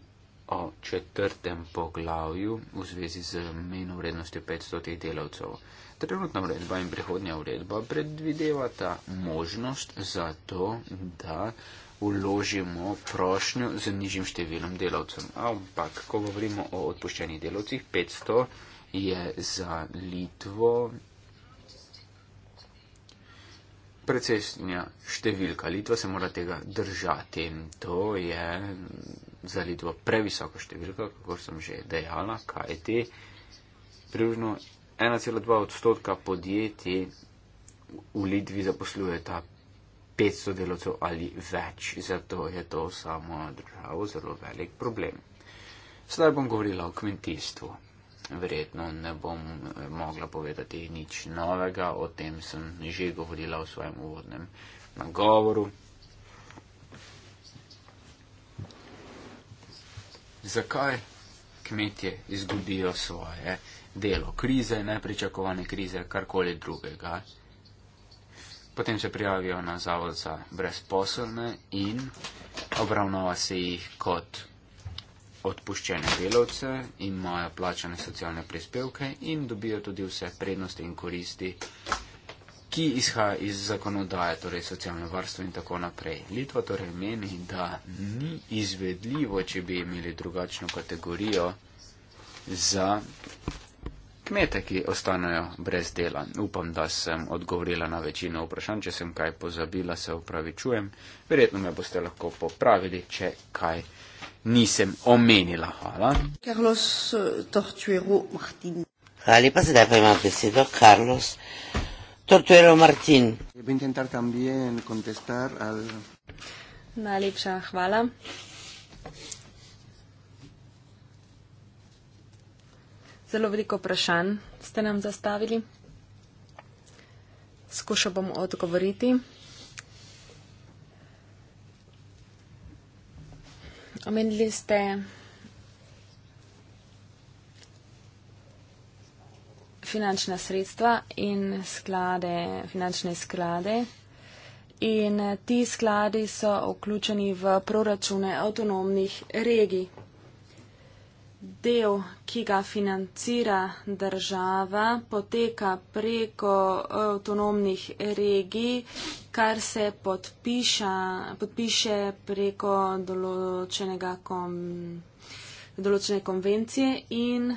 o četrtem poglavju v zvezi z menjo vrednostjo 500 delavcev. Trenutna uredba in prihodnja uredba predvidevata možnost za to, da uložimo prošnjo z nižjim številom delavcev. Ampak, ko govorimo o odpuščenih delavcih, 500 je za Litvo precesnja številka. Litva se mora tega držati in to je zdaj to previsoko številko, kako sem že dejala, KET, približno 1,2 odstotka podjetij v Litvi zaposluje ta 500 delovcev ali več, zato je to samo državo zelo velik problem. Sedaj bom govorila o kmetijstvu. Verjetno ne bom eh, mogla povedati nič novega, o tem sem že govorila v svojem uvodnem nagovoru. zakaj kmetje izgubijo svoje delo. Krize, nepričakovane krize, karkoli drugega. Potem se prijavijo na zavod za brezposelne in obravnava se jih kot odpuščene delavce, imajo plačane socialne prispevke in dobijo tudi vse prednosti in koristi ki izhaja iz zakonodaje, torej socialno varstvo in tako naprej. Litva torej meni, da ni izvedljivo, če bi imeli drugačno kategorijo za kmete, ki ostanejo brez dela. Upam, da sem odgovorila na večino vprašanj, če sem kaj pozabila, se upravičujem. Verjetno me boste lahko popravili, če kaj nisem omenila. Hvala. Carlos, eh, Hvala lepa, zdaj pa ima besedo Carlos. Tortuero Martín. Voy a intentar también contestar al. Najlepša hvala. Zelo veliko vprašanj ste nam zastavili. Skušal bom odgovoriti. Omenili ste finančna sredstva in sklade, finančne sklade. In ti skladi so vključeni v proračune avtonomnih regij. Del, ki ga financira država, poteka preko avtonomnih regij, kar se podpiša, podpiše preko kom, določene konvencije in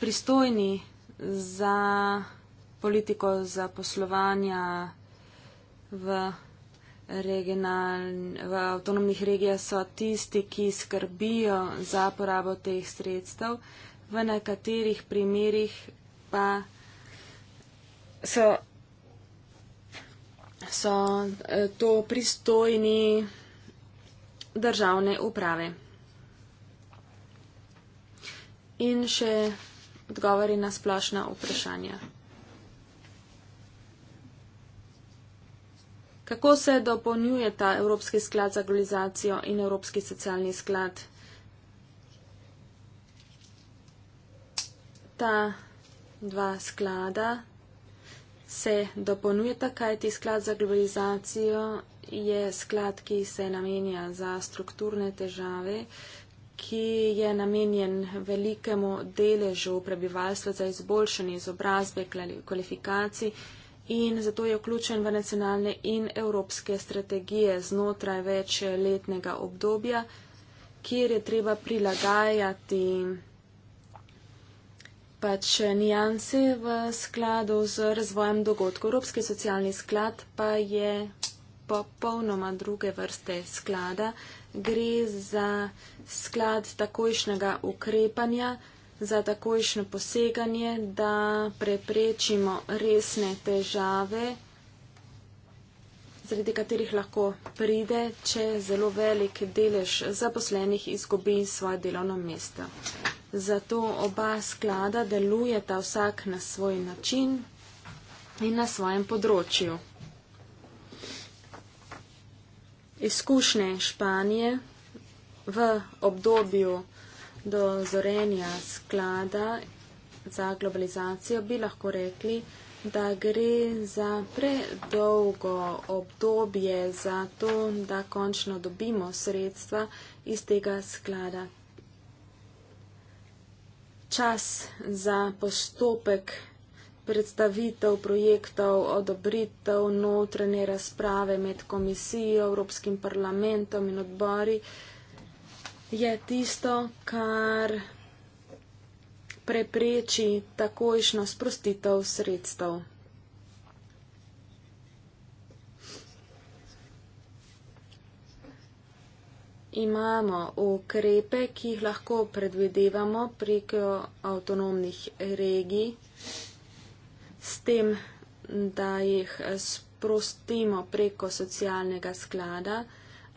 pristojni za politiko zaposlovanja v, v avtonomnih regijah so tisti, ki skrbijo za porabo teh sredstev. V nekaterih primerjih pa so, so eh, to pristojni državne uprave. In še odgovori na splošna vprašanja. Kako se dopolnjuje ta Evropski sklad za globalizacijo in Evropski socialni sklad? Ta dva sklada se dopolnjujeta, kajti sklad za globalizacijo je sklad, ki se namenja za strukturne težave, ki je namenjen velikemu deležu prebivalstva za izboljšanje izobrazbe, kvalifikacij in zato je vključen v nacionalne in evropske strategije znotraj večletnega obdobja, kjer je treba prilagajati pač nijanse v skladu z razvojem dogodkov. Evropski socialni sklad pa je popolnoma druge vrste sklada, gre za sklad takojšnjega ukrepanja, za takojšnje poseganje, da preprečimo resne težave, zaradi katerih lahko pride, če zelo velik delež zaposlenih izgubi svoje delovno mesto. Zato oba sklada delujeta vsak na svoj način in na svojem področju izkušnje Španije v obdobju do zorenja sklada za globalizacijo, bi lahko rekli, da gre za predolgo obdobje za to, da končno dobimo sredstva iz tega sklada. Čas za postopek predstavitev projektov, odobritev, notranje razprave med komisijo, Evropskim parlamentom in odbori je tisto, kar prepreči takojšno sprostitev sredstev. Imamo ukrepe, ki jih lahko predvidevamo preko avtonomnih regij, s tem, da jih sprostimo preko socialnega sklada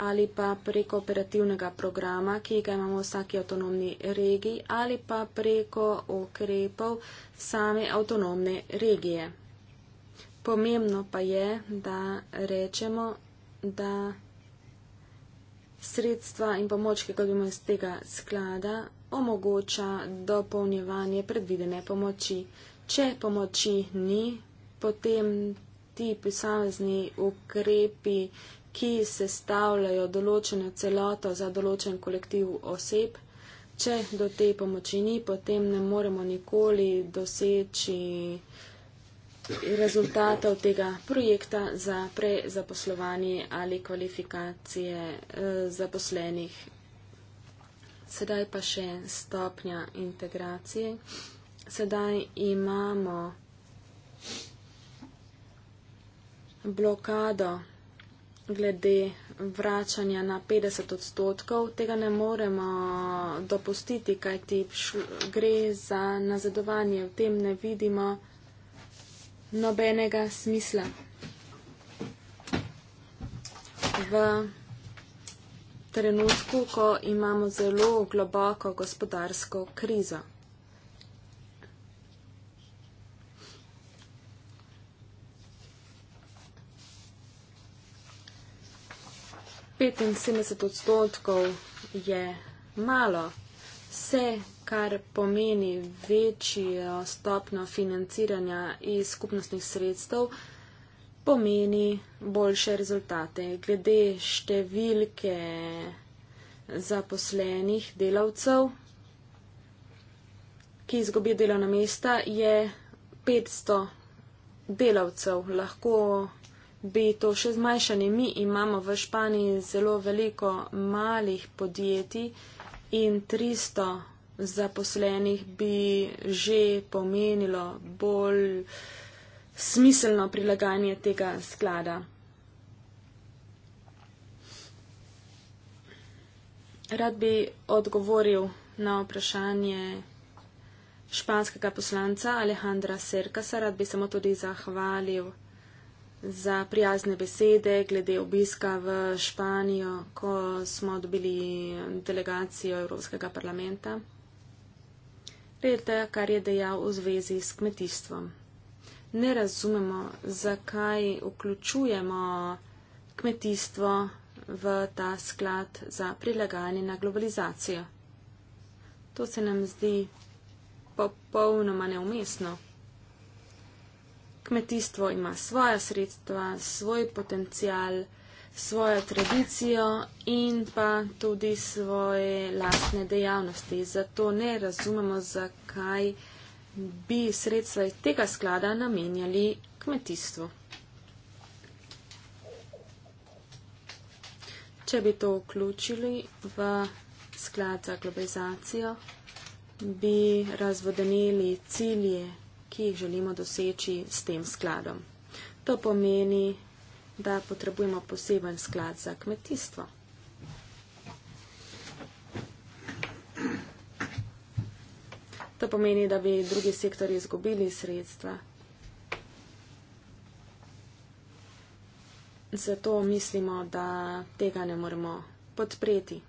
ali pa preko operativnega programa, ki ga imamo v vsaki avtonomni regiji ali pa preko okrepov same avtonomne regije. Pomembno pa je, da rečemo, da sredstva in pomoč, ki ga dobimo iz tega sklada, omogoča dopolnjevanje predvidene pomoči. Če pomoči ni, potem ti posamezni ukrepi, ki sestavljajo določeno celoto za določen kolektiv oseb, če do te pomoči ni, potem ne moremo nikoli doseči rezultatov tega projekta za prezaposlovanje ali kvalifikacije eh, zaposlenih. Sedaj pa še stopnja integracije sedaj imamo blokado glede vračanja na 50 odstotkov. Tega ne moremo dopustiti, kaj ti gre za nazadovanje. V tem ne vidimo nobenega smisla. V trenutku, ko imamo zelo globoko gospodarsko krizo. 75 odstotkov je malo. Vse, kar pomeni večjo stopno financiranja iz skupnostnih sredstev, pomeni boljše rezultate. Glede številke zaposlenih delavcev, ki izgubijo delovna mesta, je 500 delavcev lahko bi to še zmanjšali. Mi imamo v Španiji zelo veliko malih podjetij in 300 zaposlenih bi že pomenilo bolj smiselno prilaganje tega sklada. Rad bi odgovoril na vprašanje španskega poslanca Alejandra Serkasa, rad bi samo tudi zahvalil za prijazne besede glede obiska v Španijo, ko smo dobili delegacijo Evropskega parlamenta. Rete, kar je dejal v zvezi s kmetijstvom. Ne razumemo, zakaj vključujemo kmetijstvo v ta sklad za prilagajanje na globalizacijo. To se nam zdi popolnoma neumestno kmetijstvo ima svoja sredstva, svoj potencial, svojo tradicijo in pa tudi svoje lastne dejavnosti. Zato ne razumemo, zakaj bi sredstva iz tega sklada namenjali kmetijstvu. Če bi to vključili v sklad za globalizacijo, bi razvodenili cilje ki jih želimo doseči s tem skladom. To pomeni, da potrebujemo poseben sklad za kmetijstvo. To pomeni, da bi drugi sektori izgubili sredstva. Zato mislimo, da tega ne moremo podpreti.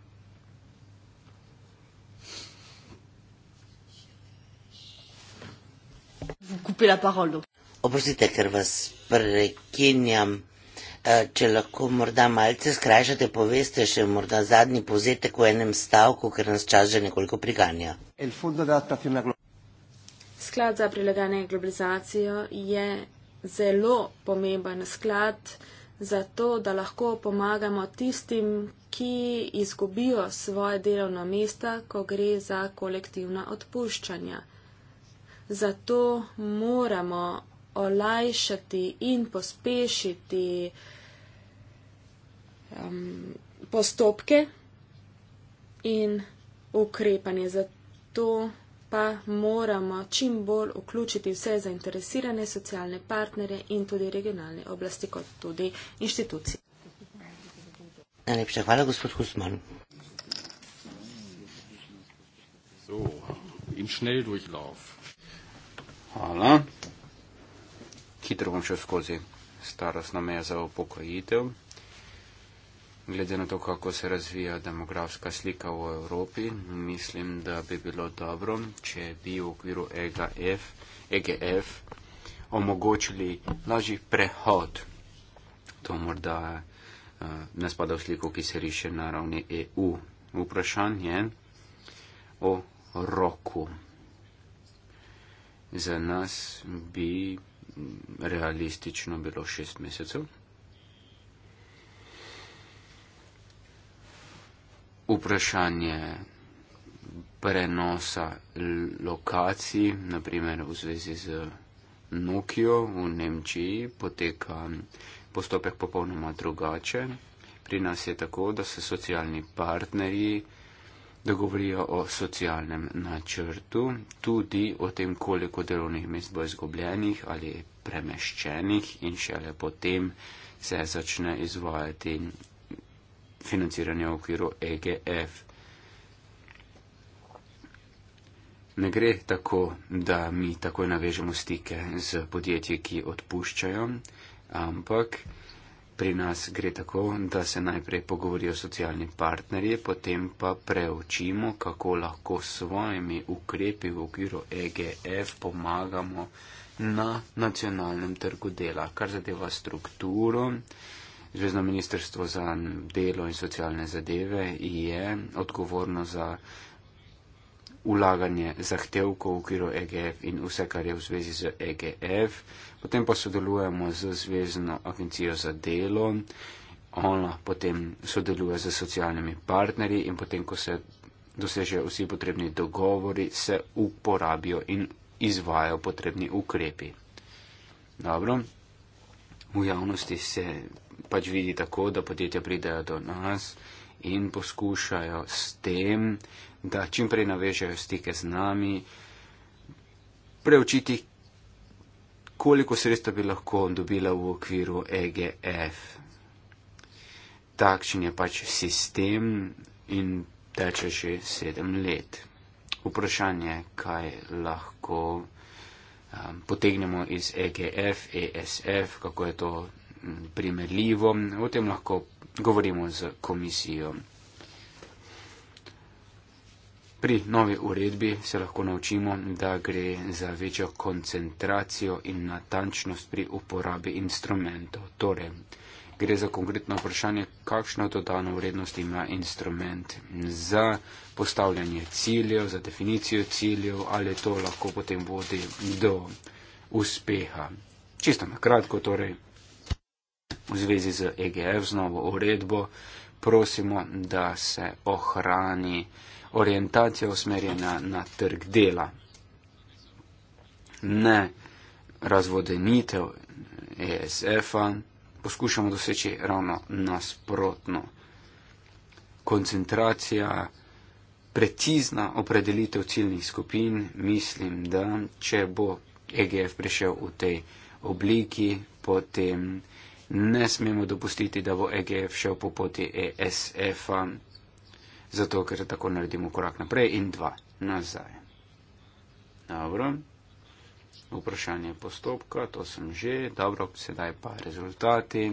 vous coupez la parole. Donc. Oprostite, ker vas prekinjam, eh, če lahko morda malce skrajšate, poveste še morda zadnji povzetek v enem stavku, ker nas čas že nekoliko priganja. Sklad za prilagajanje globalizacijo je zelo pomemben sklad za to, da lahko pomagamo tistim, ki izgubijo svoje delovno mesta, ko gre za kolektivna odpuščanja. Zato moramo olajšati in pospešiti um, postopke in ukrepanje. Zato pa moramo čim bolj vključiti vse zainteresirane socialne partnere in tudi regionalne oblasti, kot tudi inštitucije. Najlepša hvala, gospod Husman. So, in šnel durchlauf. Hvala. Hitro bom še skozi starostna meja za upokojitev. Glede na to, kako se razvija demografska slika v Evropi, mislim, da bi bilo dobro, če bi v okviru EGF, EGF omogočili lažji prehod. To morda eh, ne spada v sliko, ki se riše na ravni EU. Vprašanje je o roku za nas bi realistično bilo šest mesecev. Vprašanje prenosa lokacij, naprimer v zvezi z Nokijo v Nemčiji, poteka postopek popolnoma drugače. Pri nas je tako, da se socialni partnerji da govorijo o socialnem načrtu, tudi o tem, koliko delovnih mest bo izgubljenih ali premeščenih in šele potem se začne izvajati financiranje v okviru EGF. Ne gre tako, da mi takoj navežemo stike z podjetji, ki odpuščajo, ampak pri nas gre tako, da se najprej pogovorijo socialni partnerji, potem pa preučimo, kako lahko s svojimi ukrepi v okviru EGF pomagamo na nacionalnem trgu dela. Kar zadeva strukturo, Zvezdno ministrstvo za delo in socialne zadeve je odgovorno za ulaganje zahtevkov v okviru EGF in vse, kar je v zvezi z EGF. Potem pa sodelujemo z Zvezdno agencijo za delo, ona potem sodeluje z socialnimi partnerji in potem, ko se dosežejo vsi potrebni dogovori, se uporabijo in izvajo potrebni ukrepi. Dobro, v javnosti se pač vidi tako, da podjetja pridejo do nas in poskušajo s tem da čim prej navežejo stike z nami, preučiti, koliko sredstva bi lahko dobila v okviru EGF. Takšen je pač sistem in teče že sedem let. Vprašanje, kaj lahko um, potegnemo iz EGF, ESF, kako je to mm, primerljivo, o tem lahko govorimo z komisijo. Pri novi uredbi se lahko naučimo, da gre za večjo koncentracijo in natančnost pri uporabi instrumentov. Torej, gre za konkretno vprašanje, kakšno dodano vrednost ima instrument za postavljanje ciljev, za definicijo ciljev, ali to lahko potem vodi do uspeha. Čisto na kratko, torej, v zvezi z EGF, z novo uredbo, prosimo, da se ohrani orientacija usmerjena na trg dela. Ne razvodenitev ESF-a, poskušamo doseči ravno nasprotno. Koncentracija, precizna opredelitev ciljnih skupin, mislim, da če bo EGF prišel v tej obliki, potem ne smemo dopustiti, da bo EGF šel po poti ESF-a, zato ker tako naredimo korak naprej in dva nazaj. Dobro, vprašanje postopka, to sem že, dobro, sedaj pa rezultati.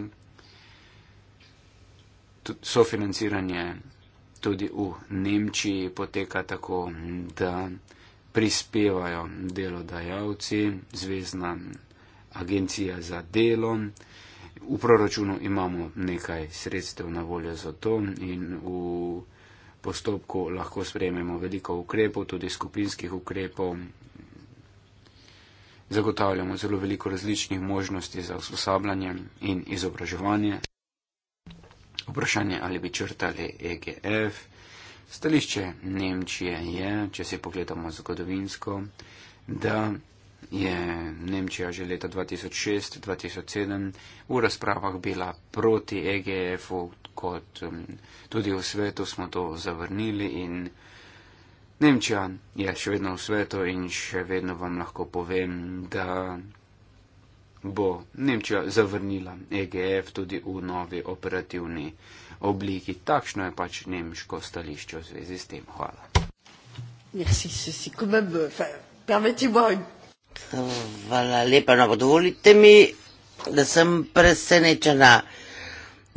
Sofinanciranje tudi v Nemčiji poteka tako, da prispevajo delodajalci, zvezdna agencija za delo. V proračunu imamo nekaj sredstev na voljo za to in v postopku lahko sprejmemo veliko ukrepov, tudi skupinskih ukrepov. Zagotavljamo zelo veliko različnih možnosti za usposabljanje in izobraževanje. Vprašanje, ali bi črtali EGF. Stališče Nemčije je, če si pogledamo zgodovinsko, da je Nemčija že leta 2006-2007 v razpravah bila proti EGF-u, kot um, tudi v svetu smo to zavrnili in Nemčija je še vedno v svetu in še vedno vam lahko povem, da bo Nemčija zavrnila EGF tudi v novi operativni obliki. Takšno je pač nemško stališče v zvezi s tem. Hvala. Merci, ceci, quand même, euh, enfin, permettez-moi une... Hvala lepa, no, dovolite mi, da sem presenečena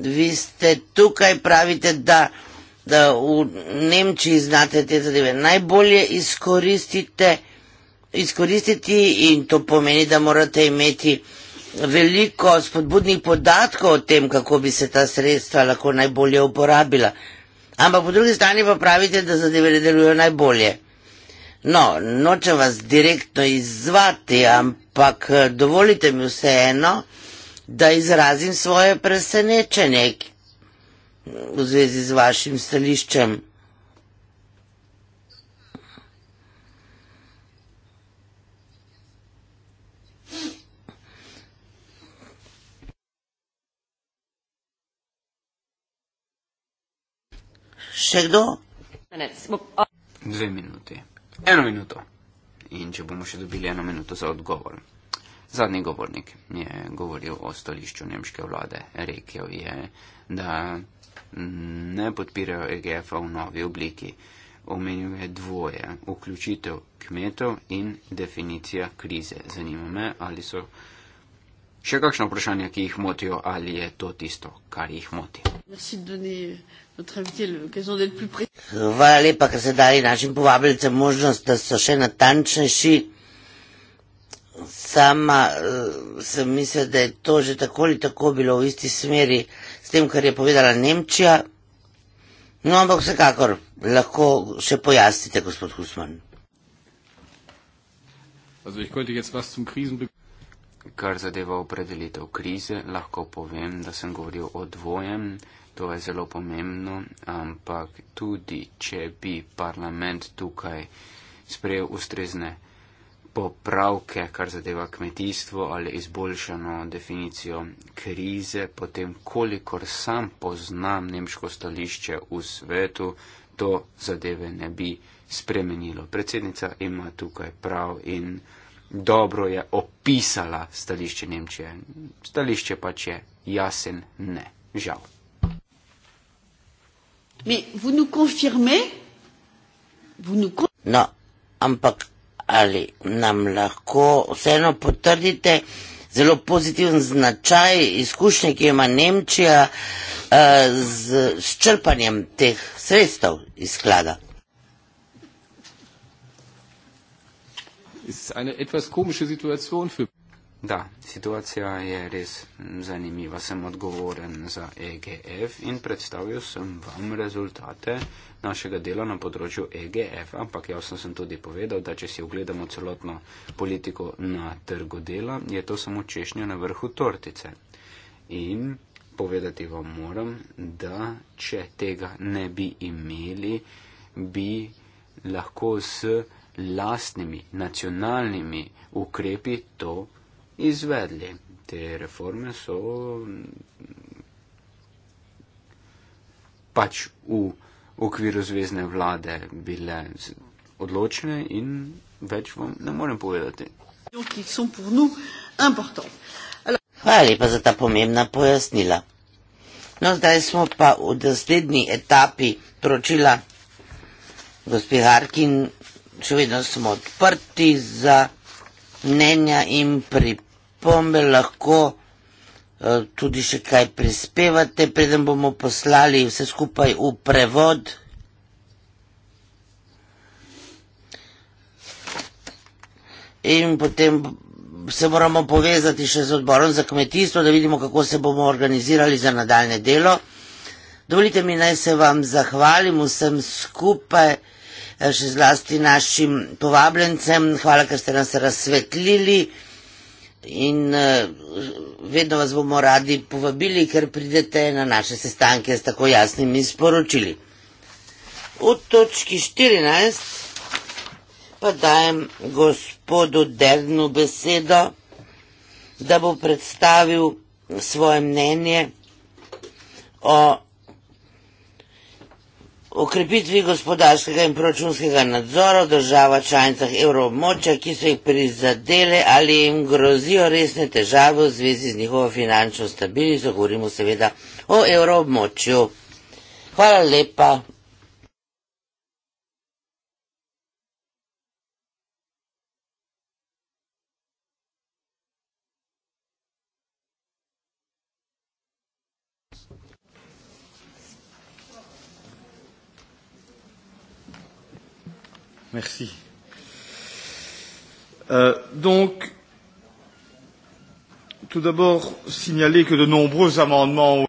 vi ste tukaj, pravite, da, da v Nemčiji znate te zadeve. Najbolje izkoristite, izkoristiti in to pomeni, da morate imeti veliko spodbudnih podatkov o tem, kako bi se ta sredstva lahko najbolje uporabila. Ampak po drugi strani pa pravite, da zadeve ne delujejo najbolje. No, nočem vas direktno izzvati, ampak eh, dovolite mi vseeno, da izrazim svoje presenečenje v zvezi z vašim stališčem. Še kdo? Dve minuti. Eno minuto. In če bomo še dobili eno minuto za odgovor. Zadnji govornik je govoril o stališču nemške vlade. Rekel je, da ne podpirajo EGF-a v novi obliki. Omenil je dvoje, vključitev kmetov in definicija krize. Zanima me, ali so še kakšno vprašanje, ki jih motijo, ali je to tisto, kar jih moti. Hvala lepa, ker ste dali našim povabljicem možnost, da so še natančnejši sama eh, sem mislila, da je to že tako ali tako bilo v isti smeri s tem, kar je povedala Nemčija. No, ampak vsekakor lahko še pojasnite, gospod Husman. Kar zadeva opredelitev krize, lahko povem, da sem govoril o dvojem, to je zelo pomembno, ampak tudi, če bi parlament tukaj sprejel ustrezne popravke, kar zadeva kmetijstvo ali izboljšano definicijo krize, potem kolikor sam poznam nemško stališče v svetu, to zadeve ne bi spremenilo. Predsednica ima tukaj prav in dobro je opisala stališče Nemčije. Stališče pa če jasen ne. Žal. No, ampak ali nam lahko vseeno potrdite zelo pozitiven značaj izkušnje, ki ima Nemčija eh, z črpanjem teh sredstev iz sklada. Es ist eine etwas komische Situation für. Da, situacija je res zanimiva. Sem odgovoren za EGF in predstavil sem vam rezultate našega dela na področju EGF, ampak jasno sem tudi povedal, da če si ogledamo celotno politiko na trgu dela, je to samo češnja na vrhu tortice. In povedati vam moram, da če tega ne bi imeli, bi lahko s lastnimi nacionalnimi ukrepi to izvedli. Te reforme so pač v okviru zvezdne vlade bile odločne in več vam ne morem povedati. Hvala lepa za ta pomembna pojasnila. No, zdaj smo pa v naslednji etapi pročila gospe Harkin, še vedno smo odprti za mnenja in pripravljanja pripombe, lahko eh, tudi še kaj prispevate, preden bomo poslali vse skupaj v prevod. In potem se moramo povezati še z odborom za kmetijstvo, da vidimo, kako se bomo organizirali za nadaljne delo. Dovolite mi naj se vam zahvalim vsem skupaj, eh, še zlasti našim povabljencem. Hvala, ker ste nas razsvetlili in uh, vedno vas bomo radi povabili, ker pridete na naše sestanke s tako jasnimi sporočili. V točki 14 pa dajem gospodu Dernu besedo, da bo predstavil svoje mnenje o okrepitvi gospodarskega in proračunskega nadzora v državah članicah evroobmočja, ki so jih prizadele ali jim grozijo resne težave v zvezi z njihovo finančno stabilnostjo, govorimo seveda o evroobmočju. Hvala lepa, Merci. Euh, donc, tout d'abord, signaler que de nombreux amendements.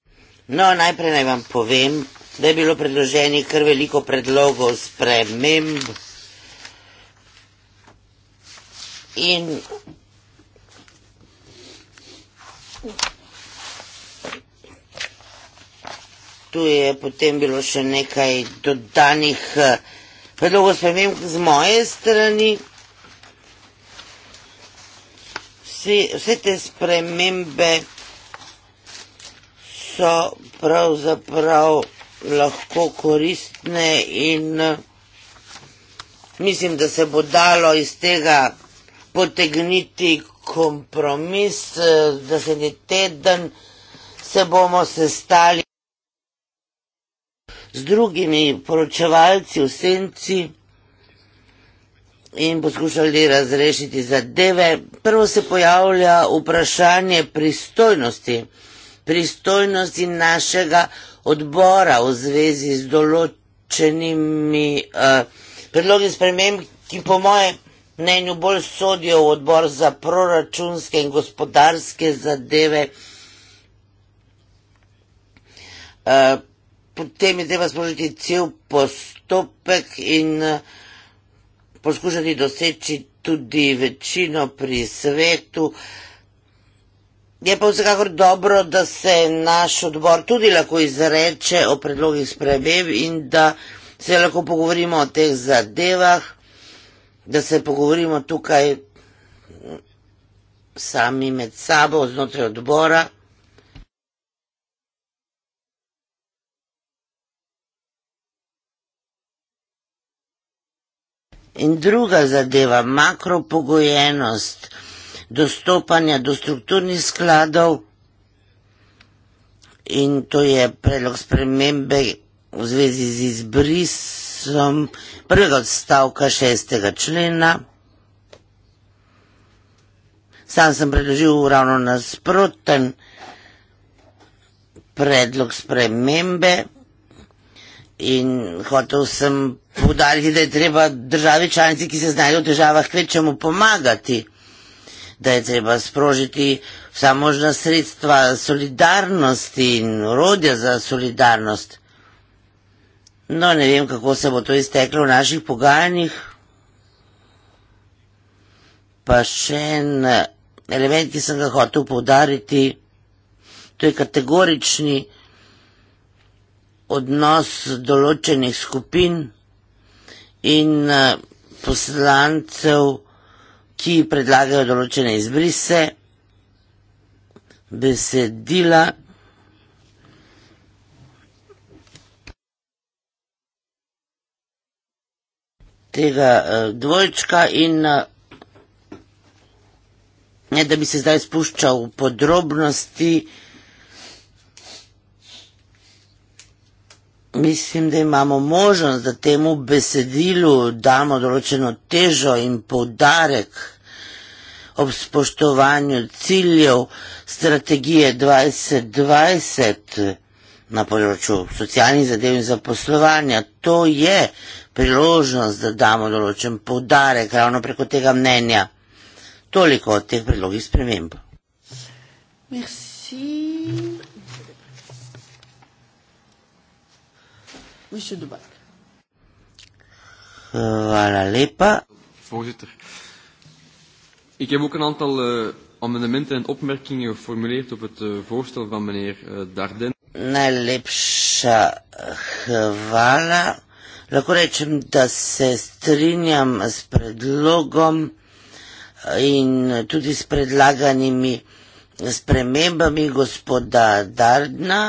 No, najprej naj vam povem, da je bilo predloženi kar veliko predlogov sprememb in tu je potem bilo še nekaj dodanih uh, predlogo spremem z moje strani. Vse, vse te spremembe so pravzaprav lahko koristne in mislim, da se bo dalo iz tega potegniti kompromis, da se ne teden se bomo sestali z drugimi poročevalci v senci in poskušali razrešiti zadeve. Prvo se pojavlja vprašanje pristojnosti, pristojnosti našega odbora v zvezi z določenimi uh, predlogi sprememb, ki po moje mnenju bolj sodijo v odbor za proračunske in gospodarske zadeve. Uh, potem je treba sprožiti cel postopek in eh, poskušati doseči tudi večino pri svetu. Je pa vsekakor dobro, da se naš odbor tudi lahko izreče o predlogih sprememb in da se lahko pogovorimo o teh zadevah, da se pogovorimo tukaj sami med sabo znotraj odbora. In druga zadeva, makropogojenost dostopanja do strukturnih skladov in to je predlog spremembe v zvezi z izbrisom prvega odstavka šestega člena. Sam sem predložil ravno nasproten predlog spremembe in hotel sem povdariti, da je treba državi članici, ki se znajdejo v težavah, kvečemu pomagati, da je treba sprožiti vsa možna sredstva solidarnosti in urodja za solidarnost. No, ne vem, kako se bo to izteklo v naših pogajanjih. Pa še en element, ki sem ga hotel povdariti, to je kategorični odnos določenih skupin in eh, poslancev, ki predlagajo določene izbrise, besedila. tega eh, dvojčka in eh, ne da bi se zdaj spuščal v podrobnosti Mislim, da imamo možnost, da temu besedilu damo določeno težo in poudarek ob spoštovanju ciljev strategije 2020 na področju socialnih zadev in zaposlovanja. To je priložnost, da damo določen poudarek ravno preko tega mnenja. Toliko o teh predlogih sprememb. Merci. wish you the best. Hvala lepa. Voorzitter, ik heb ook een aantal uh, amendementen en opmerkingen geformuleerd op het uh, voorstel van meneer uh, eh, Darden. Najlepša hvala. Lahko rečem, da se strinjam s predlogom in tudi s predlaganimi spremembami gospoda Dardna.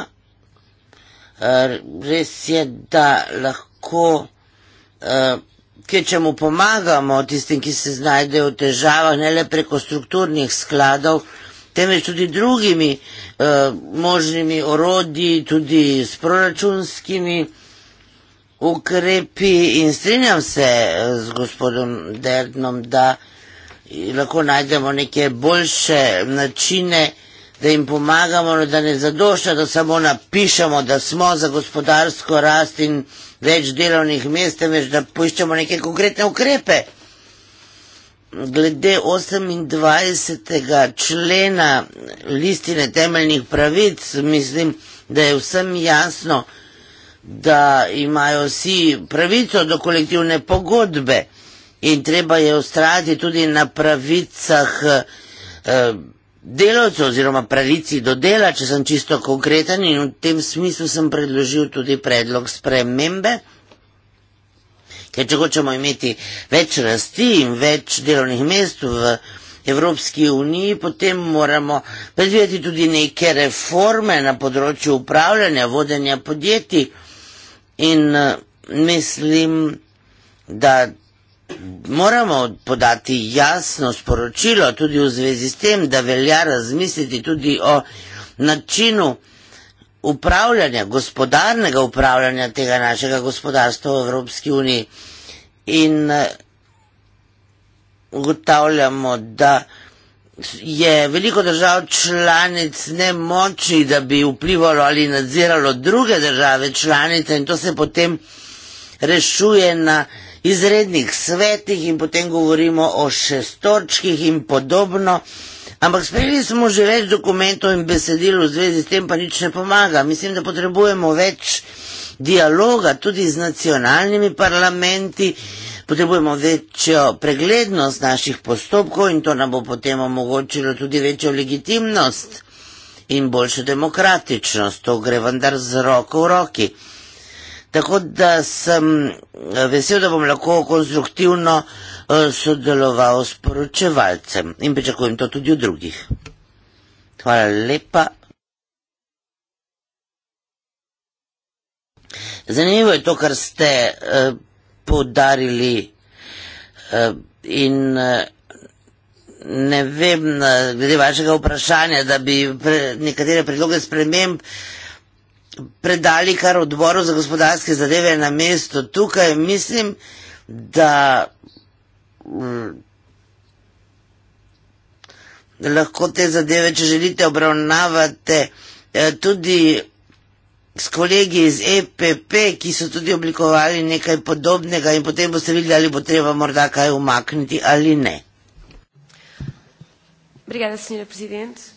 Eh, res je, da lahko, eh, kečemu pomagamo tistim, ki se znajdejo v težavah, ne le preko strukturnih skladov, temveč tudi drugimi eh, možnimi orodji, tudi s proračunskimi ukrepi in strinjam se z gospodom Derdnom, da lahko najdemo neke boljše načine, da da jim pomagamo, da ne zadošča, da samo napišemo, da smo za gospodarsko rast in več delovnih mest, temveč da poiščemo neke konkretne ukrepe. Glede 28. člena listine temeljnih pravic, mislim, da je vsem jasno, da imajo vsi pravico do kolektivne pogodbe in treba je ustrajati tudi na pravicah. Eh, delavcu oziroma pravici do dela, če sem čisto konkreten in v tem smislu sem predložil tudi predlog spremembe. Ker če hočemo imeti več rasti in več delovnih mest v Evropski uniji, potem moramo predvideti tudi neke reforme na področju upravljanja, vodenja podjetij in eh, mislim, da moramo podati jasno sporočilo tudi v zvezi s tem, da velja razmisliti tudi o načinu upravljanja, gospodarnega upravljanja tega našega gospodarstva v Evropski uniji. In eh, ugotavljamo, da je veliko držav članic nemoči, da bi vplivalo ali nadziralo druge države članice in to se potem rešuje na izrednih svetih in potem govorimo o šestočkih in podobno. Ampak sprejeli smo že več dokumentov in besedil v zvezi s tem, pa nič ne pomaga. Mislim, da potrebujemo več dialoga tudi z nacionalnimi parlamenti, potrebujemo večjo preglednost naših postopkov in to nam bo potem omogočilo tudi večjo legitimnost in boljšo demokratičnost. To gre vendar z roko v roki. Tako da sem eh, vesel, da bom lahko konstruktivno eh, sodeloval s poročevalcem in pričakujem to tudi od drugih. Hvala lepa. Zanimivo je to, kar ste eh, poudarili in ne vem, glede vašega vprašanja, da bi nekatere predloge sprememb predali kar odboru za gospodarske zadeve na mesto tukaj. Mislim, da mm, lahko te zadeve, če želite, obravnavate eh, tudi s kolegi iz EPP, ki so tudi oblikovali nekaj podobnega in potem boste videli, ali bo treba morda kaj umakniti ali ne. Obrigada, senhora Presidente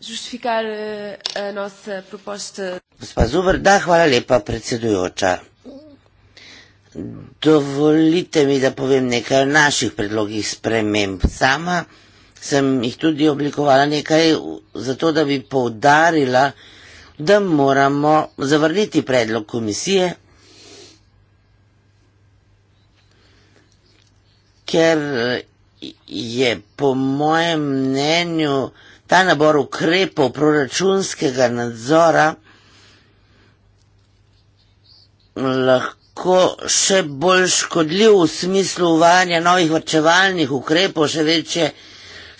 justificar eh, a nossa proposta. Gospa Zuber, da, hvala lepa, predsedujoča. Dovolite mi, da povem nekaj naših predlogih sprememb. Sama sem jih tudi oblikovala nekaj, zato da bi poudarila, da moramo zavrniti predlog komisije, ker je po mojem mnenju ta nabor ukrepov proračunskega nadzora lahko še bolj škodljiv v smislu uvajanja novih vrčevalnih ukrepov, še večje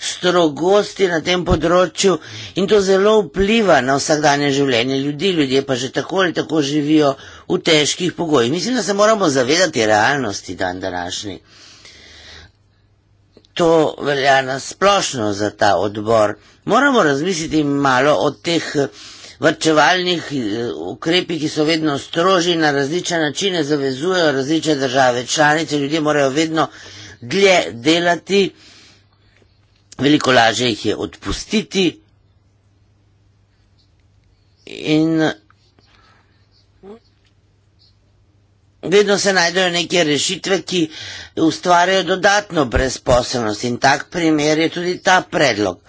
strogosti na tem področju in to zelo vpliva na vsakdanje življenje ljudi, ljudje pa že tako ali tako živijo v težkih pogojih. Mislim, da se moramo zavedati realnosti dan današnji to velja nasplošno za ta odbor. Moramo razmisliti malo o teh eh, vrčevalnih eh, ukrepih, ki so vedno stroži na različne načine, zavezujejo različne države. Članice ljudje morajo vedno dlje delati, veliko lažje jih je odpustiti. In vedno se najdejo neke rešitve, ki ustvarjajo dodatno brezposelnost in tak primer je tudi ta predlog.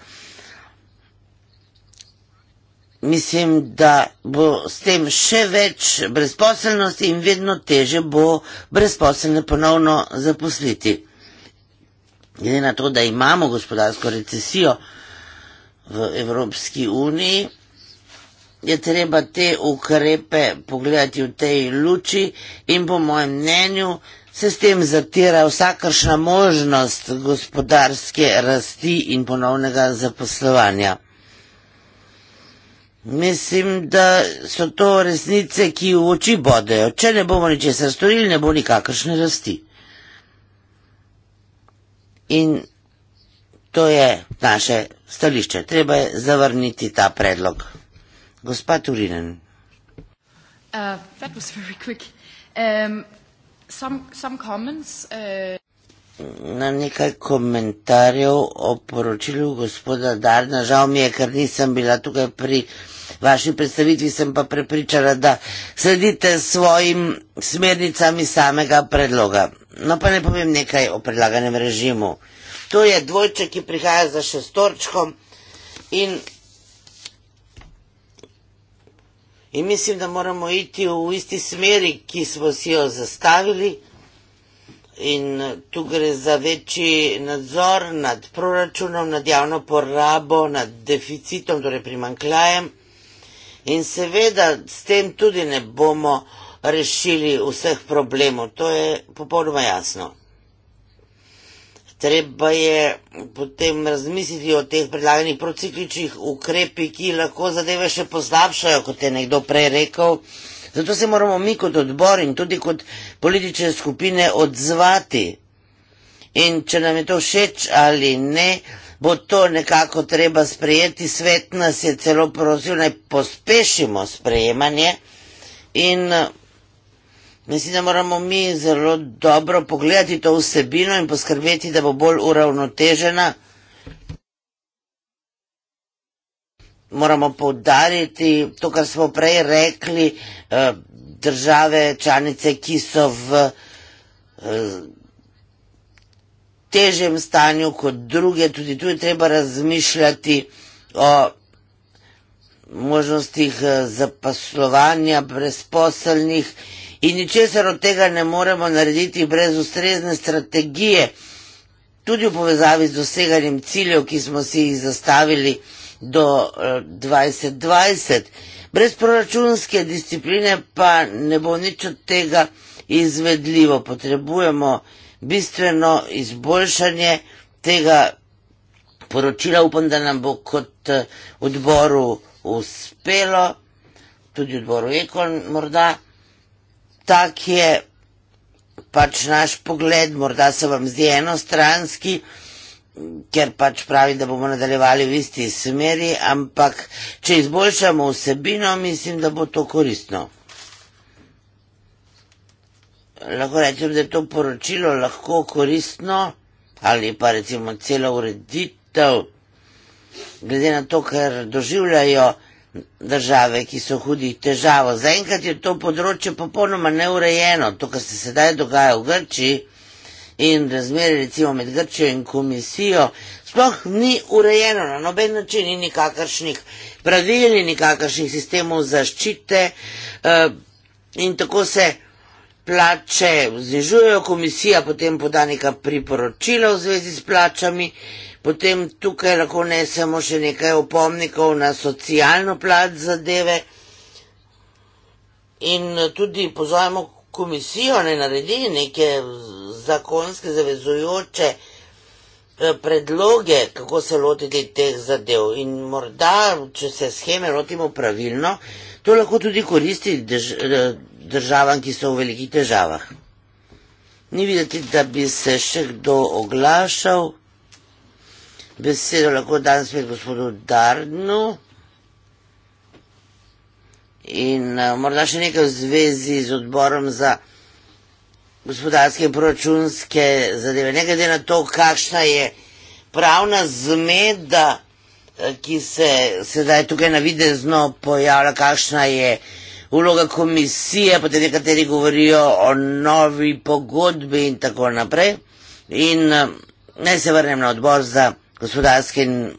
Mislim, da bo s tem še več brezposelnosti in vedno teže bo brezposelne ponovno zaposliti. Glede na to, da imamo gospodarsko recesijo v Evropski uniji, je treba te ukrepe pogledati v tej luči in po mojem mnenju se s tem zatira vsakršna možnost gospodarske rasti in ponovnega zaposlovanja. Mislim, da so to resnice, ki v oči bodejo. Če ne bomo ničesar storili, ne bo nikakršne rasti. In to je naše stališče. Treba je zavrniti ta predlog. Gospa Turinen. Uh, um, uh, Na nekaj komentarjev o poročilu gospoda Darna. Žal mi je, ker nisem bila tukaj pri vaši predstavitvi, sem pa prepričana, da sledite svojim smernicami samega predloga. No pa ne povem nekaj o predlaganem režimu. To je dvojček, ki prihaja za šestorčkom in in mislim, da moramo iti v isti smeri, ki smo si jo zastavili. In eh, tu gre za večji nadzor nad proračunom, nad javno porabo, nad deficitom, torej primankljajem. In seveda s tem tudi ne bomo rešili vseh problemov, to je popolnoma jasno treba je potem razmisliti o teh predlaganih procikličnih ukrepih, ki lahko zadeve še poslabšajo, kot je nekdo prej rekel. Zato se moramo mi kot odbor in tudi kot politične skupine odzvati. In če nam je to všeč ali ne, bo to nekako treba sprejeti. Svet nas je celo prosil, naj pospešimo sprejemanje in Mislim, da moramo mi zelo dobro pogledati to vsebino in poskrbeti, da bo bolj uravnotežena. Moramo povdariti to, kar smo prej rekli, eh, države članice, ki so v eh, težjem stanju kot druge, tudi tu je treba razmišljati o možnostih eh, zaposlovanja brezposelnih in ničesar od tega ne moremo narediti brez ustrezne strategije, tudi v povezavi z doseganjem ciljev, ki smo si jih zastavili do 2020. Eh, brez proračunske discipline pa ne bo nič od tega izvedljivo. Potrebujemo bistveno izboljšanje tega poročila. Upam, da nam bo kot eh, odboru uspelo, tudi odboru Ekon morda tak je pač naš pogled, morda se vam zdi enostranski, ker pač pravi, da bomo nadaljevali v isti smeri, ampak če izboljšamo vsebino, mislim, da bo to koristno. Lahko rečem, da je to poročilo lahko koristno ali pa recimo celo ureditev, glede na to, ker doživljajo, države, ki so hudih težav. Zaenkrat je to področje popolnoma neurejeno, to, kar se sedaj dogaja v Grčiji in razmere recimo med Grčijo in komisijo, sploh ni urejeno na noben način, ni nikakršnih pravil, ni nikakršnih sistemov zaščite eh, in tako se plače znižujejo, komisija potem poda neka priporočila v zvezi s plačami Potem tukaj lahko ne samo še nekaj opomnikov na socijalno plat zadeve in tudi pozovemo komisijo, ne naredi neke zakonske zavezujoče eh, predloge, kako se lotiti teh zadev in morda, če se scheme lotimo pravilno, to lahko tudi koristi drž državam, ki so v velikih težavah. Ni videti, da bi se še kdo oglašal. Besedo lahko dan spet gospodu Dardnu. In uh, morda še nekaj v zvezi z odborom za gospodarske in proračunske zadeve. Ne glede na to, kakšna je pravna zmeda, eh, ki se sedaj tukaj na videzno pojavlja, kakšna je vloga komisije, potem nekateri govorijo o novi pogodbi in tako naprej. In uh, naj se vrnem na odbor za gospodarske in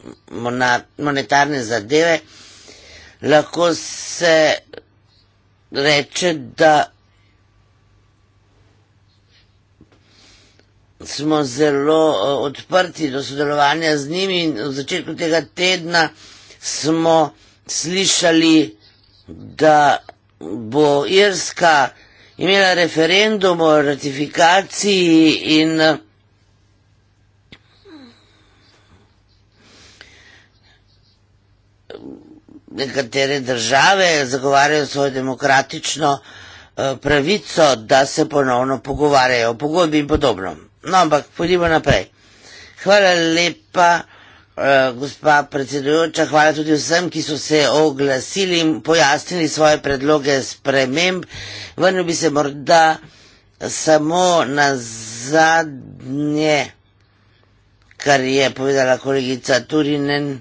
monetarne zadeve, lahko se reče, da smo zelo odprti do sodelovanja z njimi in v začetku tega tedna smo slišali, da bo Irska imela referendum o ratifikaciji in vsega, nekatere države zagovarjajo svojo demokratično eh, pravico, da se ponovno pogovarjajo o pogodbi in podobno. No, ampak pojdimo naprej. Hvala lepa, eh, gospa predsedujoča, hvala tudi vsem, ki so se oglasili in pojasnili svoje predloge sprememb. Vrnil bi se morda samo na zadnje, kar je povedala kolegica Turinen.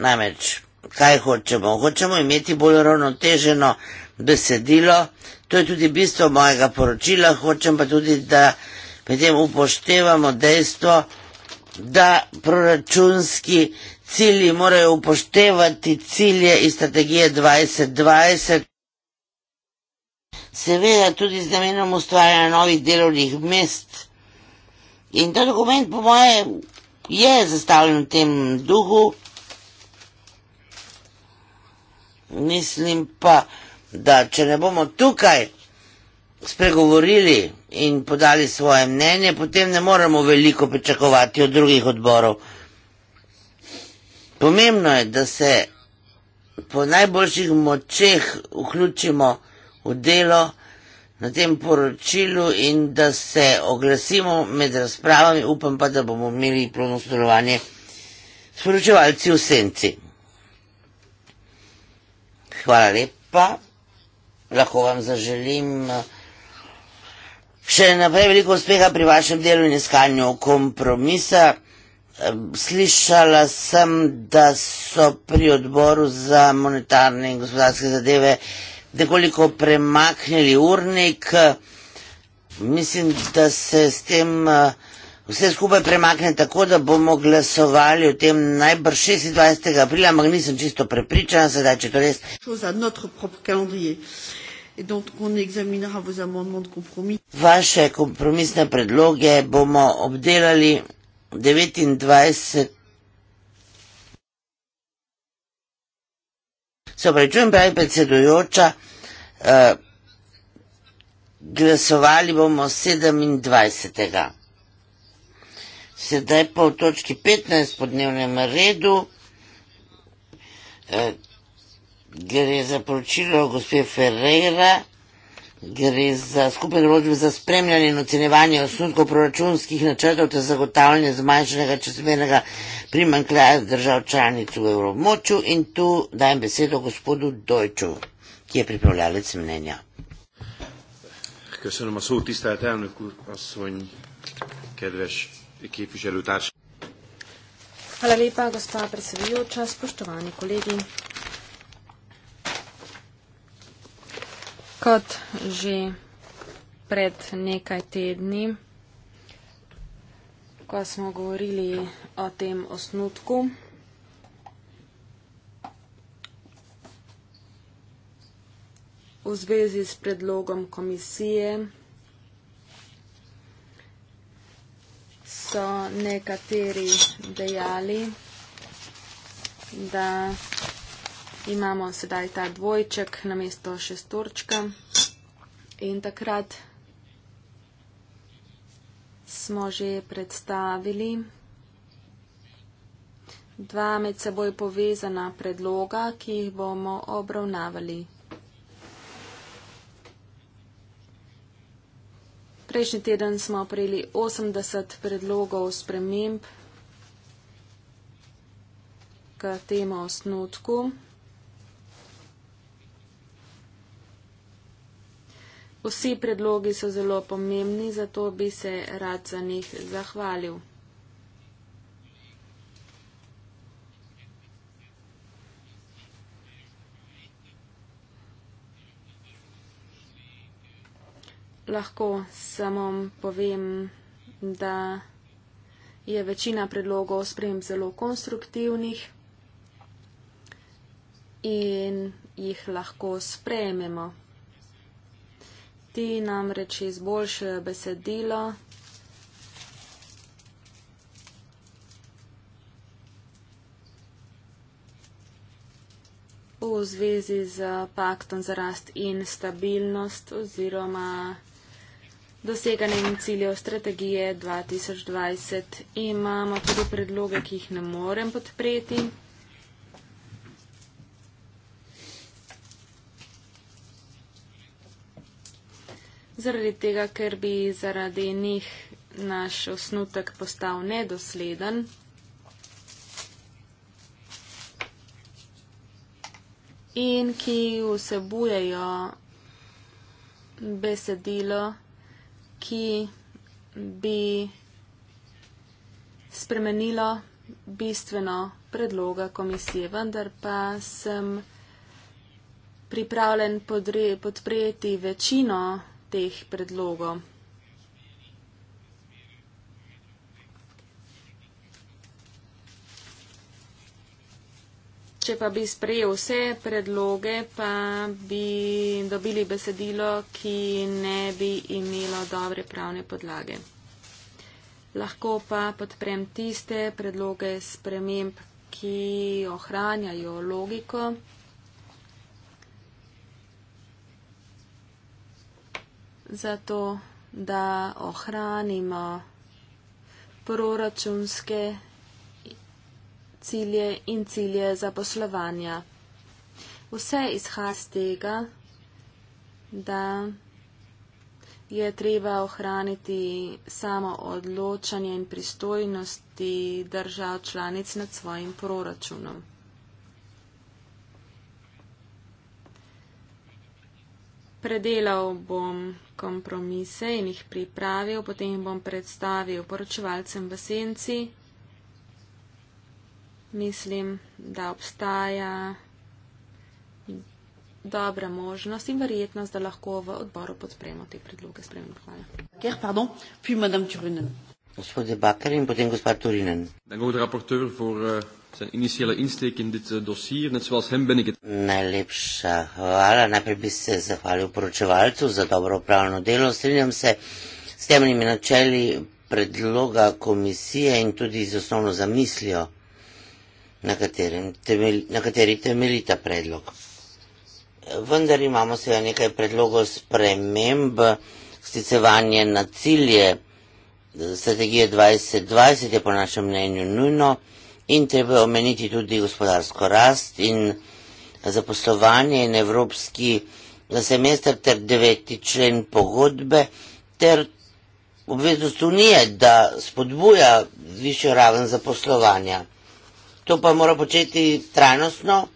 Namreč, kaj hočemo? Hočemo imeti bolj ravnoteženo besedilo, to je tudi bistvo mojega poročila, hočem pa tudi, da medtem upoštevamo dejstvo, da proračunski cilji morajo upoštevati cilje iz strategije 2020. Seveda tudi z namenom ustvarjanja novih delovnih mest. In ta dokument, po moje, je zastavljen v tem duhu. mislim pa, da če ne bomo tukaj spregovorili in podali svoje mnenje, potem ne moremo veliko pričakovati od drugih odborov. Pomembno je, da se po najboljših močeh vključimo v delo na tem poročilu in da se oglasimo med razpravami. Upam pa, da bomo imeli plno sodelovanje s poročevalci v senci. Hvala lepa. Lahko vam zaželim eh, še naprej veliko uspeha pri vašem delu in iskanju kompromisa. Eh, slišala sem, da so pri odboru za monetarne in gospodarske zadeve nekoliko premaknili urnik. Mislim, da se s tem uh, vse skupaj premakne tako, da bomo glasovali o tem najbrž 26. aprila, ampak nisem čisto prepričana, sedaj če to res. Vaše kompromisne predloge bomo obdelali 29. Se oprečujem, pravi predsedujoča, uh, glasovali bomo 27. aprila. Sedaj pa v točki 15 po dnevnem redu eh, gre za poročilo gospe Ferreira, gre za skupne določbe za spremljanje in ocenjevanje osnutkov proračunskih načrtov ter zagotavljanje zmanjšanega časmernega primankljaja držav članic v Evromoču in tu dajem besedo gospodu Dojču, ki je pripravljalec mnenja. Ker se nam so v tistej temni kurpa svojni, ker veš. Hvala lepa, gospa predsedujoča, spoštovani kolegi. Kot že pred nekaj tedni, ko smo govorili o tem osnutku, v zvezi s predlogom komisije, so nekateri dejali, da imamo sedaj ta dvojček na mesto šestorčka in takrat smo že predstavili dva med seboj povezana predloga, ki jih bomo obravnavali Prejšnji teden smo prejeli 80 predlogov sprememb k temu osnutku. Vsi predlogi so zelo pomembni, zato bi se rad za njih zahvalil. lahko samo povem, da je večina predlogov sprem zelo konstruktivnih in jih lahko sprejmemo. Ti nam reči izboljšajo besedilo. v zvezi z paktom za rast in stabilnost oziroma doseganjem ciljev strategije 2020. Imamo tudi predloge, ki jih ne morem podpreti. Zaradi tega, ker bi zaradi njih naš osnutek postal nedosleden. In ki vsebujejo besedilo ki bi spremenilo bistveno predloga komisije, vendar pa sem pripravljen podpreti večino teh predlogov. Če pa bi sprejel vse predloge, pa bi dobili besedilo, ki ne bi imelo dobre pravne podlage. Lahko pa podprem tiste predloge sprememb, ki ohranjajo logiko. Zato, da ohranimo proračunske cilje in cilje zaposlovanja. Vse izhaja z tega, da je treba ohraniti samo odločanje in pristojnosti držav članic nad svojim proračunom. Predelal bom kompromise in jih pripravil, potem bom predstavil poročevalcem v senci mislim, da obstaja dobra možnost in verjetnost, da lahko v odboru podpremo te predloge spremenb. Hvala. Gospod Bakar in potem gospod Turinen. Eh, eh, Najlepša hvala. Najprej bi se zahvalil poročevalcu za dobro upravljeno delo. Strinjam se s temnimi načeli predloga komisije in tudi z osnovno zamislijo na, temel, na kateri temelji ta predlog. Vendar imamo seveda nekaj predlogov sprememb, sticevanje na cilje strategije 2020 je po našem mnenju nujno in treba omeniti tudi gospodarsko rast in zaposlovanje in evropski semester ter deveti člen pogodbe ter obveznost unije, da spodbuja višjo raven zaposlovanja. To pa mora početi trajnostno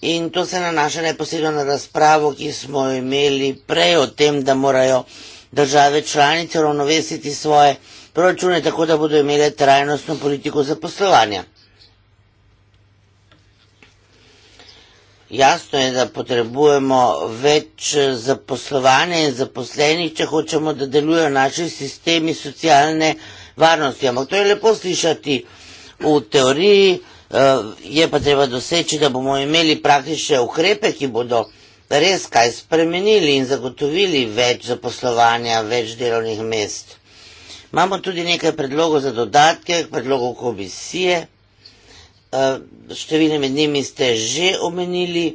in to se nanaša neposredno na razpravo, ki smo imeli prej o tem, da morajo države članice ravnovesiti svoje proračune, tako da bodo imele trajnostno politiko zaposlovanja. Jasno je, da potrebujemo več zaposlovanja in zaposlenih, če hočemo, da delujejo naši sistemi socialne varnosti. Ampak to je lepo slišati v teoriji. Eh, je pa treba doseči, da bomo imeli praktične ukrepe, ki bodo res kaj spremenili in zagotovili več zaposlovanja, več delovnih mest. Imamo tudi nekaj predlogov za dodatke, predlogov komisije, eh, številne med njimi ste že omenili,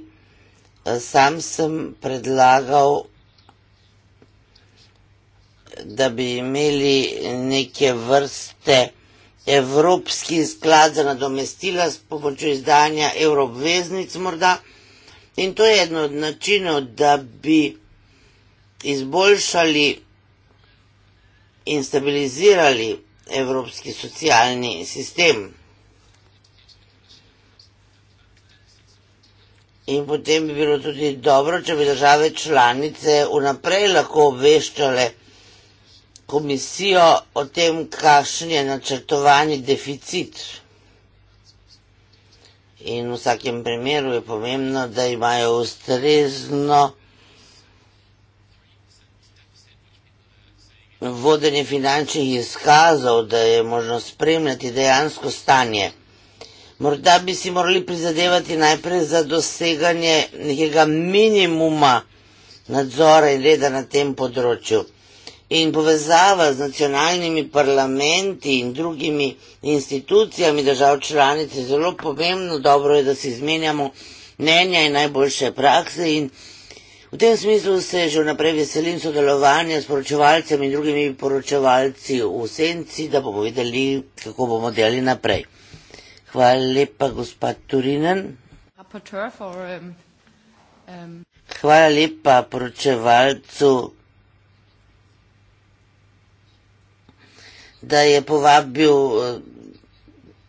eh, sam sem predlagal, da bi imeli neke vrste, Evropski sklad za nadomestila s pomočjo izdanja evroobveznic morda. In to je eno od načinov, da bi izboljšali in stabilizirali evropski socialni sistem. In potem bi bilo tudi dobro, če bi države članice vnaprej lahko obveščale komisijo o tem, kakšen je načrtovani deficit. In v vsakem primeru je pomembno, da imajo ustrezno vodenje finančnih izkazov, da je možno spremljati dejansko stanje. Morda bi si morali prizadevati najprej za doseganje nekega minimuma nadzora in reda na tem področju in povezava z nacionalnimi parlamenti in drugimi institucijami držav članic je zelo pomembno, dobro je, da si izmenjamo mnenja in najboljše prakse in v tem smislu se že vnaprej veselim sodelovanja s poročevalcem in drugimi poročevalci v senci, da bomo videli, kako bomo delali naprej. Hvala lepa, gospod Turinen. Um, um, Hvala lepa poročevalcu da je povabil eh,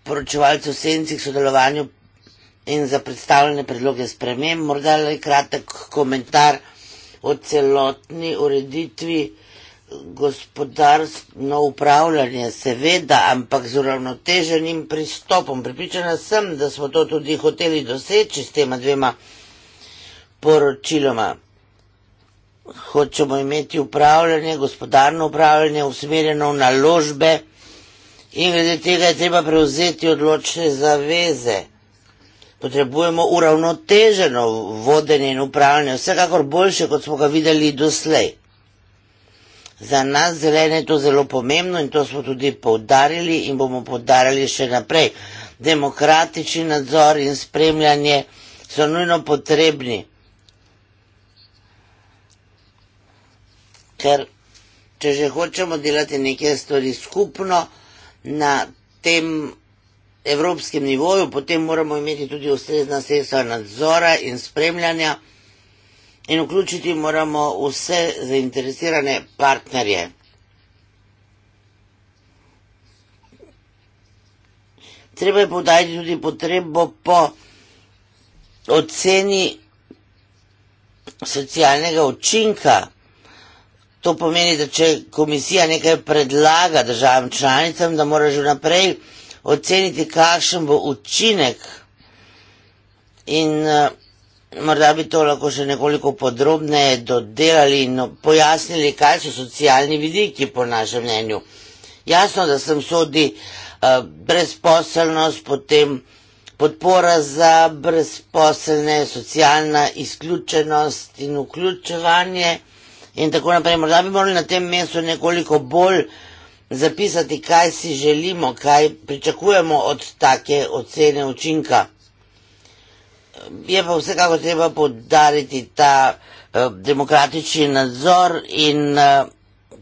poročevalce v senci k sodelovanju in za predstavljene predloge sprememb. Morda le kratek komentar o celotni ureditvi gospodarstvo upravljanje, seveda, ampak z uravnoteženim pristopom. Pripričana sem, da smo to tudi hoteli doseči s tema dvema poročiloma hočemo imeti upravljanje, gospodarno upravljanje, usmerjeno v naložbe in glede tega je treba prevzeti odločne zaveze. Potrebujemo uravnoteženo vodenje in upravljanje, vsekakor boljše, kot smo ga videli doslej. Za nas zelene je to zelo pomembno in to smo tudi poudarili in bomo poudarili še naprej. Demokratični nadzor in spremljanje so nujno potrebni. ker če že hočemo delati neke stvari skupno na tem evropskem nivoju, potem moramo imeti tudi ustrezna sredstva nadzora in spremljanja in vključiti moramo vse zainteresirane partnerje. Treba je podajati tudi potrebo po oceni socialnega učinka. To pomeni, da če komisija nekaj predlaga državam članicam, da mora že naprej oceniti, kakšen bo učinek in uh, morda bi to lahko še nekoliko podrobneje dodelali in pojasnili, kaj so socialni vidiki po našem mnenju. Jasno, da sem sodi uh, brezposelnost, potem podpora za brezposelne, socialna izključenost in vključevanje in tako naprej. Morda bi morali na tem mestu nekoliko bolj zapisati, kaj si želimo, kaj pričakujemo od take ocene učinka. Je pa vsekako treba poudariti ta eh, demokratični nadzor in eh,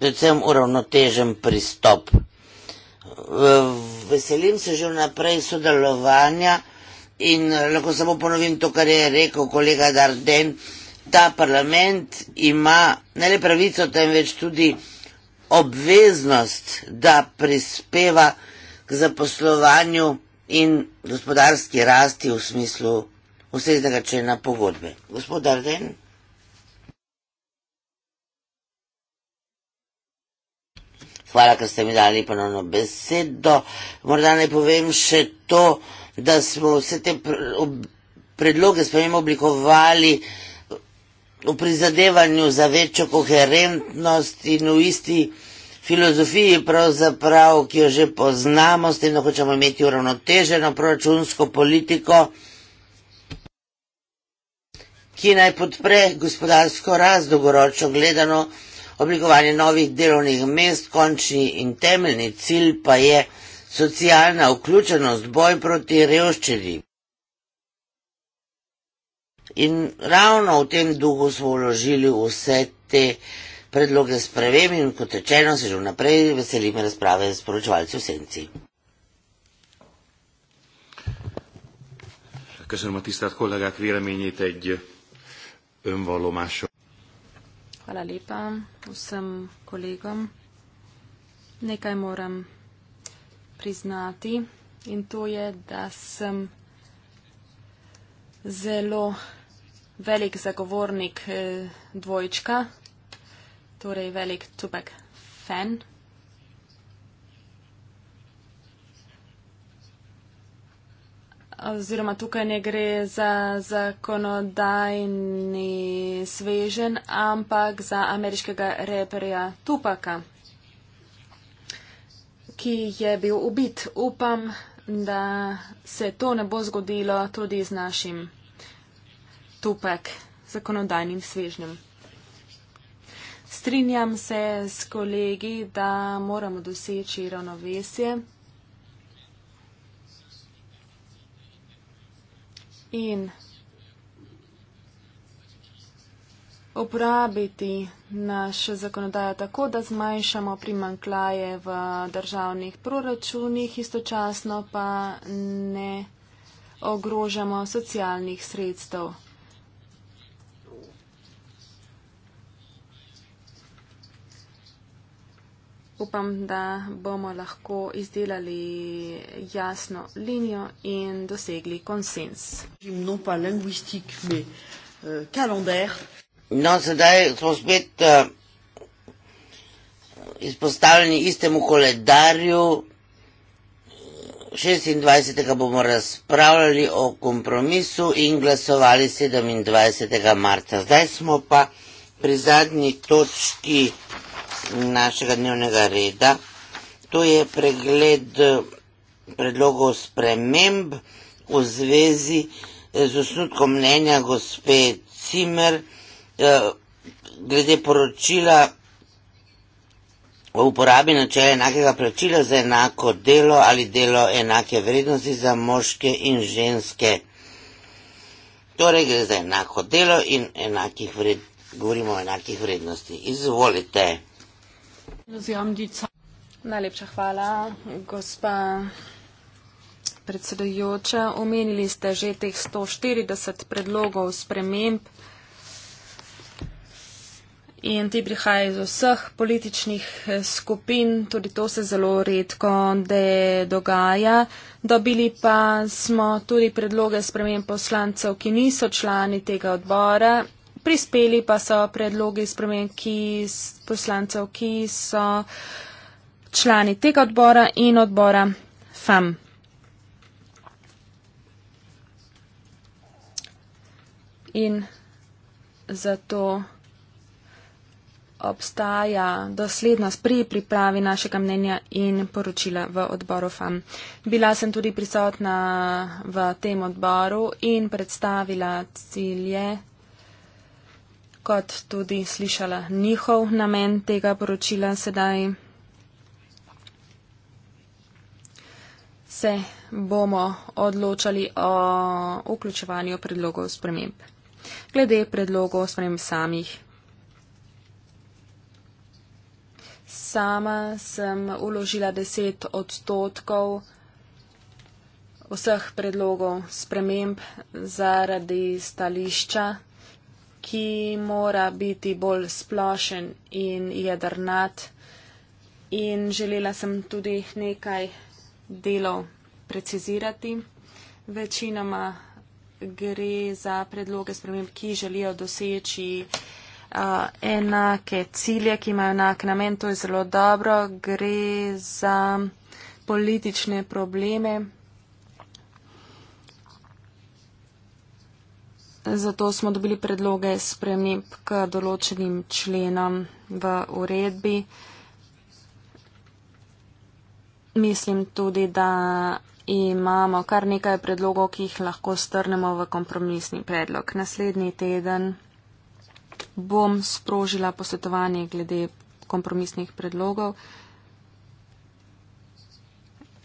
predvsem uravnotežen pristop. Veselim se že vnaprej sodelovanja in eh, lahko samo ponovim to, kar je rekel kolega Darden ta parlament ima ne le pravico, temveč tudi obveznost, da prispeva k zaposlovanju in gospodarski rasti v smislu vsega člena pogodbe. Gospod Arden. Hvala, ker ste mi dali ponovno besedo. Morda naj povem še to, da smo vse te predloge spremem oblikovali v prizadevanju za večjo koherentnost in v isti filozofiji, pravzaprav, ki jo že poznamo, s tem, da hočemo imeti uravnoteženo proračunsko politiko, ki naj podpre gospodarsko rast, dolgoročno gledano, oblikovanje novih delovnih mest, končni in temeljni cilj pa je socialna vključenost, boj proti revščini. In ravno v tem duhu smo vložili vse te predloge sprevem in kot rečeno se že vnaprej veselim razprave s poročevalci v senci. Köszönöm a tisztelt kollégák véleményét egy önvallomásra. Hála lépa, összem kollégom. Nekaj moram priznati, in to je, da sem zelo velik zagovornik eh, dvojčka, torej velik tupek fan. Oziroma tukaj ne gre za zakonodajni svežen, ampak za ameriškega reperja Tupaka, ki je bil ubit. Upam, da se to ne bo zgodilo tudi z našim. Tupek zakonodajnim svežnjem. Strinjam se s kolegi, da moramo doseči ravnovesje in uporabiti našo zakonodajo tako, da zmanjšamo primankljaje v državnih proračunih, istočasno pa ne ogrožamo socialnih sredstev. upam, da bomo lahko izdelali jasno linijo in dosegli konsens. Euh, no, sedaj smo spet uh, izpostavljeni istemu koledarju. 26. bomo razpravljali o kompromisu in glasovali 27. marca. Zdaj smo pa pri zadnji točki našega dnevnega reda. To je pregled eh, predlogov sprememb v zvezi eh, z osnutkom mnenja gospe Cimer eh, glede poročila o uporabi načela enakega plačila za enako delo ali delo enake vrednosti za moške in ženske. Torej gre za enako delo in enakih vred, govorimo o enakih vrednosti. Izvolite. Najlepša hvala, gospa predsedujoča. Omenili ste že teh 140 predlogov sprememb in ti prihajajo iz vseh političnih eh, skupin, tudi to se zelo redko dogaja. Dobili pa smo tudi predloge sprememb poslancev, ki niso člani tega odbora prispeli pa so predlogi spremen, ki poslancev, ki so člani tega odbora in odbora FAM. In zato obstaja doslednost pri pripravi našega mnenja in poročila v odboru FAM. Bila sem tudi prisotna v tem odboru in predstavila cilje kot tudi slišala njihov namen tega poročila sedaj. Se bomo odločali o vključevanju predlogov sprememb. Glede predlogov sprememb samih. Sama sem uložila 10 odstotkov vseh predlogov sprememb zaradi stališča ki mora biti bolj splošen in jedrnat. In želela sem tudi nekaj delov precizirati. Večinoma gre za predloge sprememb, ki želijo doseči uh, enake cilje, ki imajo enak namen. To je zelo dobro. Gre za politične probleme, Zato smo dobili predloge sprememb k določenim členom v uredbi. Mislim tudi, da imamo kar nekaj predlogov, ki jih lahko strnemo v kompromisni predlog. Naslednji teden bom sprožila posvetovanje glede kompromisnih predlogov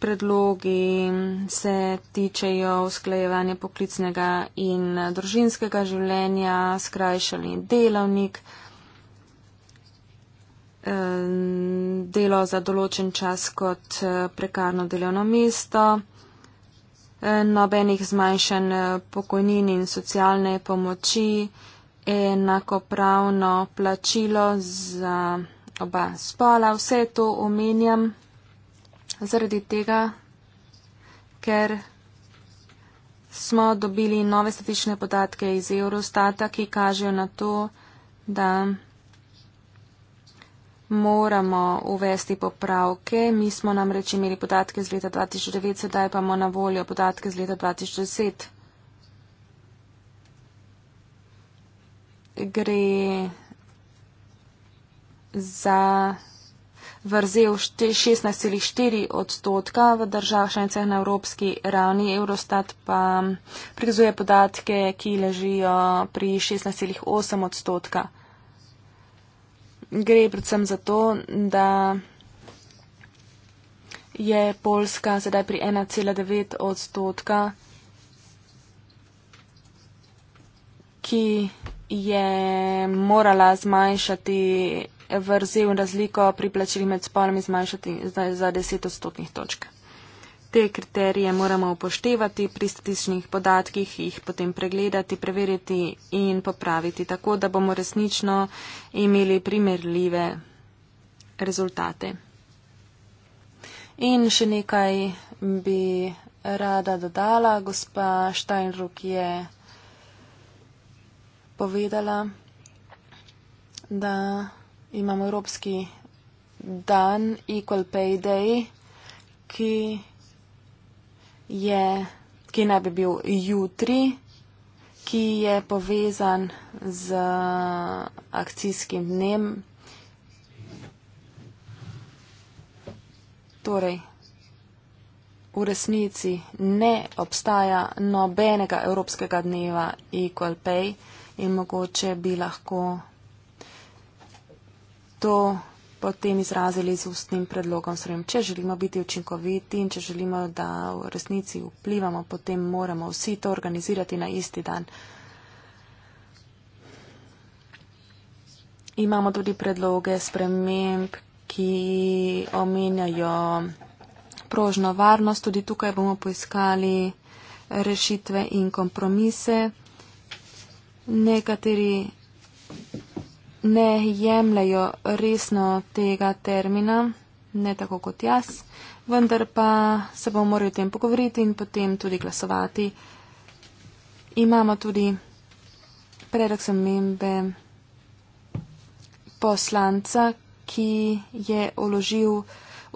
predlogi se tičejo usklajevanja poklicnega in družinskega življenja, skrajšali delavnik, eh, delo za določen čas kot eh, prekarno delovno mesto, eh, nobenih zmanjšanj pokojnin in socialne pomoči, enakopravno plačilo za oba spola, vse to omenjam zaradi tega, ker smo dobili nove statične podatke iz Eurostata, ki kažejo na to, da moramo uvesti popravke. Mi smo namreč imeli podatke z leta 2009, sedaj pa imamo na voljo podatke z leta 2010. Gre za vrzel 16,4 odstotka v državah članicah na evropski ravni, Eurostat pa mm, prikazuje podatke, ki ležijo pri 16,8 odstotka. Gre predvsem za to, da je Poljska sedaj pri 1,9 odstotka, ki je morala zmanjšati vrzel razliko pri plačilih med spolami zmanjšati za 10 odstotnih točk. Te kriterije moramo upoštevati pri statističnih podatkih, jih potem pregledati, preveriti in popraviti, tako da bomo resnično imeli primerljive rezultate. In še nekaj bi rada dodala. Gospa Steinruck je povedala, da imamo Evropski dan Equal Pay Day, ki je, ki naj bi bil jutri, ki je povezan z akcijskim dnem. Torej, v resnici ne obstaja nobenega Evropskega dneva Equal Pay in mogoče bi lahko to potem izrazili z ustnim predlogom. Srem, če želimo biti učinkoviti in če želimo, da v resnici vplivamo, potem moramo vsi to organizirati na isti dan. Imamo tudi predloge sprememb, ki omenjajo prožno varnost. Tudi tukaj bomo poiskali rešitve in kompromise. Nekateri ne jemljajo resno tega termina, ne tako kot jaz, vendar pa se bomo morali o tem pogovoriti in potem tudi glasovati. Imamo tudi predlog zamembe poslanca, ki je uložil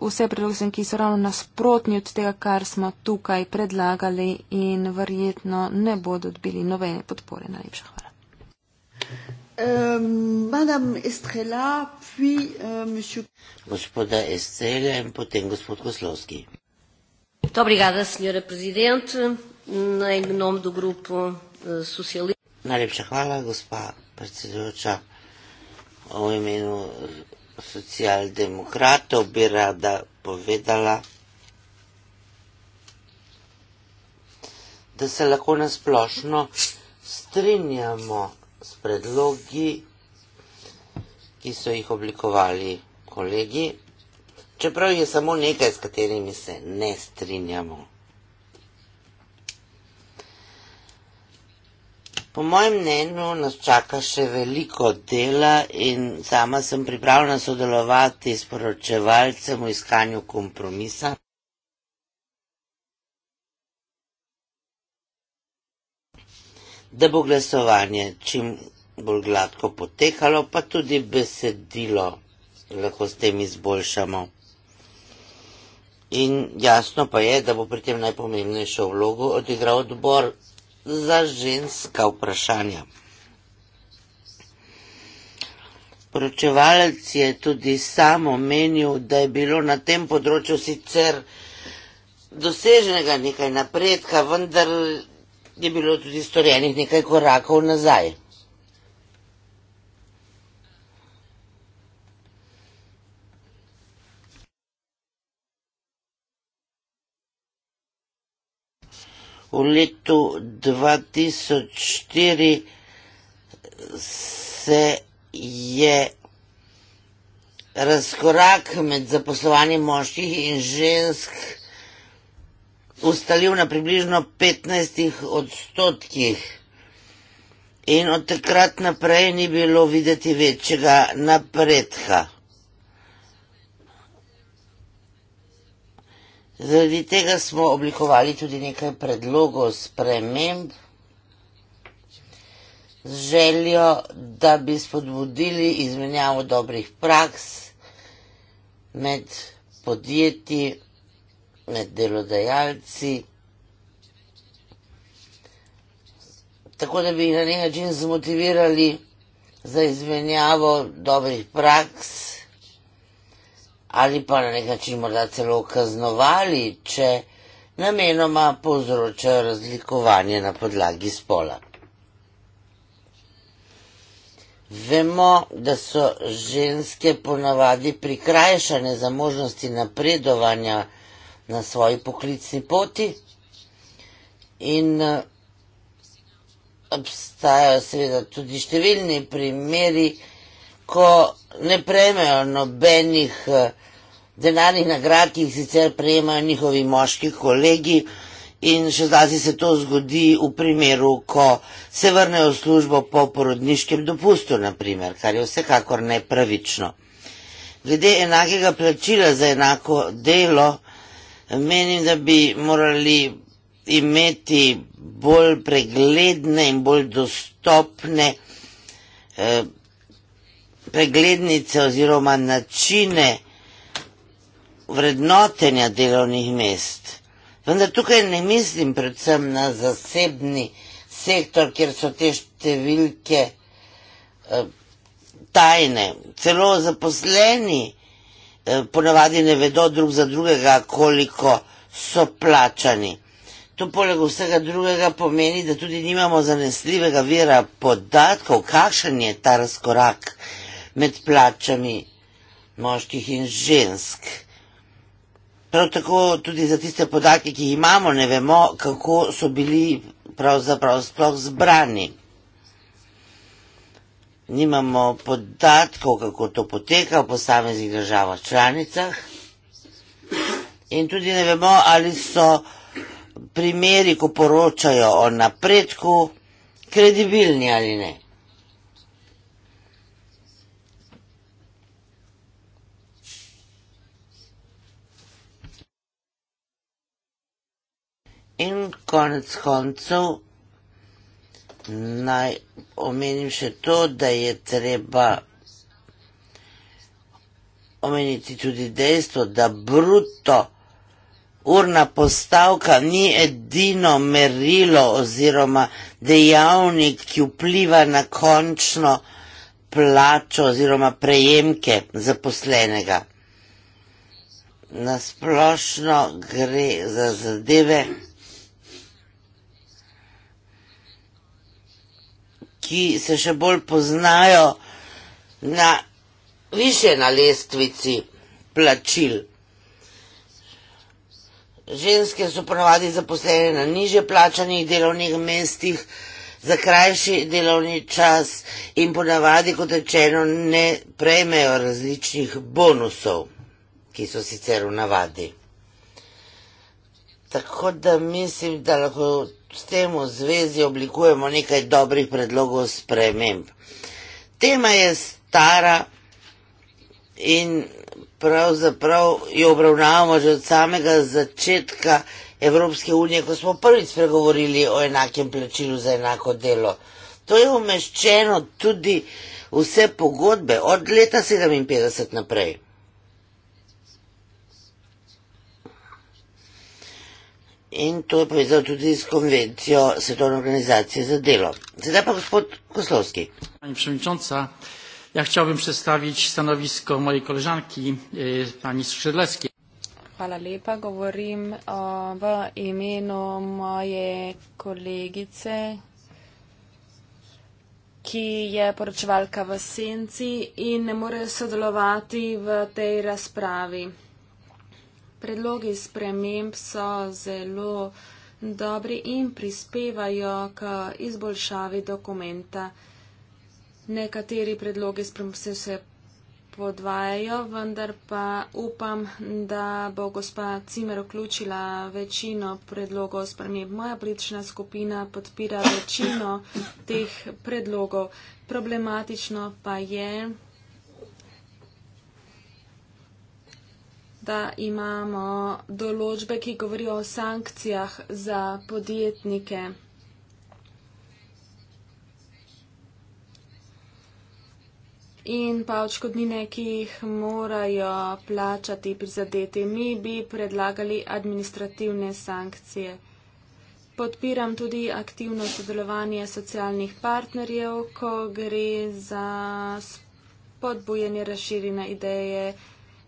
vse predloge, ki so ravno nasprotni od tega, kar smo tukaj predlagali in verjetno ne bodo dobili nobene podpore. Najlepša hvala. Euh, Madame Estrela, puis euh, Monsieur. Gospoda Estrela, et potem Gospod Koslowski. Muito obrigada, Senhora Presidente. Em nome do Grupo eh, Socialista. Najlepša hvala, gospa predsedujoča. V imenu socialdemokratov bi rada povedala, da se lahko nasplošno strinjamo s predlogi, ki so jih oblikovali kolegi, čeprav je samo nekaj, s katerimi se ne strinjamo. Po mojem mnenju nas čaka še veliko dela in sama sem pripravljena sodelovati s poročevalcem v iskanju kompromisa. da bo glasovanje čim bolj gladko potekalo, pa tudi besedilo lahko s tem izboljšamo. In jasno pa je, da bo pri tem najpomembnejšo vlogo odigral odbor za ženska vprašanja. Poročevalec je tudi sam omenil, da je bilo na tem področju sicer doseženega nekaj napredka, vendar je bilo tudi storjenih nekaj korakov nazaj. V letu 2004 se je razkorak med zaposlovanjem moških in ženskih ustalil na približno 15 odstotkih. In od takrat naprej ni bilo videti večjega napredka. Zaradi tega smo oblikovali tudi nekaj predlogov sprememb z željo, da bi spodbudili izmenjavo dobrih praks med podjetji med delodajalci. Tako da bi jih na nek način zmotivirali za izmenjavo dobrih praks ali pa na nek način morda celo kaznovali, če namenoma povzročajo razlikovanje na podlagi spola. Vemo, da so ženske ponavadi prikrajšane za možnosti napredovanja na svoji poklicni poti in eh, obstajajo seveda tudi številni primeri, ko ne prejmejo nobenih eh, denarnih nagrad, ki jih sicer prejemajo njihovi moški kolegi in še zlasti se to zgodi v primeru, ko se vrnejo v službo po porodniškem dopustu, naprimer, kar je vsekakor nepravično. Glede enakega plačila za enako delo, menim, da bi morali imeti bolj pregledne in bolj dostopne eh, preglednice oziroma načine vrednotenja delovnih mest. Vendar tukaj ne mislim predvsem na zasebni sektor, kjer so te številke eh, tajne. Celo zaposleni vrednotenja Eh, ponavadi ne vedo drug za drugega, koliko so plačani. To poleg vsega drugega pomeni, da tudi nimamo zanesljivega vira podatkov, kakšen je ta razkorak med plačami moških in žensk. Prav tako tudi za tiste podatke, ki jih imamo, ne vemo, kako so bili pravzaprav sploh zbrani nimamo podatkov, kako to poteka v posameznih državah članicah in tudi ne vemo, ali so primeri, ko poročajo o napredku, kredibilni ali ne. In konec koncev naj omenim še to, da je treba omeniti tudi dejstvo, da bruto urna postavka ni edino merilo oziroma dejavnik, ki vpliva na končno plačo oziroma prejemke zaposlenega. Nasplošno gre za zadeve, ki se še bolj poznajo na više na lestvici plačil. Ženske so ponovadi zaposlene na niže plačanih delovnih mestih, za krajši delovni čas in ponavadi, kot rečeno, ne prejmejo različnih bonusov, ki so sicer v navadi. Tako da mislim, da lahko s tem v zvezi oblikujemo nekaj dobrih predlogov sprememb. Tema je stara in pravzaprav jo obravnavamo že od samega začetka Evropske unije, ko smo prvič spregovorili o enakem plačilu za enako delo. To je umeščeno tudi vse pogodbe od leta 1957 naprej. in to je povezal tudi s konvencijo Svetovne organizacije za delo. Sedaj pa gospod Koslovski. Pani predsednica, ja želim predstaviti stanovisko moje koležanki, eh, pani Sušedleski. Hvala lepa, govorim uh, v imenu moje kolegice, ki je poročevalka v Senci in ne more sodelovati v tej razpravi predlogi sprememb so zelo dobri in prispevajo k izboljšavi dokumenta. Nekateri predlogi sprememb se vse podvajajo, vendar pa upam, da bo gospa Cimer vključila večino predlogov sprememb. Moja politična skupina podpira večino teh predlogov. Problematično pa je, leta imamo določbe, ki govorijo o sankcijah za podjetnike. In pa očkodnine, ki jih morajo plačati prizadeti. Mi bi predlagali administrativne sankcije. Podpiram tudi aktivno sodelovanje socialnih partnerjev, ko gre za spodbujanje razširjene ideje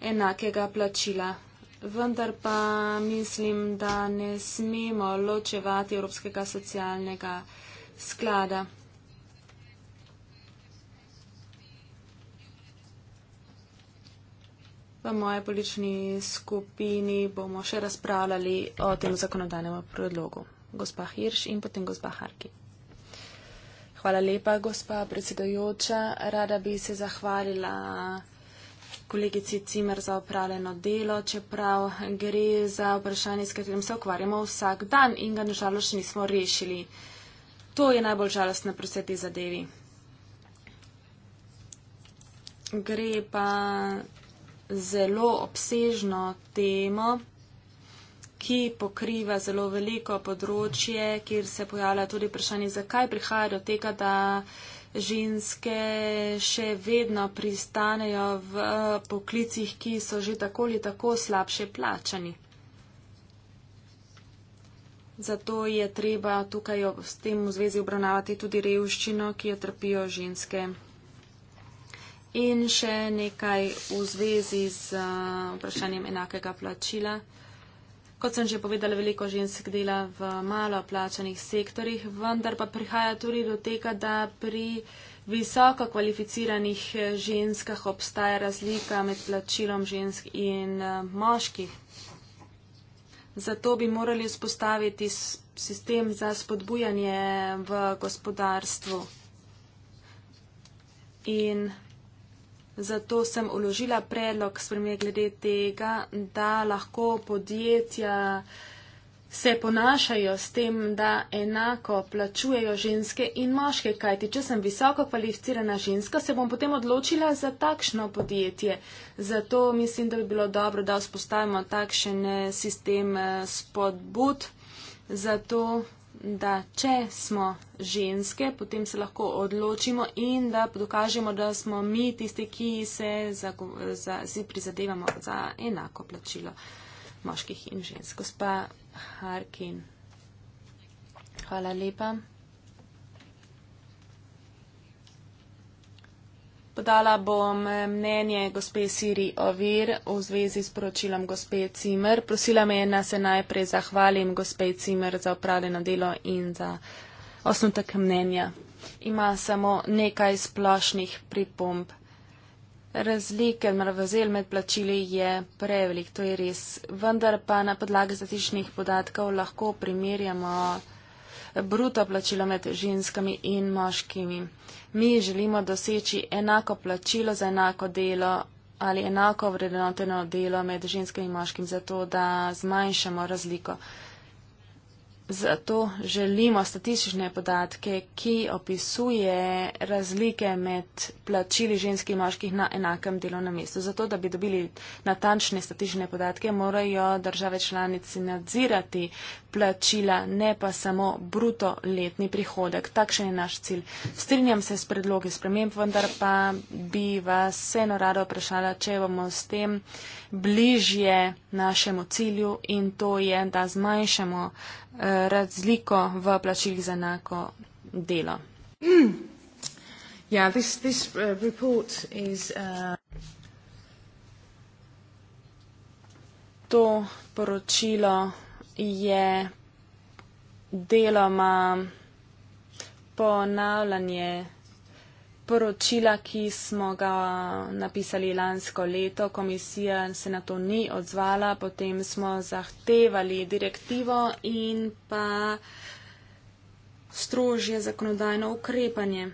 enakega plačila. Vendar pa mislim, da ne smemo ločevati Evropskega socialnega sklada. V moje politični skupini bomo še razpravljali o tem zakonodajnem predlogu. Gospa Hirš in potem gospa Harki. Hvala lepa, gospa predsedajoča. Rada bi se zahvalila kolegici Cimer za opravljeno delo, čeprav gre za vprašanje, s katerim se ukvarjamo vsak dan in ga nažalost še nismo rešili. To je najbolj žalostno pri vsej tej zadevi. Gre pa zelo obsežno temo, ki pokriva zelo veliko področje, kjer se pojavlja tudi vprašanje, zakaj prihaja do tega, da uh, ženske še vedno pristanejo v eh, poklicih, ki so že tako ali tako slabše plačani. Zato je treba tukaj s tem v zvezi obravnavati tudi revščino, ki jo trpijo ženske. In še nekaj v zvezi z eh, vprašanjem enakega plačila. Kot sem že povedala, veliko žensk dela v malo plačanih sektorjih, vendar pa prihaja tudi do tega, da pri visoko kvalificiranih eh, ženskah obstaja razlika med plačilom žensk in eh, moških. Zato bi morali vzpostaviti sistem za spodbujanje v gospodarstvu. In Zato sem uložila predlog spremenje glede tega, da lahko podjetja se ponašajo s tem, da enako plačujejo ženske in moške, kajti če sem visoko kvalificirana ženska, se bom potem odločila za takšno podjetje. Zato mislim, da bi bilo dobro, da vzpostavimo takšen eh, sistem eh, spodbud. Zato da če smo ženske, potem se lahko odločimo in da dokažemo, da smo mi tiste, ki se za, za, si prizadevamo za enako plačilo moških in žensk. Gospa Harkin, hvala lepa. Podala bom eh, mnenje gospe Siri Ovir v zvezi s poročilom gospe Cimer. Prosila me je, da se najprej zahvalim gospe Cimer za upravljeno delo in za osnutek mnenja. Ima samo nekaj splošnih pripomb. Razlike mrvazel med plačili je prevelik, to je res. Vendar pa na podlagi statičnih podatkov lahko primerjamo bruto plačilo med ženskami in moškimi mi želimo doseči enako plačilo za enako delo ali enako vrednoteno delo med ženskim in moškim, zato da zmanjšamo razliko. Zato želimo statistične podatke, ki opisuje razlike med plačili ženskih in moških na enakem delovnem mestu. Zato, da bi dobili natančne statistične podatke, morajo države članici nadzirati plačila, ne pa samo bruto letni prihodek. Takšen je naš cilj. Strinjam se s predlogi sprememb, vendar pa bi vas vseeno rada vprašala, če bomo s tem bližje našemu cilju in to je, da zmanjšamo eh, razliko v plačilih za enako delo. Mm. Yeah, this, this uh, report is, uh... To poročilo je deloma ponavljanje poročila, ki smo ga napisali lansko leto. Komisija se na to ni odzvala, potem smo zahtevali direktivo in pa strožje zakonodajno ukrepanje.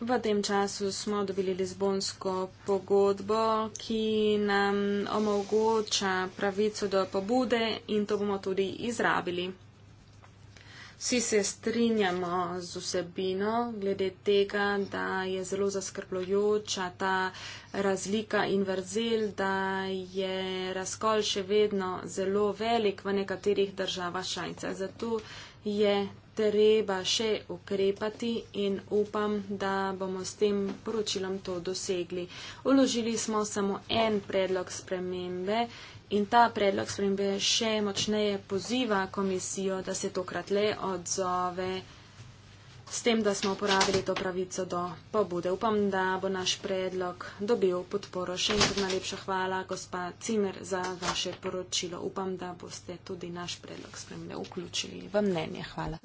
V tem času smo dobili Lizbonsko pogodbo, ki nam omogoča pravico do pobude in to bomo tudi izrabili. Vsi se strinjamo z vsebino glede tega, da je zelo zaskrbljujoča ta razlika in vrzel, da je razkol še vedno zelo velik v nekaterih državah članicah. Zato je treba še ukrepati in upam, da bomo s tem poročilom to dosegli. Uložili smo samo en predlog spremembe in ta predlog spremembe še močneje poziva komisijo, da se tokrat le odzove s tem, da smo uporabili to pravico do pobude. Upam, da bo naš predlog dobil podporo. Še enkrat najlepša hvala, gospa Cimer, za vaše poročilo. Upam, da boste tudi naš predlog spremljali, vključili v mnenje. Hvala.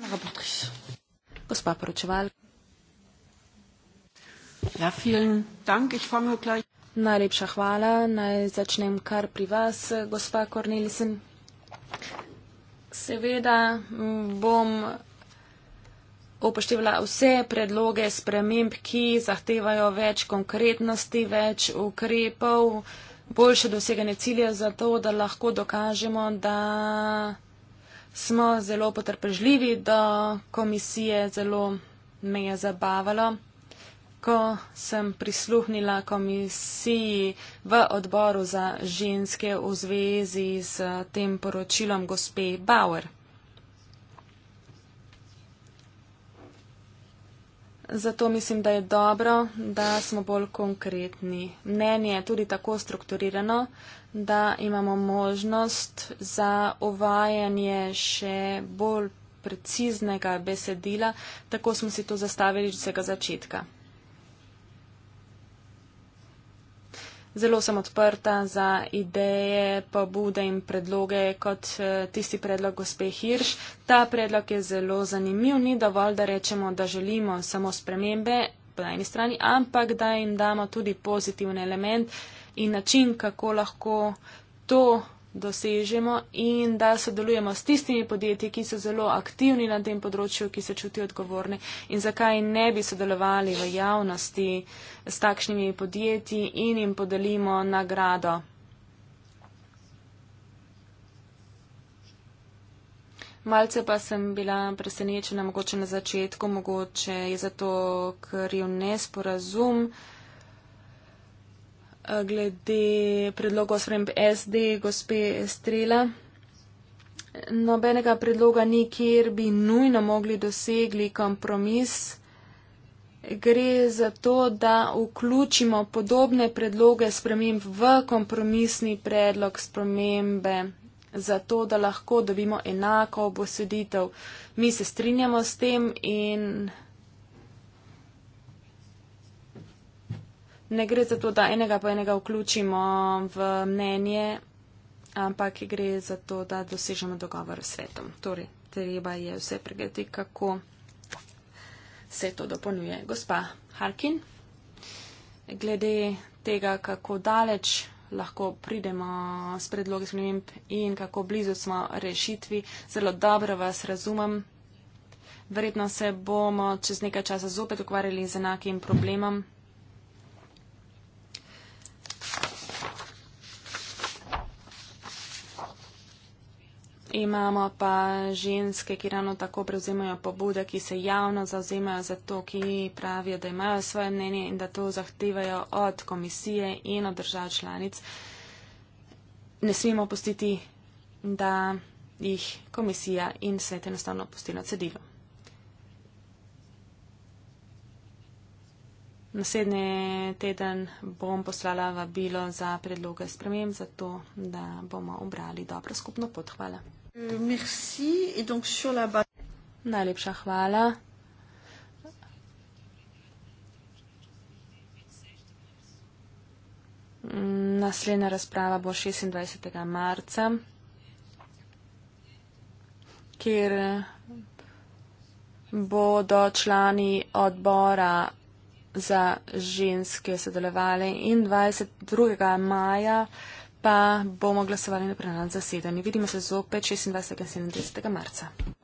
Gospa poročevalka. Ja, Dank, ich fange gleich... Najlepša hvala. Naj začnem kar pri vas, gospa Kornelisen. Seveda mm, bom upoštevala vse predloge sprememb, ki zahtevajo več konkretnosti, več ukrepov, boljše doseganje cilja za to, da lahko dokažemo, da smo zelo potrpežljivi, da komisije zelo me je zabavalo. Ko sem prisluhnila komisiji v odboru za ženske v zvezi s tem poročilom gospe Bauer. zato mislim, da je dobro, da smo bolj konkretni. Mnenje je tudi tako strukturirano, da imamo možnost za uvajanje še bolj preciznega besedila, tako smo si to zastavili od vsega začetka. Zelo sem odprta za ideje, pobude in predloge, kot eh, tisti predlog gospe Hirš. Ta predlog je zelo zanimiv, ni dovolj, da rečemo, da želimo samo spremembe po eni strani, ampak da jim damo tudi pozitivni element in način, kako lahko to dosežemo in da sodelujemo s tistimi podjetji, ki so zelo aktivni na tem področju, ki se čutijo odgovorni in zakaj ne bi sodelovali v javnosti s takšnimi podjetji in jim podelimo nagrado. Malce pa sem bila presenečena, mogoče na začetku, mogoče je zato kriv nesporazum. Uh, glede predlogov sprem SD, gospe Strela. Nobenega predloga ni, kjer bi nujno mogli dosegli kompromis. Gre za to, da vključimo podobne predloge sprememb v kompromisni predlog spremembe, zato da lahko dobimo enako obosreditev. Mi se strinjamo s tem in ne gre za to, da enega po enega vključimo v mnenje, ampak gre za to, da dosežemo dogovor s svetom. Torej, treba je vse pregledati, kako se to dopolnjuje. Gospa Harkin, glede tega, kako daleč lahko pridemo s predlogi sprememb in kako blizu smo rešitvi. Zelo dobro vas razumem. Verjetno se bomo čez nekaj časa zopet ukvarjali z enakim problemom. imamo pa ženske, ki ravno tako prevzemajo pobude, ki se javno zauzemajo za to, ki pravijo, da imajo svoje mnenje in da to zahtevajo od komisije in od držav članic. Ne smemo postiti, da jih komisija in svet enostavno pusti na cedilu. Naslednji teden bom poslala vabilo za predloge sprememb, zato da bomo obrali dobro skupno pot. Hvala. Euh, merci. Et donc sur la base. Najlepša hvala. Naslednja razprava bo 26. marca, kjer bodo člani odbora za ženske sodelovali in 22. maja pa bomo glasovali na prenajem zasedanju. Vidimo se zopet 26. in 27. marca.